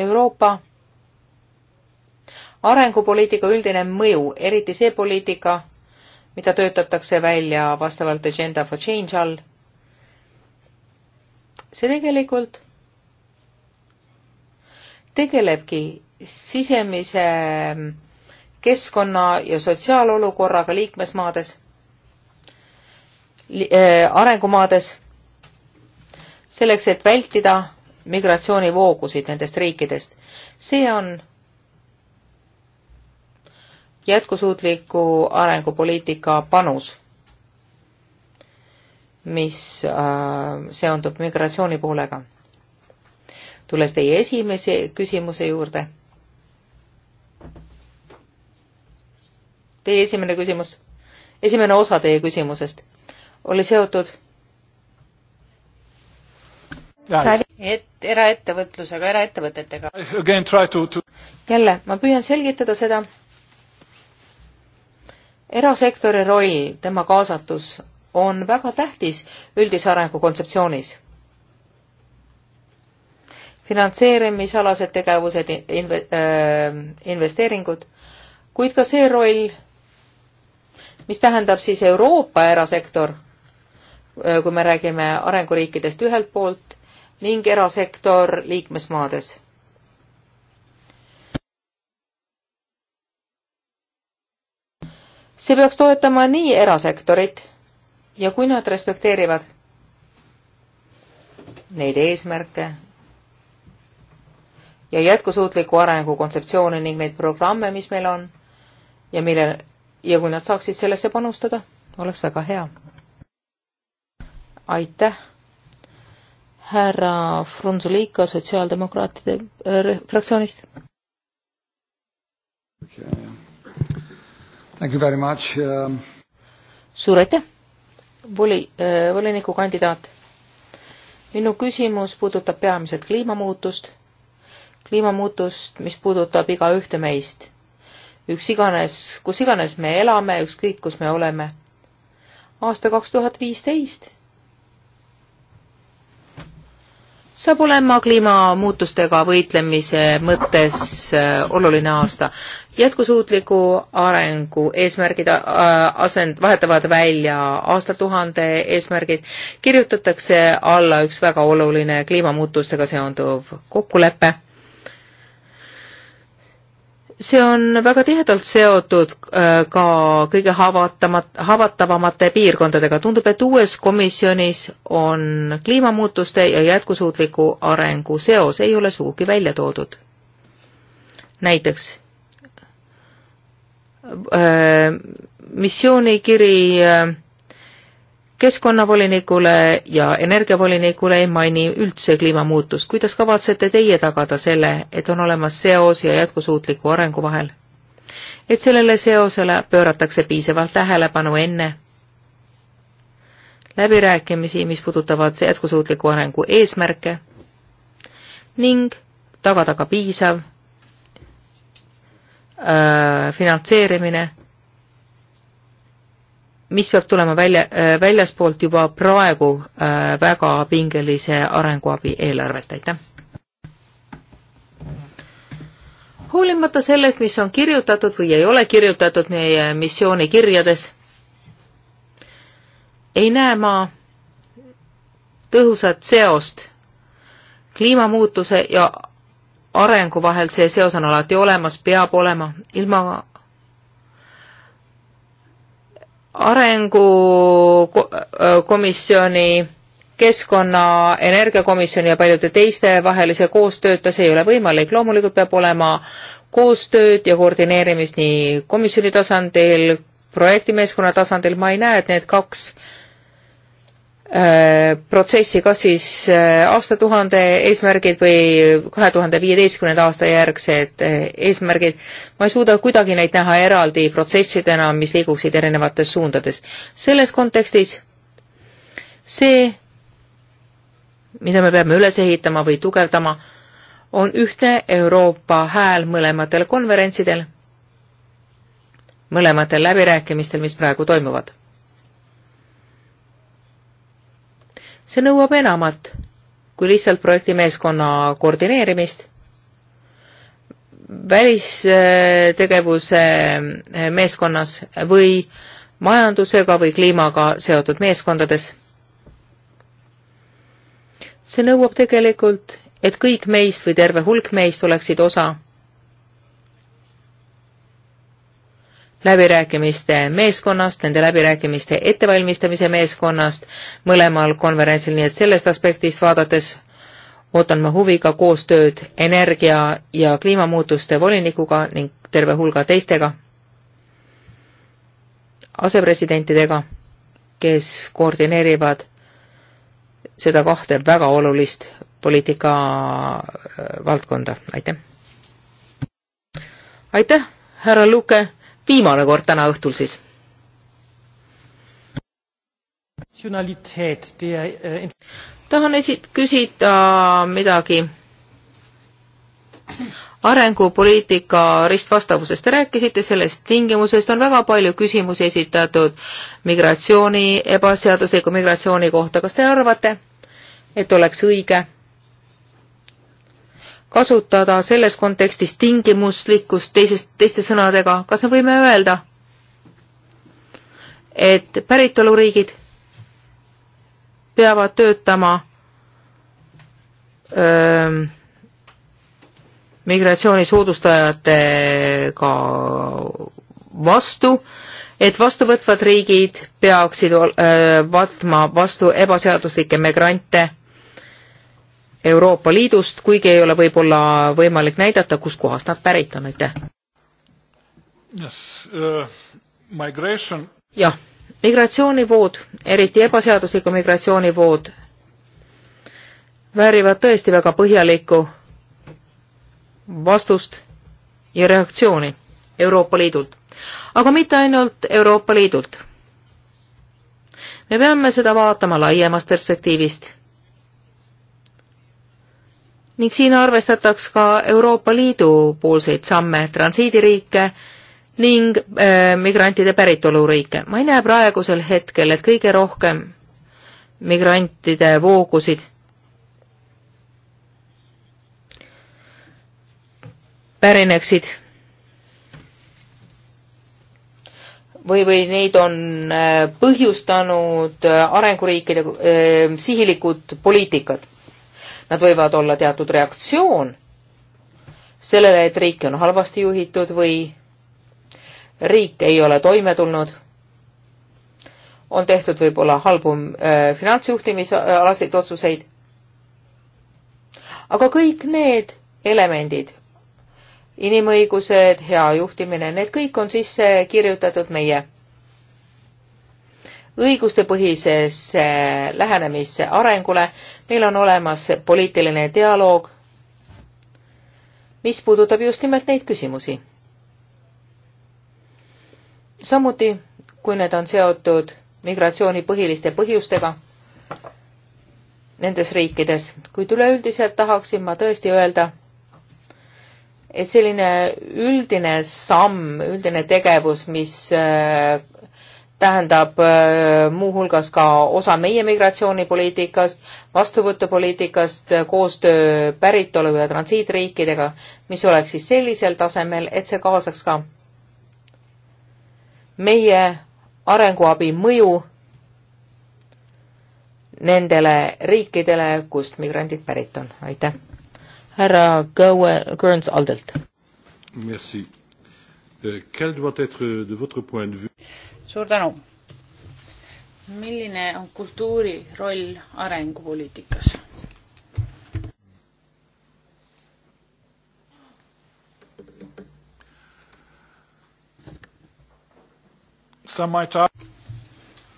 Euroopa arengupoliitika üldine mõju, eriti see poliitika, mida töötatakse välja vastavalt Agenda for Change all, see tegelikult tegelebki sisemise keskkonna ja sotsiaalolukorraga liikmesmaades li, äh,, arengumaades, selleks, et vältida migratsioonivoogusid nendest riikidest. see on jätkusuutliku arengupoliitika panus, mis äh, seondub migratsiooni poolega. tulles teie esimese küsimuse juurde. Teie esimene küsimus, esimene osa teie küsimusest oli seotud et, eraettevõtlusega, eraettevõtetega. To... jälle, ma püüan selgitada seda. erasektori roll, tema kaasatus on väga tähtis üldise arengu kontseptsioonis. finantseerimisalased tegevused, inve- äh,, investeeringud, kuid ka see roll, mis tähendab siis Euroopa erasektor, äh, kui me räägime arenguriikidest ühelt poolt ning erasektor liikmesmaades. see peaks toetama nii erasektorit ja kui nad respekteerivad neid eesmärke ja jätkusuutliku arengu kontseptsioone ning neid programme, mis meil on ja mille ja kui nad saaksid sellesse panustada, oleks väga hea. aitäh! härra Frunzuliika sotsiaaldemokraatide äh, fraktsioonist. Um, suur aitäh, voli äh,, volinikukandidaat. minu küsimus puudutab peamiselt kliimamuutust, kliimamuutust, mis puudutab igaühte meist. üks iganes, kus iganes me elame, ükskõik kus me oleme. aasta kaks tuhat viisteist saab olema kliimamuutustega võitlemise mõttes äh, oluline aasta. jätkusuutliku arengu eesmärgid äh, asend-, vahetavad välja aastatuhande eesmärgid, kirjutatakse alla üks väga oluline kliimamuutustega seonduv kokkulepe see on väga tihedalt seotud äh, ka kõige haavatamat-, haavatavamate piirkondadega. tundub, et uues komisjonis on kliimamuutuste ja jätkusuutliku arengu seos ei ole sugugi välja toodud. näiteks äh, missioonikiri äh, keskkonnavolinikule ja energiavolinikule ei maini üldse kliimamuutust. kuidas kavatsete teie tagada selle, et on olemas seos ja jätkusuutliku arengu vahel? et sellele seosele pööratakse piisavalt tähelepanu enne läbirääkimisi, mis puudutavad jätkusuutliku arengu eesmärke ning tagada ka piisav äh, finantseerimine mis peab tulema välja, äh, väljaspoolt juba praegu äh, väga pingelise arenguabi eelarvet, aitäh! hoolimata sellest, mis on kirjutatud või ei ole kirjutatud meie missioonikirjades, ei näe ma tõhusat seost kliimamuutuse ja arengu vahel, see seos on alati olemas, peab olema, ilma arengukomisjoni, keskkonna, energiakomisjoni ja paljude teiste vahelise koostööta, see ei ole võimalik, loomulikult peab olema koostööd ja koordineerimist nii komisjoni tasandil, projektimeeskonna tasandil, ma ei näe, et need kaks äh, Äh, protsessi kas siis äh, aastatuhande eesmärgid või kahe tuhande viieteistkümnenda aasta järgsed äh, eesmärgid. ma ei suuda kuidagi neid näha eraldi protsessidena, mis liiguksid erinevates suundades. selles kontekstis see, mida me peame üles ehitama või tugevdama, on ühtne Euroopa hääl mõlematel konverentsidel, mõlematel läbirääkimistel, mis praegu toimuvad see nõuab enamat kui lihtsalt projektimeeskonna koordineerimist. välistegevuse eh, meeskonnas või majandusega või kliimaga seotud meeskondades. see nõuab tegelikult, et kõik meist või terve hulk meist oleksid osa läbirääkimiste meeskonnast, nende läbirääkimiste ettevalmistamise meeskonnast mõlemal konverentsil, nii et sellest aspektist vaadates ootan ma huviga koostööd energia ja kliimamuutuste volinikuga ning terve hulga teistega asepresidentidega, kes koordineerivad seda kahte väga olulist poliitika äh, valdkonda, aitäh. aitäh, härra Luke viimane kord täna õhtul siis. Äh, tahan esit-, küsida midagi arengupoliitika ristvastavusest te rääkisite, sellest tingimusest on väga palju küsimusi esitatud migratsiooni, ebaseadusliku migratsiooni kohta. kas te arvate, et oleks õige kasutada selles kontekstis tingimuslikkust teisest, teiste sõnadega, kas me võime öelda, et päritoluriigid peavad töötama öö, ähm, migratsiooni soodustajatega vastu, et vastuvõtvad riigid peaksid öö, äh, vaatma vastu ebaseaduslikke migrante Euroopa Liidust, kuigi ei ole võib-olla võimalik näidata, kuskohast nad pärit on, aitäh. Uh, jah, migratsioonivood, eriti ebaseadusliku migratsioonivood, väärivad tõesti väga põhjalikku vastust ja reaktsiooni Euroopa Liidult. aga mitte ainult Euroopa Liidult. me peame seda vaatama laiemast perspektiivist ning siin arvestataks ka Euroopa Liidu poolseid samme transiidiriike ning äh, migrantide päritoluriike. ma ei näe praegusel hetkel, et kõige rohkem migrantide voogusid pärineksid või, või neid on äh, põhjustanud äh, arenguriikide äh, sihilikud poliitikad nad võivad olla teatud reaktsioon sellele, et riiki on halvasti juhitud või riik ei ole toime tulnud, on tehtud võib-olla halbu äh, finantsjuhtimisalaseid otsuseid. aga kõik need elemendid, inimõigused, hea juhtimine, need kõik on sisse kirjutatud meie õigustepõhisesse lähenemisse arengule, meil on olemas poliitiline dialoog, mis puudutab just nimelt neid küsimusi. samuti, kui need on seotud migratsiooni põhiliste põhjustega nendes riikides, kuid üleüldiselt tahaksin ma tõesti öelda, et selline üldine samm, üldine tegevus, mis äh, tähendab äh, muuhulgas ka osa meie migratsioonipoliitikast, vastuvõtupoliitikast, koostöö päritolu ja transiitriikidega, mis oleks siis sellisel tasemel, et see kaasaks ka meie arenguabi mõju nendele riikidele, kust migrandid pärit on. aitäh. härra Kearns Aldelt. Merci. Euh, quel doit être euh, de votre point de vue? suur tänu. milline on kultuuri roll arengupoliitikas?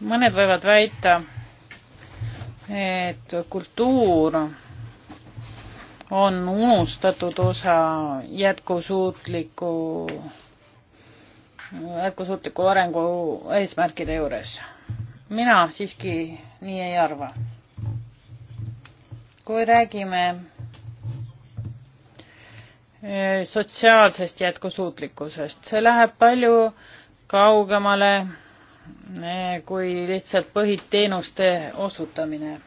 mõned võivad väita, et kultuur on unustatud osa jätkusuutliku jätkusuutliku arengu eesmärkide juures. mina siiski nii ei arva. kui räägime e, sotsiaalsest jätkusuutlikkusest, see läheb palju kaugemale e, kui lihtsalt põhiteenuste osutamine.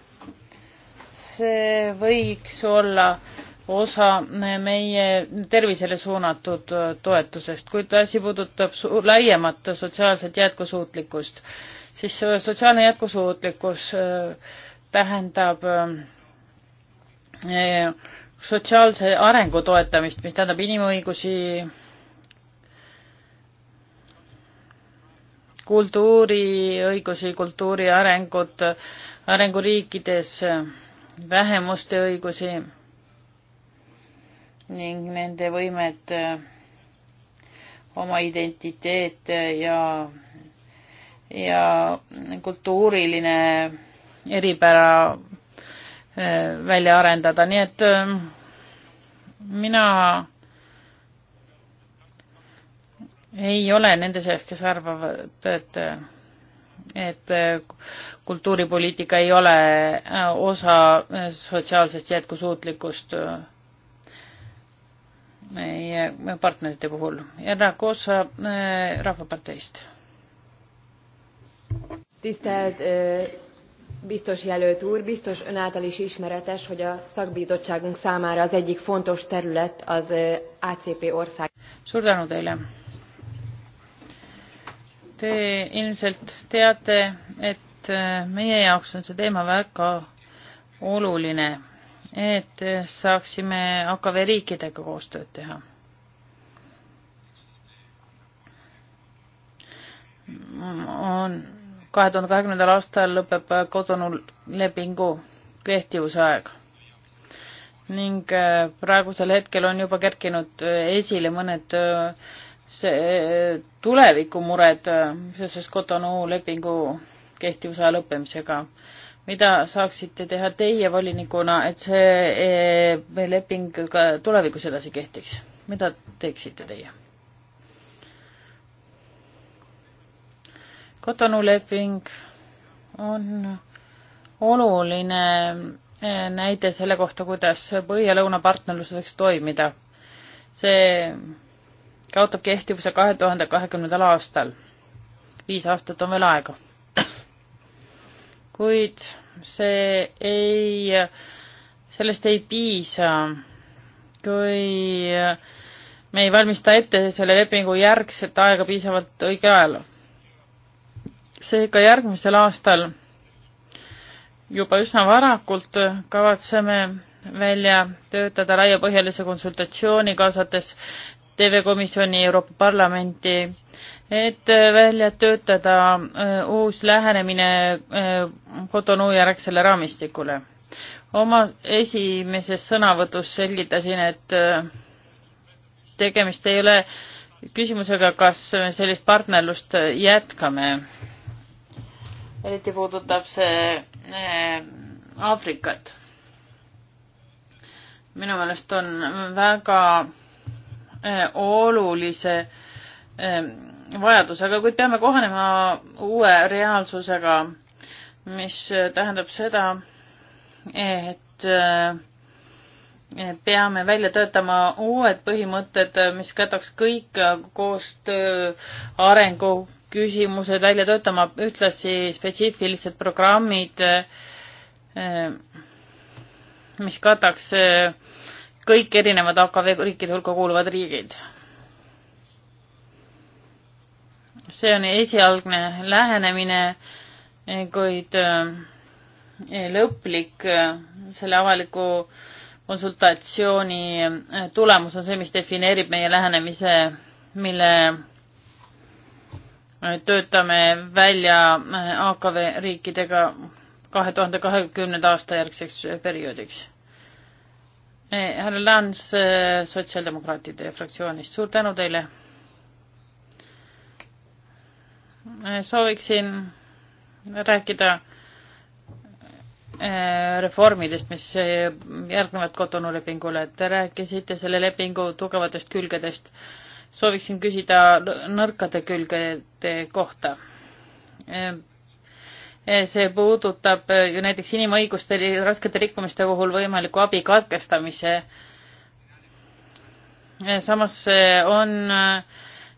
see võiks olla äh, osa meie tervisele suunatud äh, toetusest, kuid asi puudutab laiemat sotsiaalset jätkusuutlikkust, siis äh, sotsiaalne jätkusuutlikkus äh, tähendab sotsiaalse arengu toetamist, mis tähendab inimõigusi, kultuuriõigusi, kultuuri arengut arenguriikides, vähemuste õigusi ning nende võimed äh, oma identiteet äh, ja, ja kultuuriline eripära äh, välja arendada, nii et mina ei ole nende seas, kes arvavad, et et kultuuripoliitika ei ole osa sotsiaalsest jätkusuutlikust äh, meie partnerite puhul. härra Koosa eh, Rahvaparteist. tisztelt eh, biztos jelölt úr, biztos ön által is ismeretes, hogy a szakbizottságunk számára az egyik fontos terület az eh, ACP ország. suur tänu teile. Te ilmselt teate, et meie jaoks on see teema väga oluline et saaksime AKV riikidega koostööd teha. on, kahe tuhande kahekümnendal aastal lõpeb kodunul lepingu kehtivusaeg ning äh, praegusel hetkel on juba kerkinud äh, esile mõned äh, see tulevikumured seoses Cotonou lepingu kehtivusaja lõppemisega mida saaksite teha teie volinikuna, et see e, e, leping ka tulevikus edasi kehtiks? mida teeksite teie? Kotonu leping on oluline e, näide selle kohta, kuidas põhja-lõuna partnerlus võiks toimida. see kaotab kehtivuse kahe tuhande kahekümnendal aastal. viis aastat on veel aega kuid see ei, sellest ei piisa, kui me ei valmista ette selle lepingu järgset aega piisavalt õigel ajal. seega järgmisel aastal juba üsna varakult kavatseme välja töötada laiapõhjalise konsultatsiooni, kaasates TV-komisjoni Euroopa Parlamenti, et äh, välja töötada äh, uus lähenemine äh, Cotonou järgsele raamistikule. oma esimeses sõnavõtus selgitasin, et tegemist ei ole küsimusega, kas me sellist partnerlust jätkame. eriti puudutab see Aafrikat. minu meelest on väga Äh, olulise ähm, vajadusega, kuid peame kohanema uue reaalsusega, mis äh, tähendab seda, et äh, peame välja töötama uued põhimõtted, mis kätaks kõik koostöö arengu küsimused välja töötama, ühtlasi spetsiifilised programmid, mis kataks kõik erinevad AKV riikide hulka kuuluvad riigid. see on esialgne lähenemine, kuid eh, lõplik eh, selle avaliku konsultatsiooni eh, tulemus on see, mis defineerib meie lähenemise, mille töötame välja AKV riikidega kahe tuhande kahekümnenda aasta järgseks perioodiks Eh, härra Lans eh, Sotsiaaldemokraatide fraktsioonist, suur tänu teile. Eh, sooviksin rääkida reformidest, mis järgnevad Kotonu lepingule, te rääkisite selle lepingu tugevatest külgedest. sooviksin küsida nõrkade külgede kohta Eh, see puudutab eh, ju näiteks inimõiguste raskete rikkumiste puhul võimaliku abi katkestamise. Eh, samas on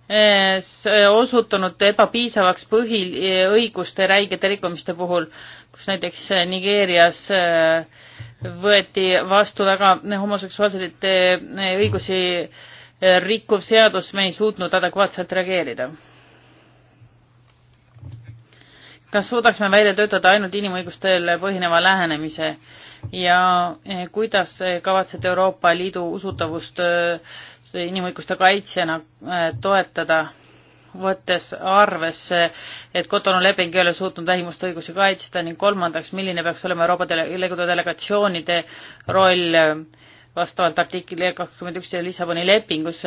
osutunud ebapiisavaks põhiõiguste räigete rikkumiste puhul, kus näiteks Nigeerias võeti vastu väga homoseksuaalsete õigusi rikkuv seadus, me ei suutnud adekvaatselt reageerida kas suudaksime välja töötada ainult inimõigustel põhineva lähenemise ja e, kuidas e, kavatsete Euroopa Liidu usutavust e, inimõiguste kaitsjana toetada, võttes arvesse, et Cotonou leping ei ole suutnud vähimuste õigusi kaitsta ning kolmandaks, milline peaks olema Euroopa Liidu delegatsioonide roll vastavalt artiklile kakskümmend üks Lissaboni lepingus,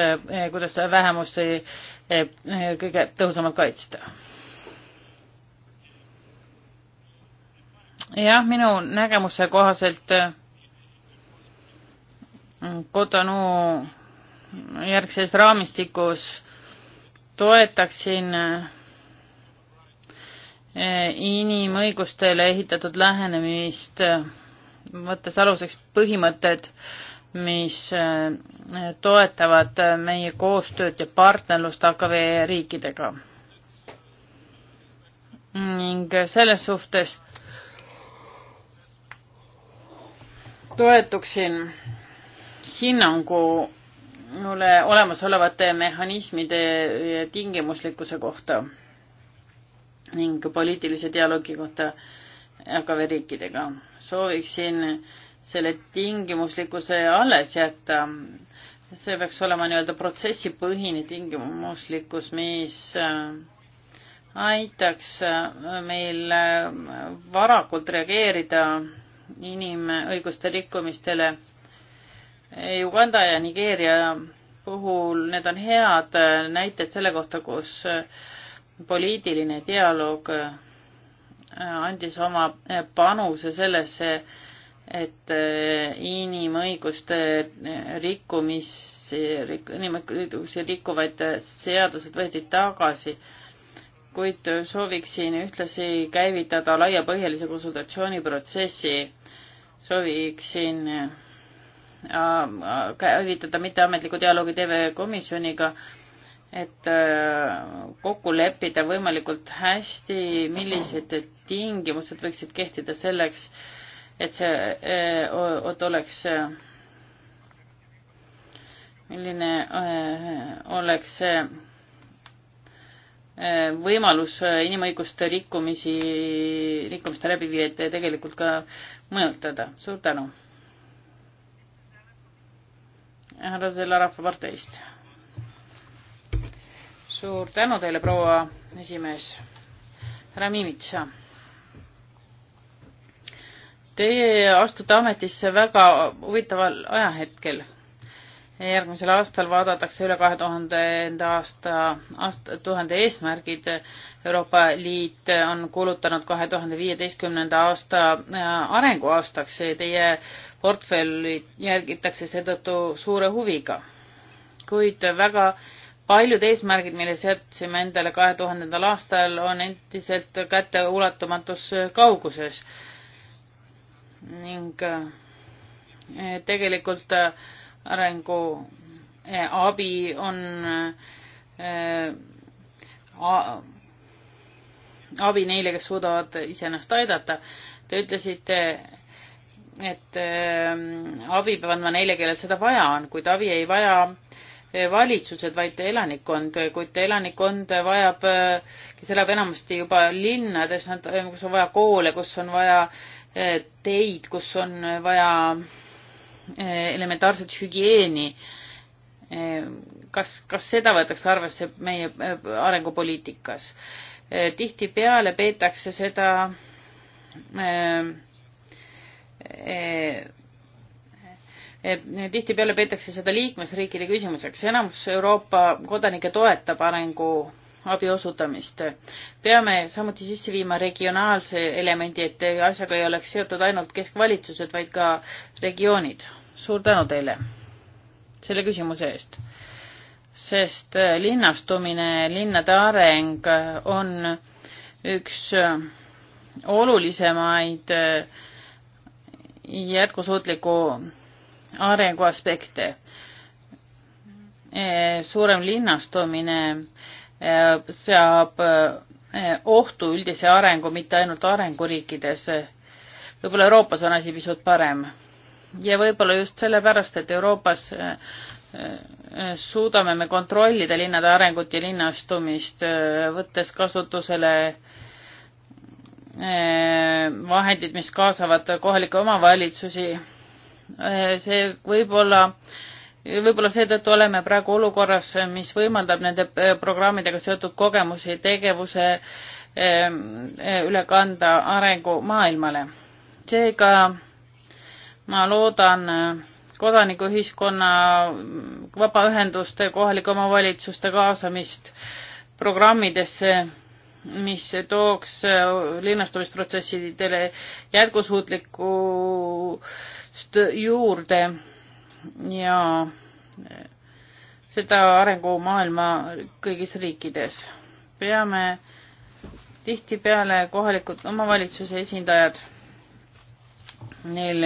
kuidas vähemusi kõige tõhusamalt kaitsta? jah, minu nägemuse kohaselt Kotonu äh, järgses raamistikus toetaksin äh, inimõigustele ehitatud lähenemist, äh, võttes aluseks põhimõtted, mis toetavad meie koostööd ja partnerlust AKV riikidega. ning selles suhtes toetuksin hinnangu mulle olemasolevate mehhanismide tingimuslikkuse kohta ning poliitilise dialoogi kohta AKV riikidega. sooviksin selle tingimuslikkuse alles jätta. see peaks olema nii-öelda protsessipõhine tingimuslikkus, mis äh, aitaks äh, meil äh, varakult reageerida inimõiguste rikkumistele. Uganda ja Nigeeria puhul need on head näited selle kohta, kus poliitiline dialoog andis oma panuse sellesse, et inimõiguste rikkumisi, inimõigusi rikkuvaid seadused võeti tagasi kuid sooviksin ühtlasi käivitada laiapõhjalise konsultatsiooniprotsessi. sooviksin äh, äh, käivitada mitteametliku dialoogi TV Komisjoniga, et äh, kokku leppida võimalikult hästi, millised tingimused võiksid kehtida selleks, et see, et oleks, milline oleks see Äh, võimalus äh, inimõiguste rikkumisi, rikkumiste läbiviijaid tegelikult ka mõjutada. suur tänu. härra Zella Rahvaparteist. suur tänu teile, proua esimees. härra Miimitsa. Teie astute ametisse väga huvitaval ajahetkel järgmisel aastal vaadatakse üle kahe tuhandenda aasta, aasta, tuhande eesmärgid. Euroopa Liit on kuulutanud kahe tuhande viieteistkümnenda aasta äh, arenguaastaks. Teie portfelli jälgitakse seetõttu suure huviga. kuid väga paljud eesmärgid, mille seadsime endale kahe tuhandendal aastal, on endiselt kätteulatumatus kauguses. ning äh, tegelikult äh, arenguabi eh, on eh, abi neile, kes suudavad iseennast aidata. Te ütlesite, et eh, abi peab andma neile, kellel seda vaja on, kuid abi ei vaja valitsused, vaid elanikkond, kuid elanikkond vajab, kes elab enamasti juba linnades, nad, kus on vaja koole, kus on vaja teid, kus on vaja Eh, elementaarset hügieeni. Eh, kas, kas seda võetakse arvesse meie eh, arengupoliitikas? tihtipeale peetakse seda tihtipeale peetakse seda liikmesriikide küsimuseks, enamus Euroopa kodanikke toetab arengu abi osutamist. peame samuti sisse viima regionaalse elemendi, et asjaga ei oleks seotud ainult keskvalitsused, vaid ka regioonid suur tänu teile selle küsimuse eest, sest äh, linnastumine, linnade areng äh, on üks äh, olulisemaid jätkusuutliku arengu aspekte. suurem linnastumine seab ohtu üldise arengu mitte ainult arenguriikides. võib-olla Euroopas on asi pisut parem ja võib-olla just sellepärast, et Euroopas äh, äh, suudame me kontrollida linnade arengut ja linnastumist, äh, võttes kasutusele vahendid, mis kaasavad kohalikke omavalitsusi. see võib-olla, võib-olla seetõttu oleme praegu olukorras, mis võimaldab nende programmidega seotud kogemusi, tegevuse üle kanda arengumaailmale. seega ma loodan äh, kodanikuühiskonna, mm, vabaühenduste, kohalike omavalitsuste kaasamist programmidesse, mis tooks äh, linnastumisprotsessidele jätkusuutlikkust juurde ja äh, seda arengumaailma kõigis riikides. peame tihtipeale kohalikud omavalitsuse esindajad, neil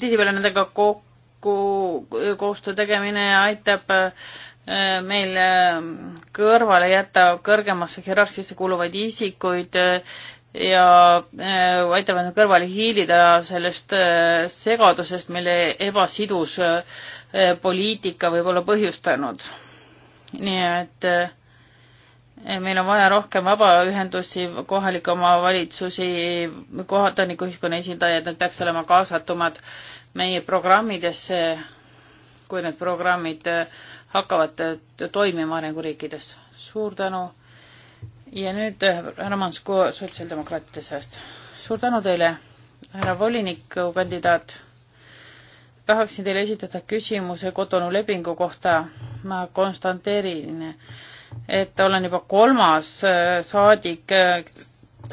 tihtipeale nendega kokku koostöö tegemine aitab äh, meil äh, kõrvale jätta kõrgemasse hierarhiasse kuuluvaid isikuid äh, ja aitavad nad kõrvale hiilida sellest segadusest, mille ebasidus poliitika võib olla põhjustanud. nii et äh, meil on vaja rohkem vabaühendusi, kohalikke omavalitsusi, kodanikuühiskonna esindajaid, nad peaks olema kaasatumad meie programmidesse, kui need programmid äh, hakkavad äh, toimima arenguriikides. suur tänu. ja nüüd äh, härra Mansku sotsiaaldemokraatide seast. suur tänu teile, härra volinikukandidaat. tahaksin teile esitada küsimuse kodunu lepingu kohta. ma konstanteerin et olen juba kolmas äh, saadik äh,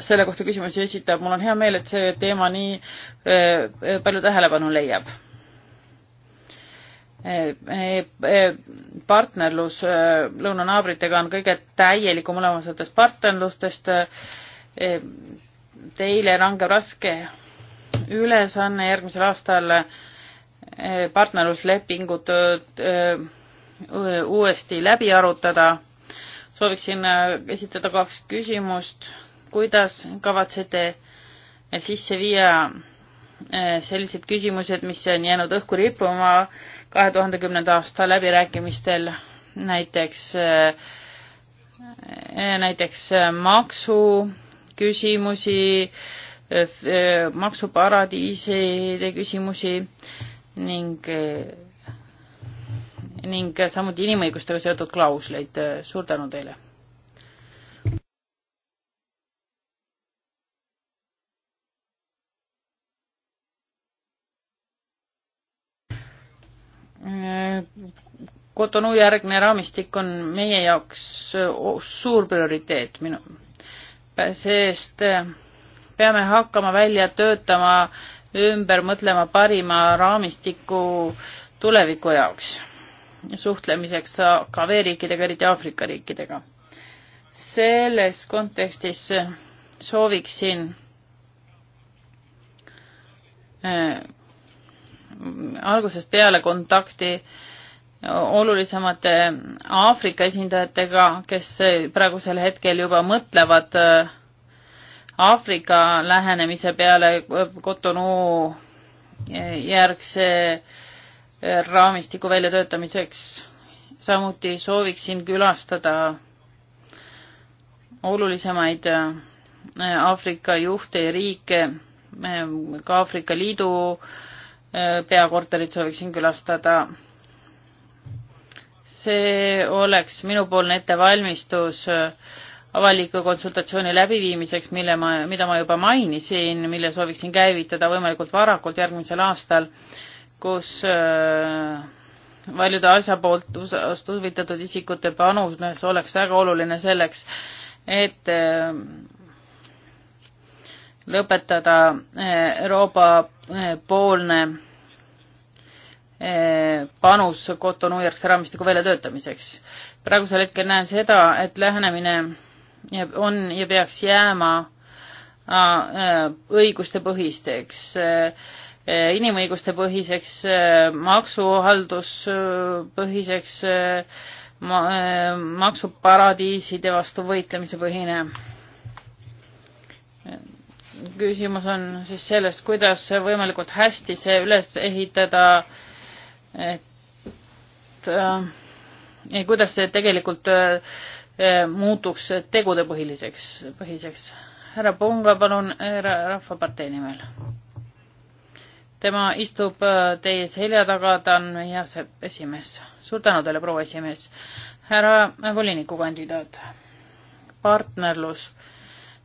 selle kohta küsimusi esitab, mul on hea meel, et see teema nii äh, palju tähelepanu leiab. partnerlus lõunanaabritega on kõige täielikum olemasolevatest partnerlustest. Teile langeb raske ülesanne järgmisel aastal partnerluslepingud uuesti läbi arutada sooviksin äh, esitada kaks küsimust. kuidas kavatsete äh, sisse viia äh, sellised küsimused, mis on jäänud õhku rippuma kahe tuhande kümnenda aasta läbirääkimistel, näiteks, näiteks maksuküsimusi, maksuparadiiside küsimusi ning ning samuti inimõigustega seotud klausleid. suur tänu teile! Cotonou järgne raamistik on meie jaoks suur prioriteet minu, sest peame hakkama välja töötama, ümber mõtlema parima raamistiku tuleviku jaoks suhtlemiseks AKV riikidega, eriti Aafrika riikidega. selles kontekstis sooviksin äh, algusest peale kontakti olulisemate Aafrika esindajatega, kes praegusel hetkel juba mõtlevad äh, Aafrika lähenemise peale Cotonou äh, järgse äh, raamistiku väljatöötamiseks. samuti sooviksin külastada olulisemaid äh, Aafrika juhte ja riike, äh, ka Aafrika Liidu äh, peakorterit sooviksin külastada. see oleks minupoolne ettevalmistus avaliku konsultatsiooni läbiviimiseks, mille ma, mida ma juba mainisin, mille sooviksin käivitada võimalikult varakult järgmisel aastal kus äh, paljude asja poolt USA-st huvitatud isikute panus oleks väga oluline selleks, et äh, lõpetada äh, Euroopa poolne panus Cotonou järgse raamistiku väljatöötamiseks. praegusel hetkel näen seda, et lähenemine on ja peaks jääma õigustepõhisteks äh, Eh, inimõiguste põhiseks, eh, maksuhalduspõhiseks, eh, maksuparadiiside vastu võitlemise põhine. küsimus on siis selles, kuidas võimalikult hästi see üles ehitada, et äh, kuidas see tegelikult äh, muutuks tegudepõhiliseks, põhiseks. härra Punga, palun, Rahvapartei nimel tema istub äh, teie selja taga, ta on meie esimees. suur tänu teile, proua esimees. härra volinikukandidaat, partnerlus,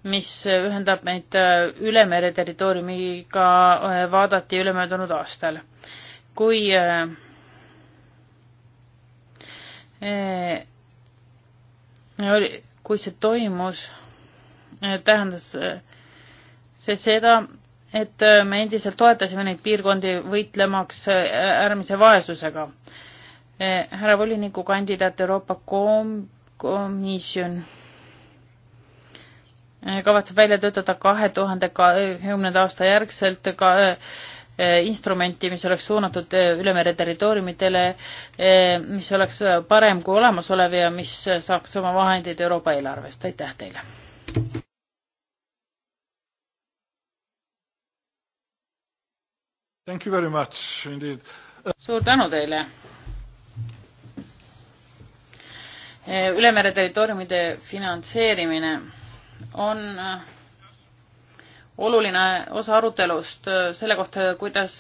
mis ühendab meid äh, üle mere territooriumiga, äh, vaadati ülemöödunud aastal. kui oli, kui see toimus, tähendas see seda, et äh, me endiselt toetasime neid piirkondi võitlemaks äh, äärmise vaesusega. Äh, härra volinikukandidaat Euroopa kom-, komisjon kavatseb välja töötada kahe tuhande kahekümnenda aasta järgselt ka instrumenti, mis oleks suunatud ülemere territooriumitele, mis oleks parem kui olemasolev ja mis saaks oma vahendid Euroopa eelarvest. aitäh teile! Thank you very much indeed. suur tänu teile. Eh, ülemere territooriumide finantseerimine on eh, oluline osa arutelust eh, selle kohta, kuidas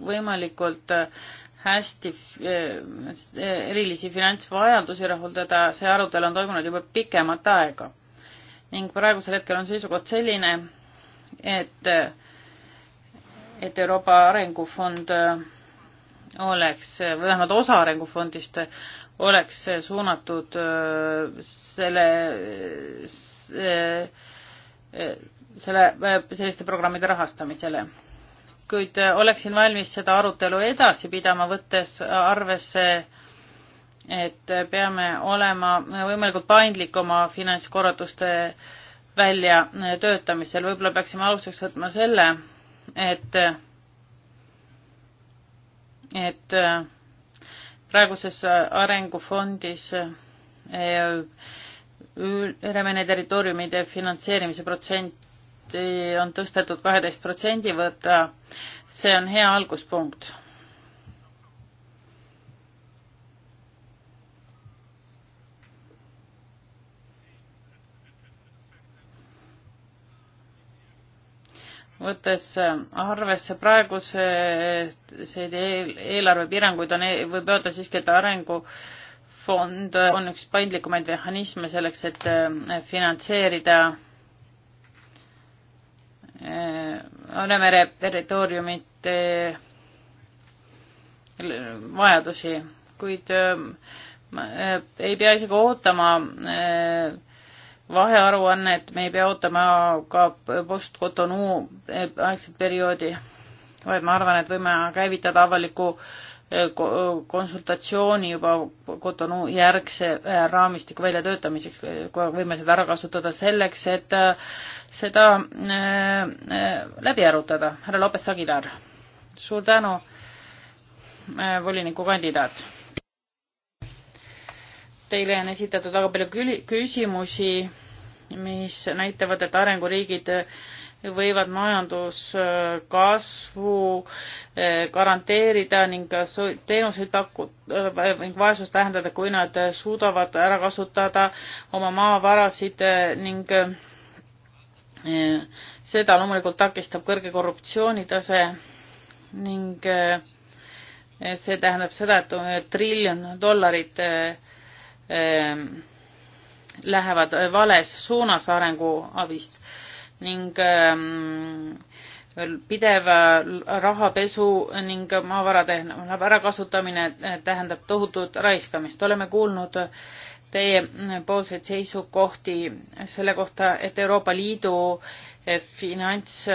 võimalikult hästi erilisi finantsvajadusi rahuldada, see arutelu on toimunud juba pikemat aega. ning praegusel hetkel on seisukoht selline, et äh, et Euroopa Arengufond äh, oleks, või vähemalt osa Arengufondist äh, oleks äh, suunatud selle, selle, selliste programmide rahastamisele. kuid oleksin valmis seda arutelu edasi pidama, võttes arvesse, et peame olema võimalikult paindlik oma finantskorralduste väljatöötamisel, võib-olla peaksime aluseks võtma selle, et, et praeguses arengufondis eh, Üremene territooriumide finantseerimise protsenti on tõstetud kaheteist protsendi võrra. see on hea alguspunkt võttes arvesse praeguseid eelarvepiiranguid on, e-, võib öelda siiski, et arengufond on üks paindlikumaid mehhanisme selleks, et eh, finantseerida eh, Läänemere territooriumite eh, vajadusi, kuid ei pea isegi ootama äh, vahearuannet, me ei pea ootama ka post-Cotonou aegset perioodi, vaid ma arvan, et võime käivitada avaliku eh, konsultatsiooni juba Cotonou järgse eh, raamistiku väljatöötamiseks, eh, võime seda ära kasutada selleks, et seda läbi arutada. härra Lopez-Aguilar, suur tänu, volinikukandidaat Teile on esitatud väga palju küsimusi, mis näitavad, et arenguriigid võivad majanduskasvu eh, garanteerida ning teenuseid paku-, eh, ning vaesust vähendada, kui nad suudavad ära kasutada oma maavarasid eh, ning seda loomulikult takistab kõrge korruptsioonitase ning see tähendab seda, et triljon dollarit Ähm, lähevad vales suunas arenguabist ning ähm, pidev rahapesu ning maavarade ärakasutamine tähendab tohutut raiskamist. oleme kuulnud teiepoolseid seisukohti selle kohta, et Euroopa Liidu finants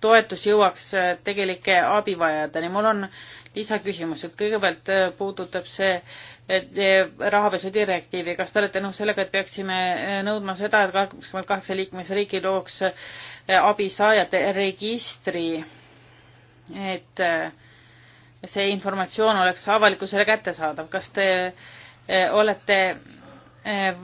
toetus jõuaks äh, tegelike abivajajateni. mul on lisaküsimus, et kõigepealt äh, puudutab see äh, rahapesu direktiivi, kas te olete nõus sellega, et peaksime nõudma seda, et kakskümmend kaheksa liikmesriigi looks abisaajate registri, et see informatsioon oleks avalikkusele kättesaadav, kas te olete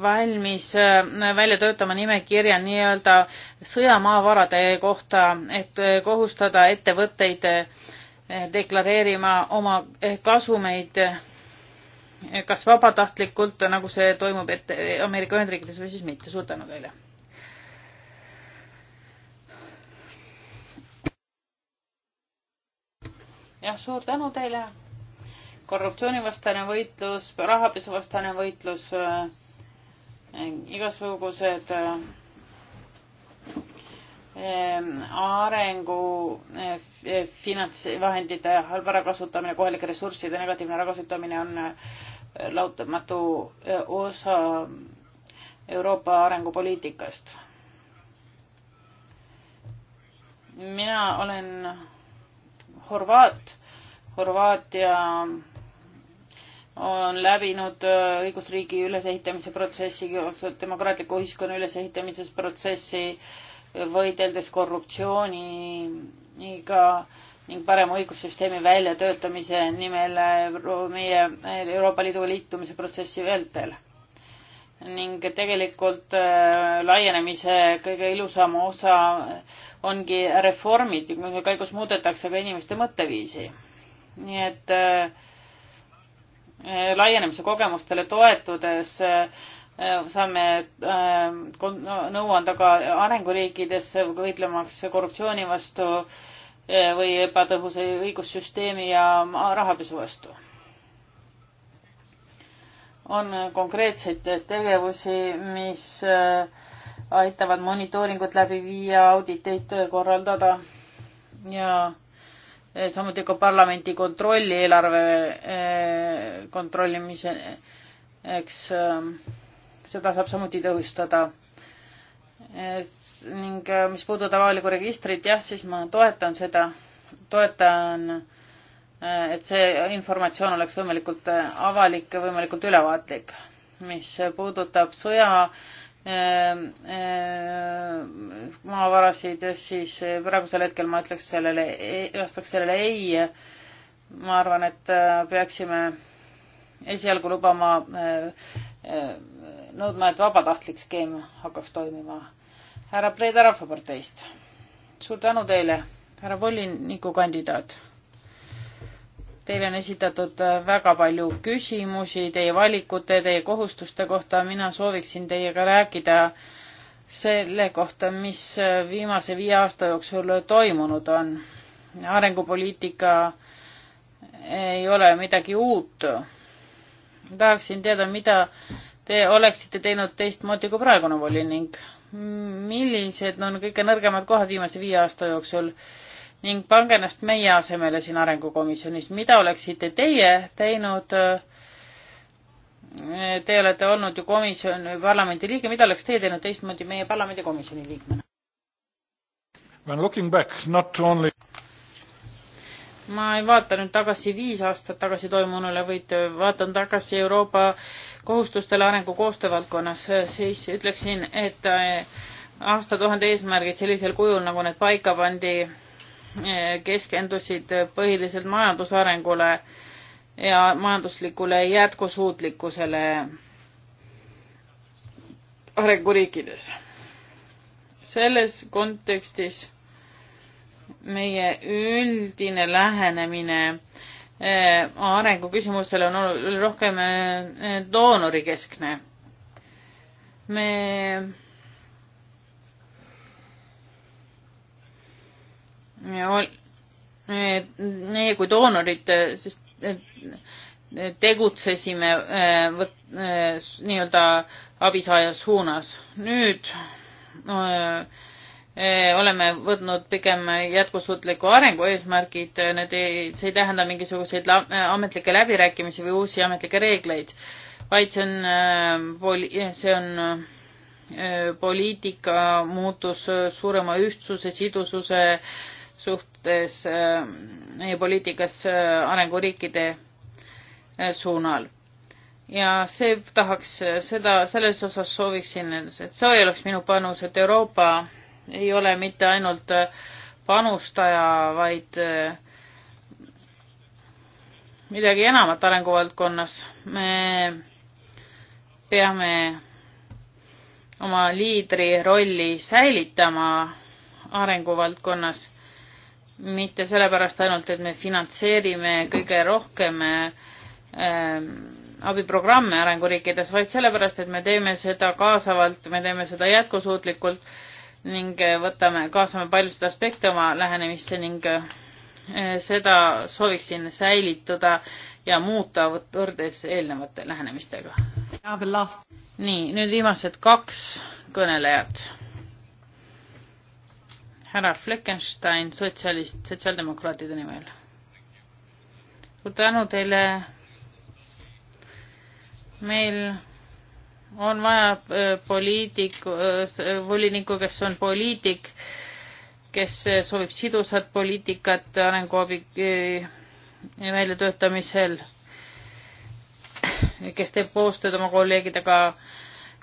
valmis äh, välja töötama nimekirja nii-öelda sõjamaavarade kohta, et äh, kohustada ettevõtteid äh, deklareerima oma kasumeid kas vabatahtlikult, nagu see toimub ette Ameerika Ühendriikides või siis mitte. suur tänu teile. jah, suur tänu teile. korruptsioonivastane võitlus, rahapesuvastane võitlus igasugused ähm, arengu äh, finantsvahendite halb ärakasutamine, kohalike ressursside negatiivne ärakasutamine on äh, lahutamatu äh, osa Euroopa arengupoliitikast. mina olen Horvaat, Horvaatia on läbinud äh, õigusriigi ülesehitamise protsessi, demokraatliku ühiskonna ülesehitamises protsessi, võideldes korruptsiooniga ning parema õigussüsteemi väljatöötamise nimel äh, meie äh, Euroopa Liidu liitumise protsessi vältel. ning tegelikult laienemise kõige ilusam osa ongi reformid, mille käigus muudetakse ka inimeste mõtteviisi. nii et äh, Äh, laienemise kogemustele toetudes äh, saame äh, nõu anda ka arenguriikides võitlemaks korruptsiooni vastu või ebatõhuse õigussüsteemi ja rahapesu vastu. on konkreetseid tegevusi, mis aitavad monitooringut läbi viia, auditeid korraldada ja Eh, samuti ka parlamendi kontrolli eelarve eh, kontrollimiseks, eh, seda saab samuti tõhustada. ning mis puudutab avalikku registrit, jah, siis ma toetan seda, toetan, et see informatsioon oleks võimalikult avalik ja võimalikult ülevaatlik. mis puudutab sõja Ehm, ehm, maavarasid, siis eh, praegusel hetkel ma ütleks sellele, e-, vastaks sellele ei. ma arvan, et eh, peaksime esialgu lubama, eh, nõudma, et vabatahtlik skeem hakkaks toimima. härra Preeda Rahvaparteist, suur tänu teile, härra volinikukandidaat Teile on esitatud äh, väga palju küsimusi teie valikute, teie kohustuste kohta. mina sooviksin teiega rääkida selle kohta, mis äh, viimase viie aasta jooksul toimunud on. arengupoliitika äh, ei ole midagi uut. tahaksin teada, mida te oleksite teinud teistmoodi kui praegune volinik. millised on kõige nõrgemad kohad viimase viie aasta jooksul? ning pange ennast meie asemele siin arengukomisjonis, mida oleksite teie teinud? Te olete olnud ju komisjon, parlamendi liige, mida oleks teie teinud teistmoodi meie parlamendikomisjoni liikmena? When looking back not only ma ei vaata nüüd tagasi viis aastat tagasi toimunule, vaid vaatan tagasi Euroopa kohustustele arengu koostöövaldkonnas, siis ütleksin, et aastatuhande eesmärgid sellisel kujul, nagu need paika pandi, Eh, keskendusid põhiliselt majandusarengule ja majanduslikule jätkusuutlikkusele arenguriikides. selles kontekstis meie üldine lähenemine eh, arengu küsimusele on rohkem eh, doonori keskne. me meie eh, kui doonorid, eh, sest eh, tegutsesime nii-öelda abisaaja suunas. nüüd oleme võtnud pigem jätkusuutliku arengu eesmärgid, need ei, see ei tähenda mingisuguseid ametlikke läbirääkimisi või uusi ametlikke reegleid, vaid see on, see on poliitika muutus suurema ühtsuse, sidususe äh, suhtes äh, meie poliitikas äh, arenguriikide äh, suunal. ja see tahaks seda, selles osas sooviksin, et see oleks minu panus, et Euroopa ei ole mitte ainult panustaja, vaid midagi enamat arenguvaldkonnas. me peame oma liidri rolli säilitama arenguvaldkonnas mitte sellepärast ainult, et me finantseerime kõige rohkem ähm, abiprogramme arenguriikides, vaid sellepärast, et me teeme seda kaasavalt, me teeme seda jätkusuutlikult ning äh, võtame, kaasame paljusid aspekte oma lähenemisse ning äh, seda sooviksin säilitada ja muuta võrdes eelnevate lähenemistega. nii, nüüd viimased kaks kõnelejat härra Fleckenstein sotsialist, sotsiaaldemokraatide nimel. suur tänu teile. meil on vaja äh, poliitiku, äh, volinikku, kes on poliitik, kes äh, soovib sidusat poliitikat arenguabi väljatöötamisel, kes teeb koostööd oma kolleegidega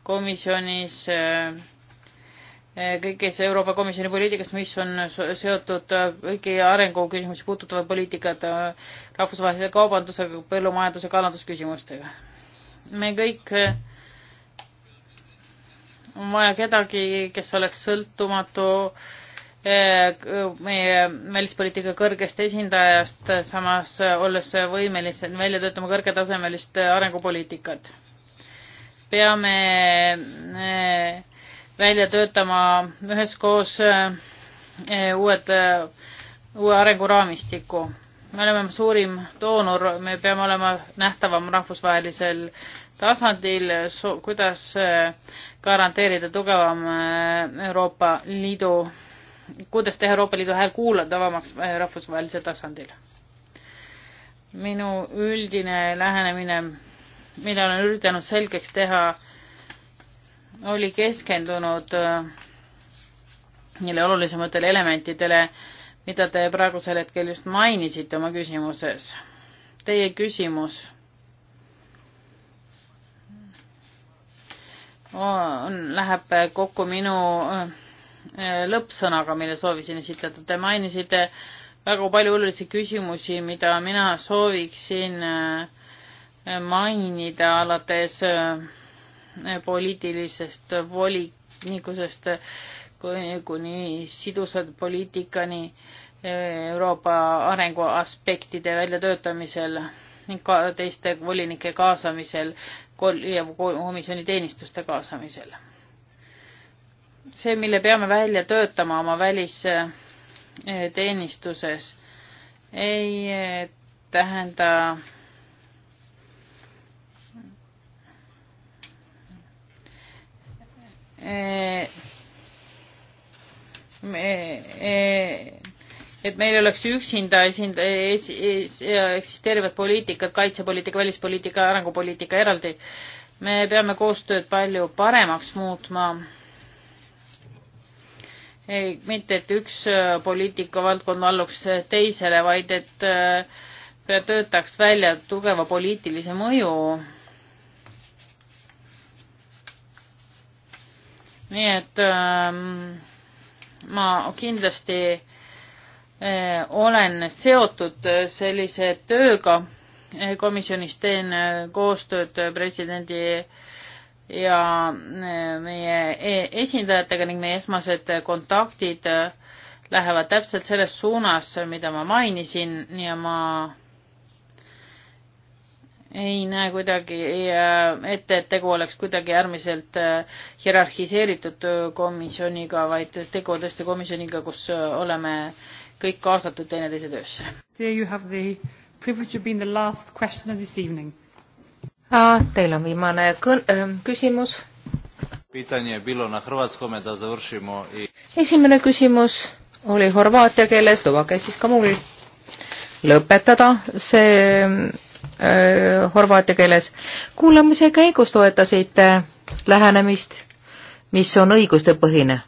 komisjonis äh, kõigis Euroopa Komisjoni poliitikas, mis on seotud äh, kõigi arenguküsimusi puudutavad poliitikad äh, rahvusvahelise kaubandusega, põllumajanduse, kalandusküsimustega. me kõik, äh, on vaja kedagi, kes oleks sõltumatu meie välispoliitika kõrgest esindajast, samas olles võimelised välja töötama kõrgetasemelist arengupoliitikat. peame välja töötama üheskoos eh, uued, eh, uue arenguraamistiku. me oleme suurim doonor, me peame olema nähtavam rahvusvahelisel tasandil, kuidas eh, garanteerida tugevam Euroopa Liidu, kuidas teha Euroopa Liidu hääl kuulatavamaks rahvusvahelisel tasandil. minu üldine lähenemine, mida olen üritanud selgeks teha, oli keskendunud äh, neile olulisematele elementidele, mida te praegusel hetkel just mainisite oma küsimuses. Teie küsimus on, läheb kokku minu äh, lõppsõnaga, mille soovisin esitada. Te mainisite väga palju olulisi küsimusi, mida mina sooviksin äh, mainida alates äh, poliitilisest volinikusest kuni sidusad poliitikani Euroopa arengu aspektide väljatöötamisel ning ka teiste volinike kaasamisel ja komisjoni teenistuste kaasamisel. see, mille peame välja töötama oma välisteenistuses, eh, ei eh, tähenda et meil oleks üksinda esinda- es,, es, eksisteerivad poliitikad, kaitsepoliitika, välispoliitika, arengupoliitika eraldi. me peame koostööd palju paremaks muutma. ei, mitte, et üks äh, poliitikavaldkond alluks teisele, vaid et äh, töötaks välja tugeva poliitilise mõju nii et ähm, ma kindlasti äh, olen seotud äh, sellise tööga, äh, komisjonis teen äh, koostööd presidendi ja meie e, esindajatega ning meie esmased kontaktid lähevad täpselt selles suunas, mida ma mainisin ja ma ei näe kuidagi äh, ette, et tegu oleks kuidagi äärmiselt äh, hierarhiseeritud äh, komisjoniga, vaid tegu on tõesti komisjoniga, kus oleme kõik kaasatud teineteise töösse. Teil on viimane kõn-, küsimus. esimene küsimus oli horvaatia keeles, lubage siis ka mul lõpetada see öö, äh, horvaatia keeles. kuulamise käigus toetasite lähenemist, mis on õigustepõhine.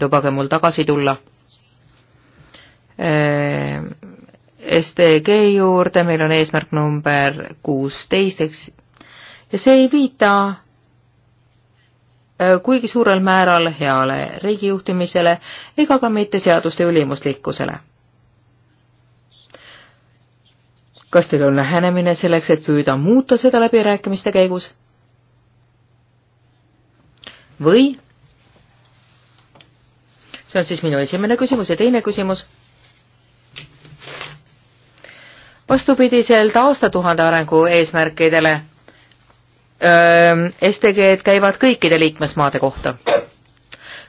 lubage mul tagasi tulla öö, äh, STG juurde, meil on eesmärk number kuusteist, eks, ja see ei viita äh, kuigi suurel määral heale riigijuhtimisele ega ka mitte seaduste ülimuslikkusele kas teil on lähenemine selleks, et püüda muuta seda läbirääkimiste käigus? või? see on siis minu esimene küsimus ja teine küsimus. vastupidiselt aastatuhande arengu eesmärkidele öö, STG-d käivad kõikide liikmesmaade kohta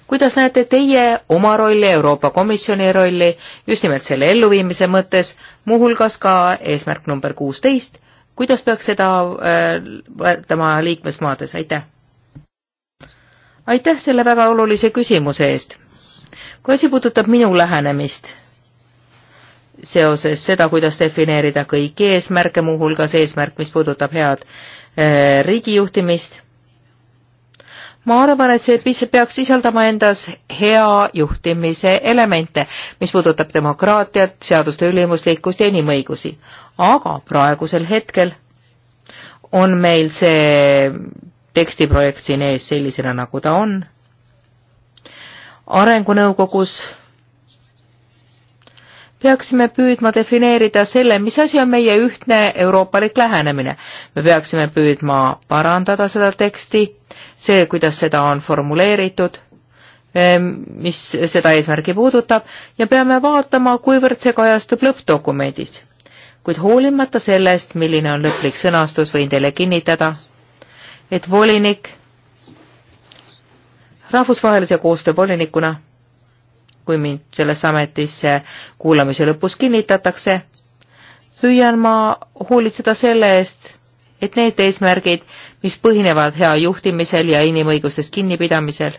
kuidas näete teie oma rolli, Euroopa Komisjoni rolli just nimelt selle elluviimise mõttes, muuhulgas ka eesmärk number kuusteist, kuidas peaks seda äh, võetama äh, liikmesmaades, aitäh! aitäh selle väga olulise küsimuse eest. kui asi puudutab minu lähenemist seoses seda, kuidas defineerida kõiki eesmärke, muuhulgas eesmärk, mis puudutab head äh, riigijuhtimist ma arvan, et see peaks sisaldama endas hea juhtimise elemente, mis puudutab demokraatiat, seaduste ülimuslikkust ja inimõigusi. aga praegusel hetkel on meil see tekstiprojekt siin ees sellisena, nagu ta on. arengunõukogus peaksime püüdma defineerida selle, mis asi on meie ühtne euroopalik lähenemine. me peaksime püüdma parandada seda teksti, see, kuidas seda on formuleeritud, ehm, mis seda eesmärgi puudutab ja peame vaatama, kuivõrd see kajastub lõppdokumendis. kuid hoolimata sellest, milline on lõplik sõnastus, võin teile kinnitada, et volinik rahvusvahelise koostöö volinikuna kui mind sellesse ametisse kuulamise lõpus kinnitatakse, püüan ma hoolitseda selle eest, et need eesmärgid, mis põhinevad hea juhtimisel ja inimõigustest kinnipidamisel,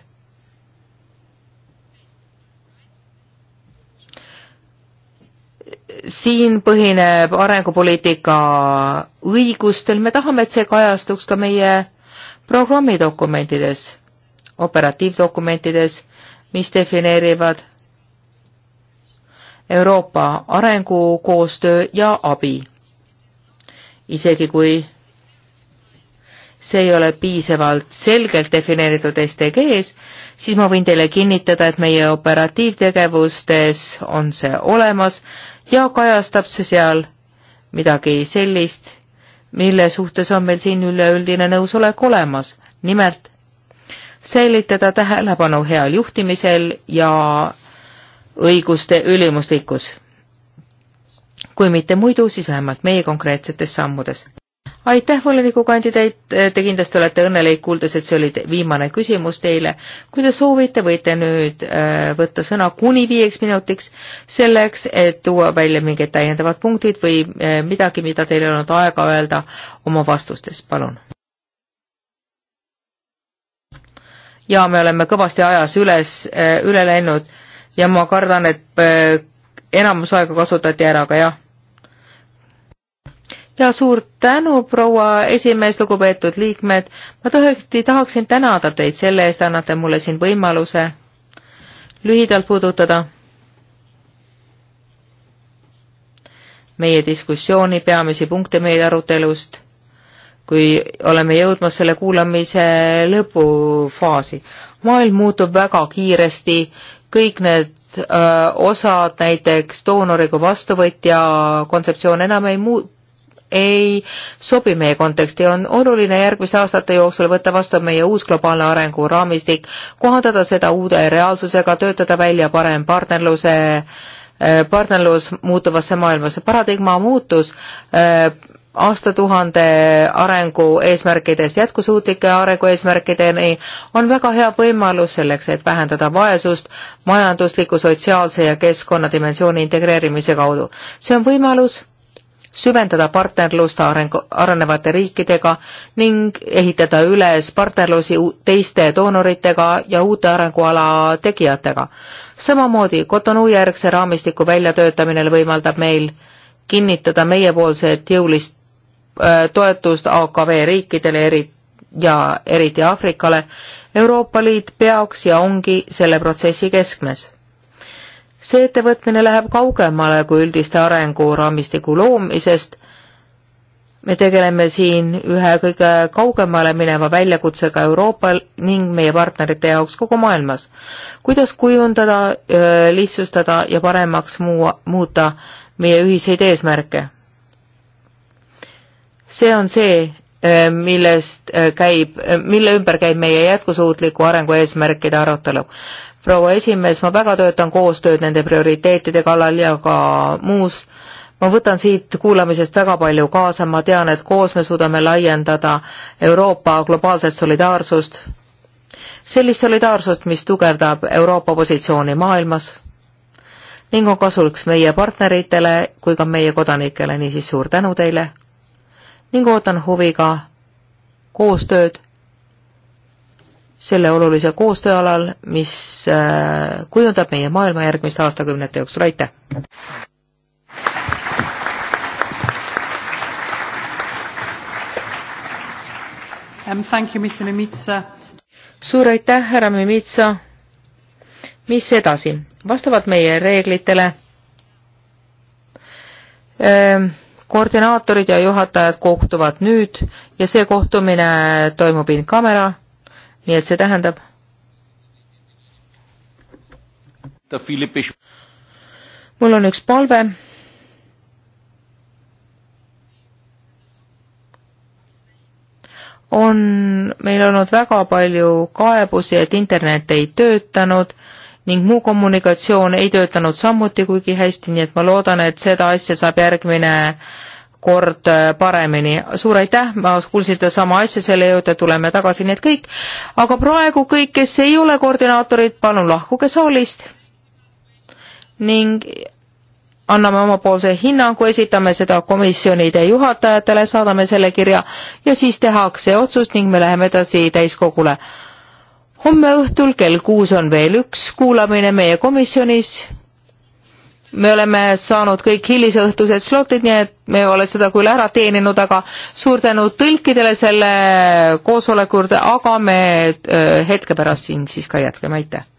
siin põhineb arengupoliitika õigustel, me tahame, et see kajastuks ka meie programmidokumentides, operatiivdokumentides, mis defineerivad Euroopa arengukoostöö ja abi. isegi kui see ei ole piisavalt selgelt defineeritud STG-s, siis ma võin teile kinnitada, et meie operatiivtegevustes on see olemas ja kajastab see seal midagi sellist, mille suhtes on meil siin üleüldine nõusolek olemas, nimelt säilitada tähelepanu heal juhtimisel ja õiguste ülimuslikkus. kui mitte muidu, siis vähemalt meie konkreetsetes sammudes. aitäh, volinikukandidaat, te kindlasti olete õnnelik, kuuldes, et see oli viimane küsimus teile. kui te soovite, võite nüüd äh, võtta sõna kuni viieks minutiks, selleks, et tuua välja mingid täiendavad punktid või äh, midagi, mida teil ei olnud aega öelda oma vastustes, palun ja me oleme kõvasti ajas üles, äh, üle läinud ja ma kardan, et äh, enamus aega kasutati ära, aga jah. ja suur tänu, proua esimees, lugupeetud liikmed. ma tõesti tahaksin tänada teid selle eest, annate mulle siin võimaluse lühidalt puudutada meie diskussiooni peamisi punkte meie arutelust, kui oleme jõudmas selle kuulamise lõpufaasi. maailm muutub väga kiiresti kõik need öö, äh, osad, näiteks doonori kui vastuvõtja kontseptsioon enam ei muu-, ei sobi meie konteksti, on oluline järgmiste aastate jooksul võtta vastu meie uus globaalne arenguraamistik, kohandada seda uude reaalsusega, töötada välja parem partnerluse äh, partnerlus muutuvasse maailmasse, paradigma muutus äh, aastatuhande arengu eesmärkidest jätkusuutlike arengu eesmärkideni on väga hea võimalus selleks, et vähendada vaesust majandusliku, sotsiaalse ja keskkonnadimensiooni integreerimise kaudu. see on võimalus süvendada partnerlust arengu, arenevate riikidega ning ehitada üles partnerlusi teiste doonoritega ja uute arenguala tegijatega. samamoodi Cotonou järgse raamistiku väljatöötamine võimaldab meil kinnitada meiepoolset jõulist Äh, toetust AKV riikidele eri, ja eriti Aafrikale, Euroopa Liit peaks ja ongi selle protsessi keskmes. see ettevõtmine läheb kaugemale kui üldiste arenguraamistiku loomisest, me tegeleme siin ühe kõige kaugemale mineva väljakutsega Euroopal ning meie partnerite jaoks kogu maailmas. kuidas kujundada, äh, lihtsustada ja paremaks muua, muuta meie ühiseid eesmärke? see on see, äh, millest äh, käib, äh, mille ümber käib meie jätkusuutliku arengu eesmärkide arutelu. proua esimees, ma väga töötan koostööd nende prioriteetide kallal ja ka muus. ma võtan siit kuulamisest väga palju kaasa, ma tean, et koos me suudame laiendada Euroopa globaalset solidaarsust, sellist solidaarsust, mis tugevdab Euroopa positsiooni maailmas ning on kasuliks meie partneritele kui ka meie kodanikele, niisiis suur tänu teile ning ootan huviga koostööd selle olulise koostööalal, mis äh, kujundab meie maailma järgmiste aastakümnete jooksul, aitäh! Um, suur aitäh, härra Mimitsa! mis edasi? vastavalt meie reeglitele ähm, koordinaatorid ja juhatajad kohtuvad nüüd ja see kohtumine toimub in camera, nii et see tähendab. mul on üks palve. on meil olnud väga palju kaebusi, et internet ei töötanud ning muu kommunikatsioon ei töötanud samuti kuigi hästi, nii et ma loodan, et seda asja saab järgmine kord äh, paremini. suur aitäh, ma kuulsin sedasama asja, selle juurde tuleme tagasi, nii et kõik. aga praegu kõik, kes ei ole koordinaatorid, palun lahkuge saalist ning anname omapoolse hinnangu, esitame seda komisjonide juhatajatele, saadame selle kirja ja siis tehakse otsus ning me läheme edasi täiskogule homme õhtul kell kuus on veel üks kuulamine meie komisjonis. me oleme saanud kõik hilisõhtused slotid, nii et me ei ole seda küll ära teeninud, aga suur tänu tõlkidele selle koosoleku juurde, aga me äh, hetke pärast siin siis ka jätkame, aitäh!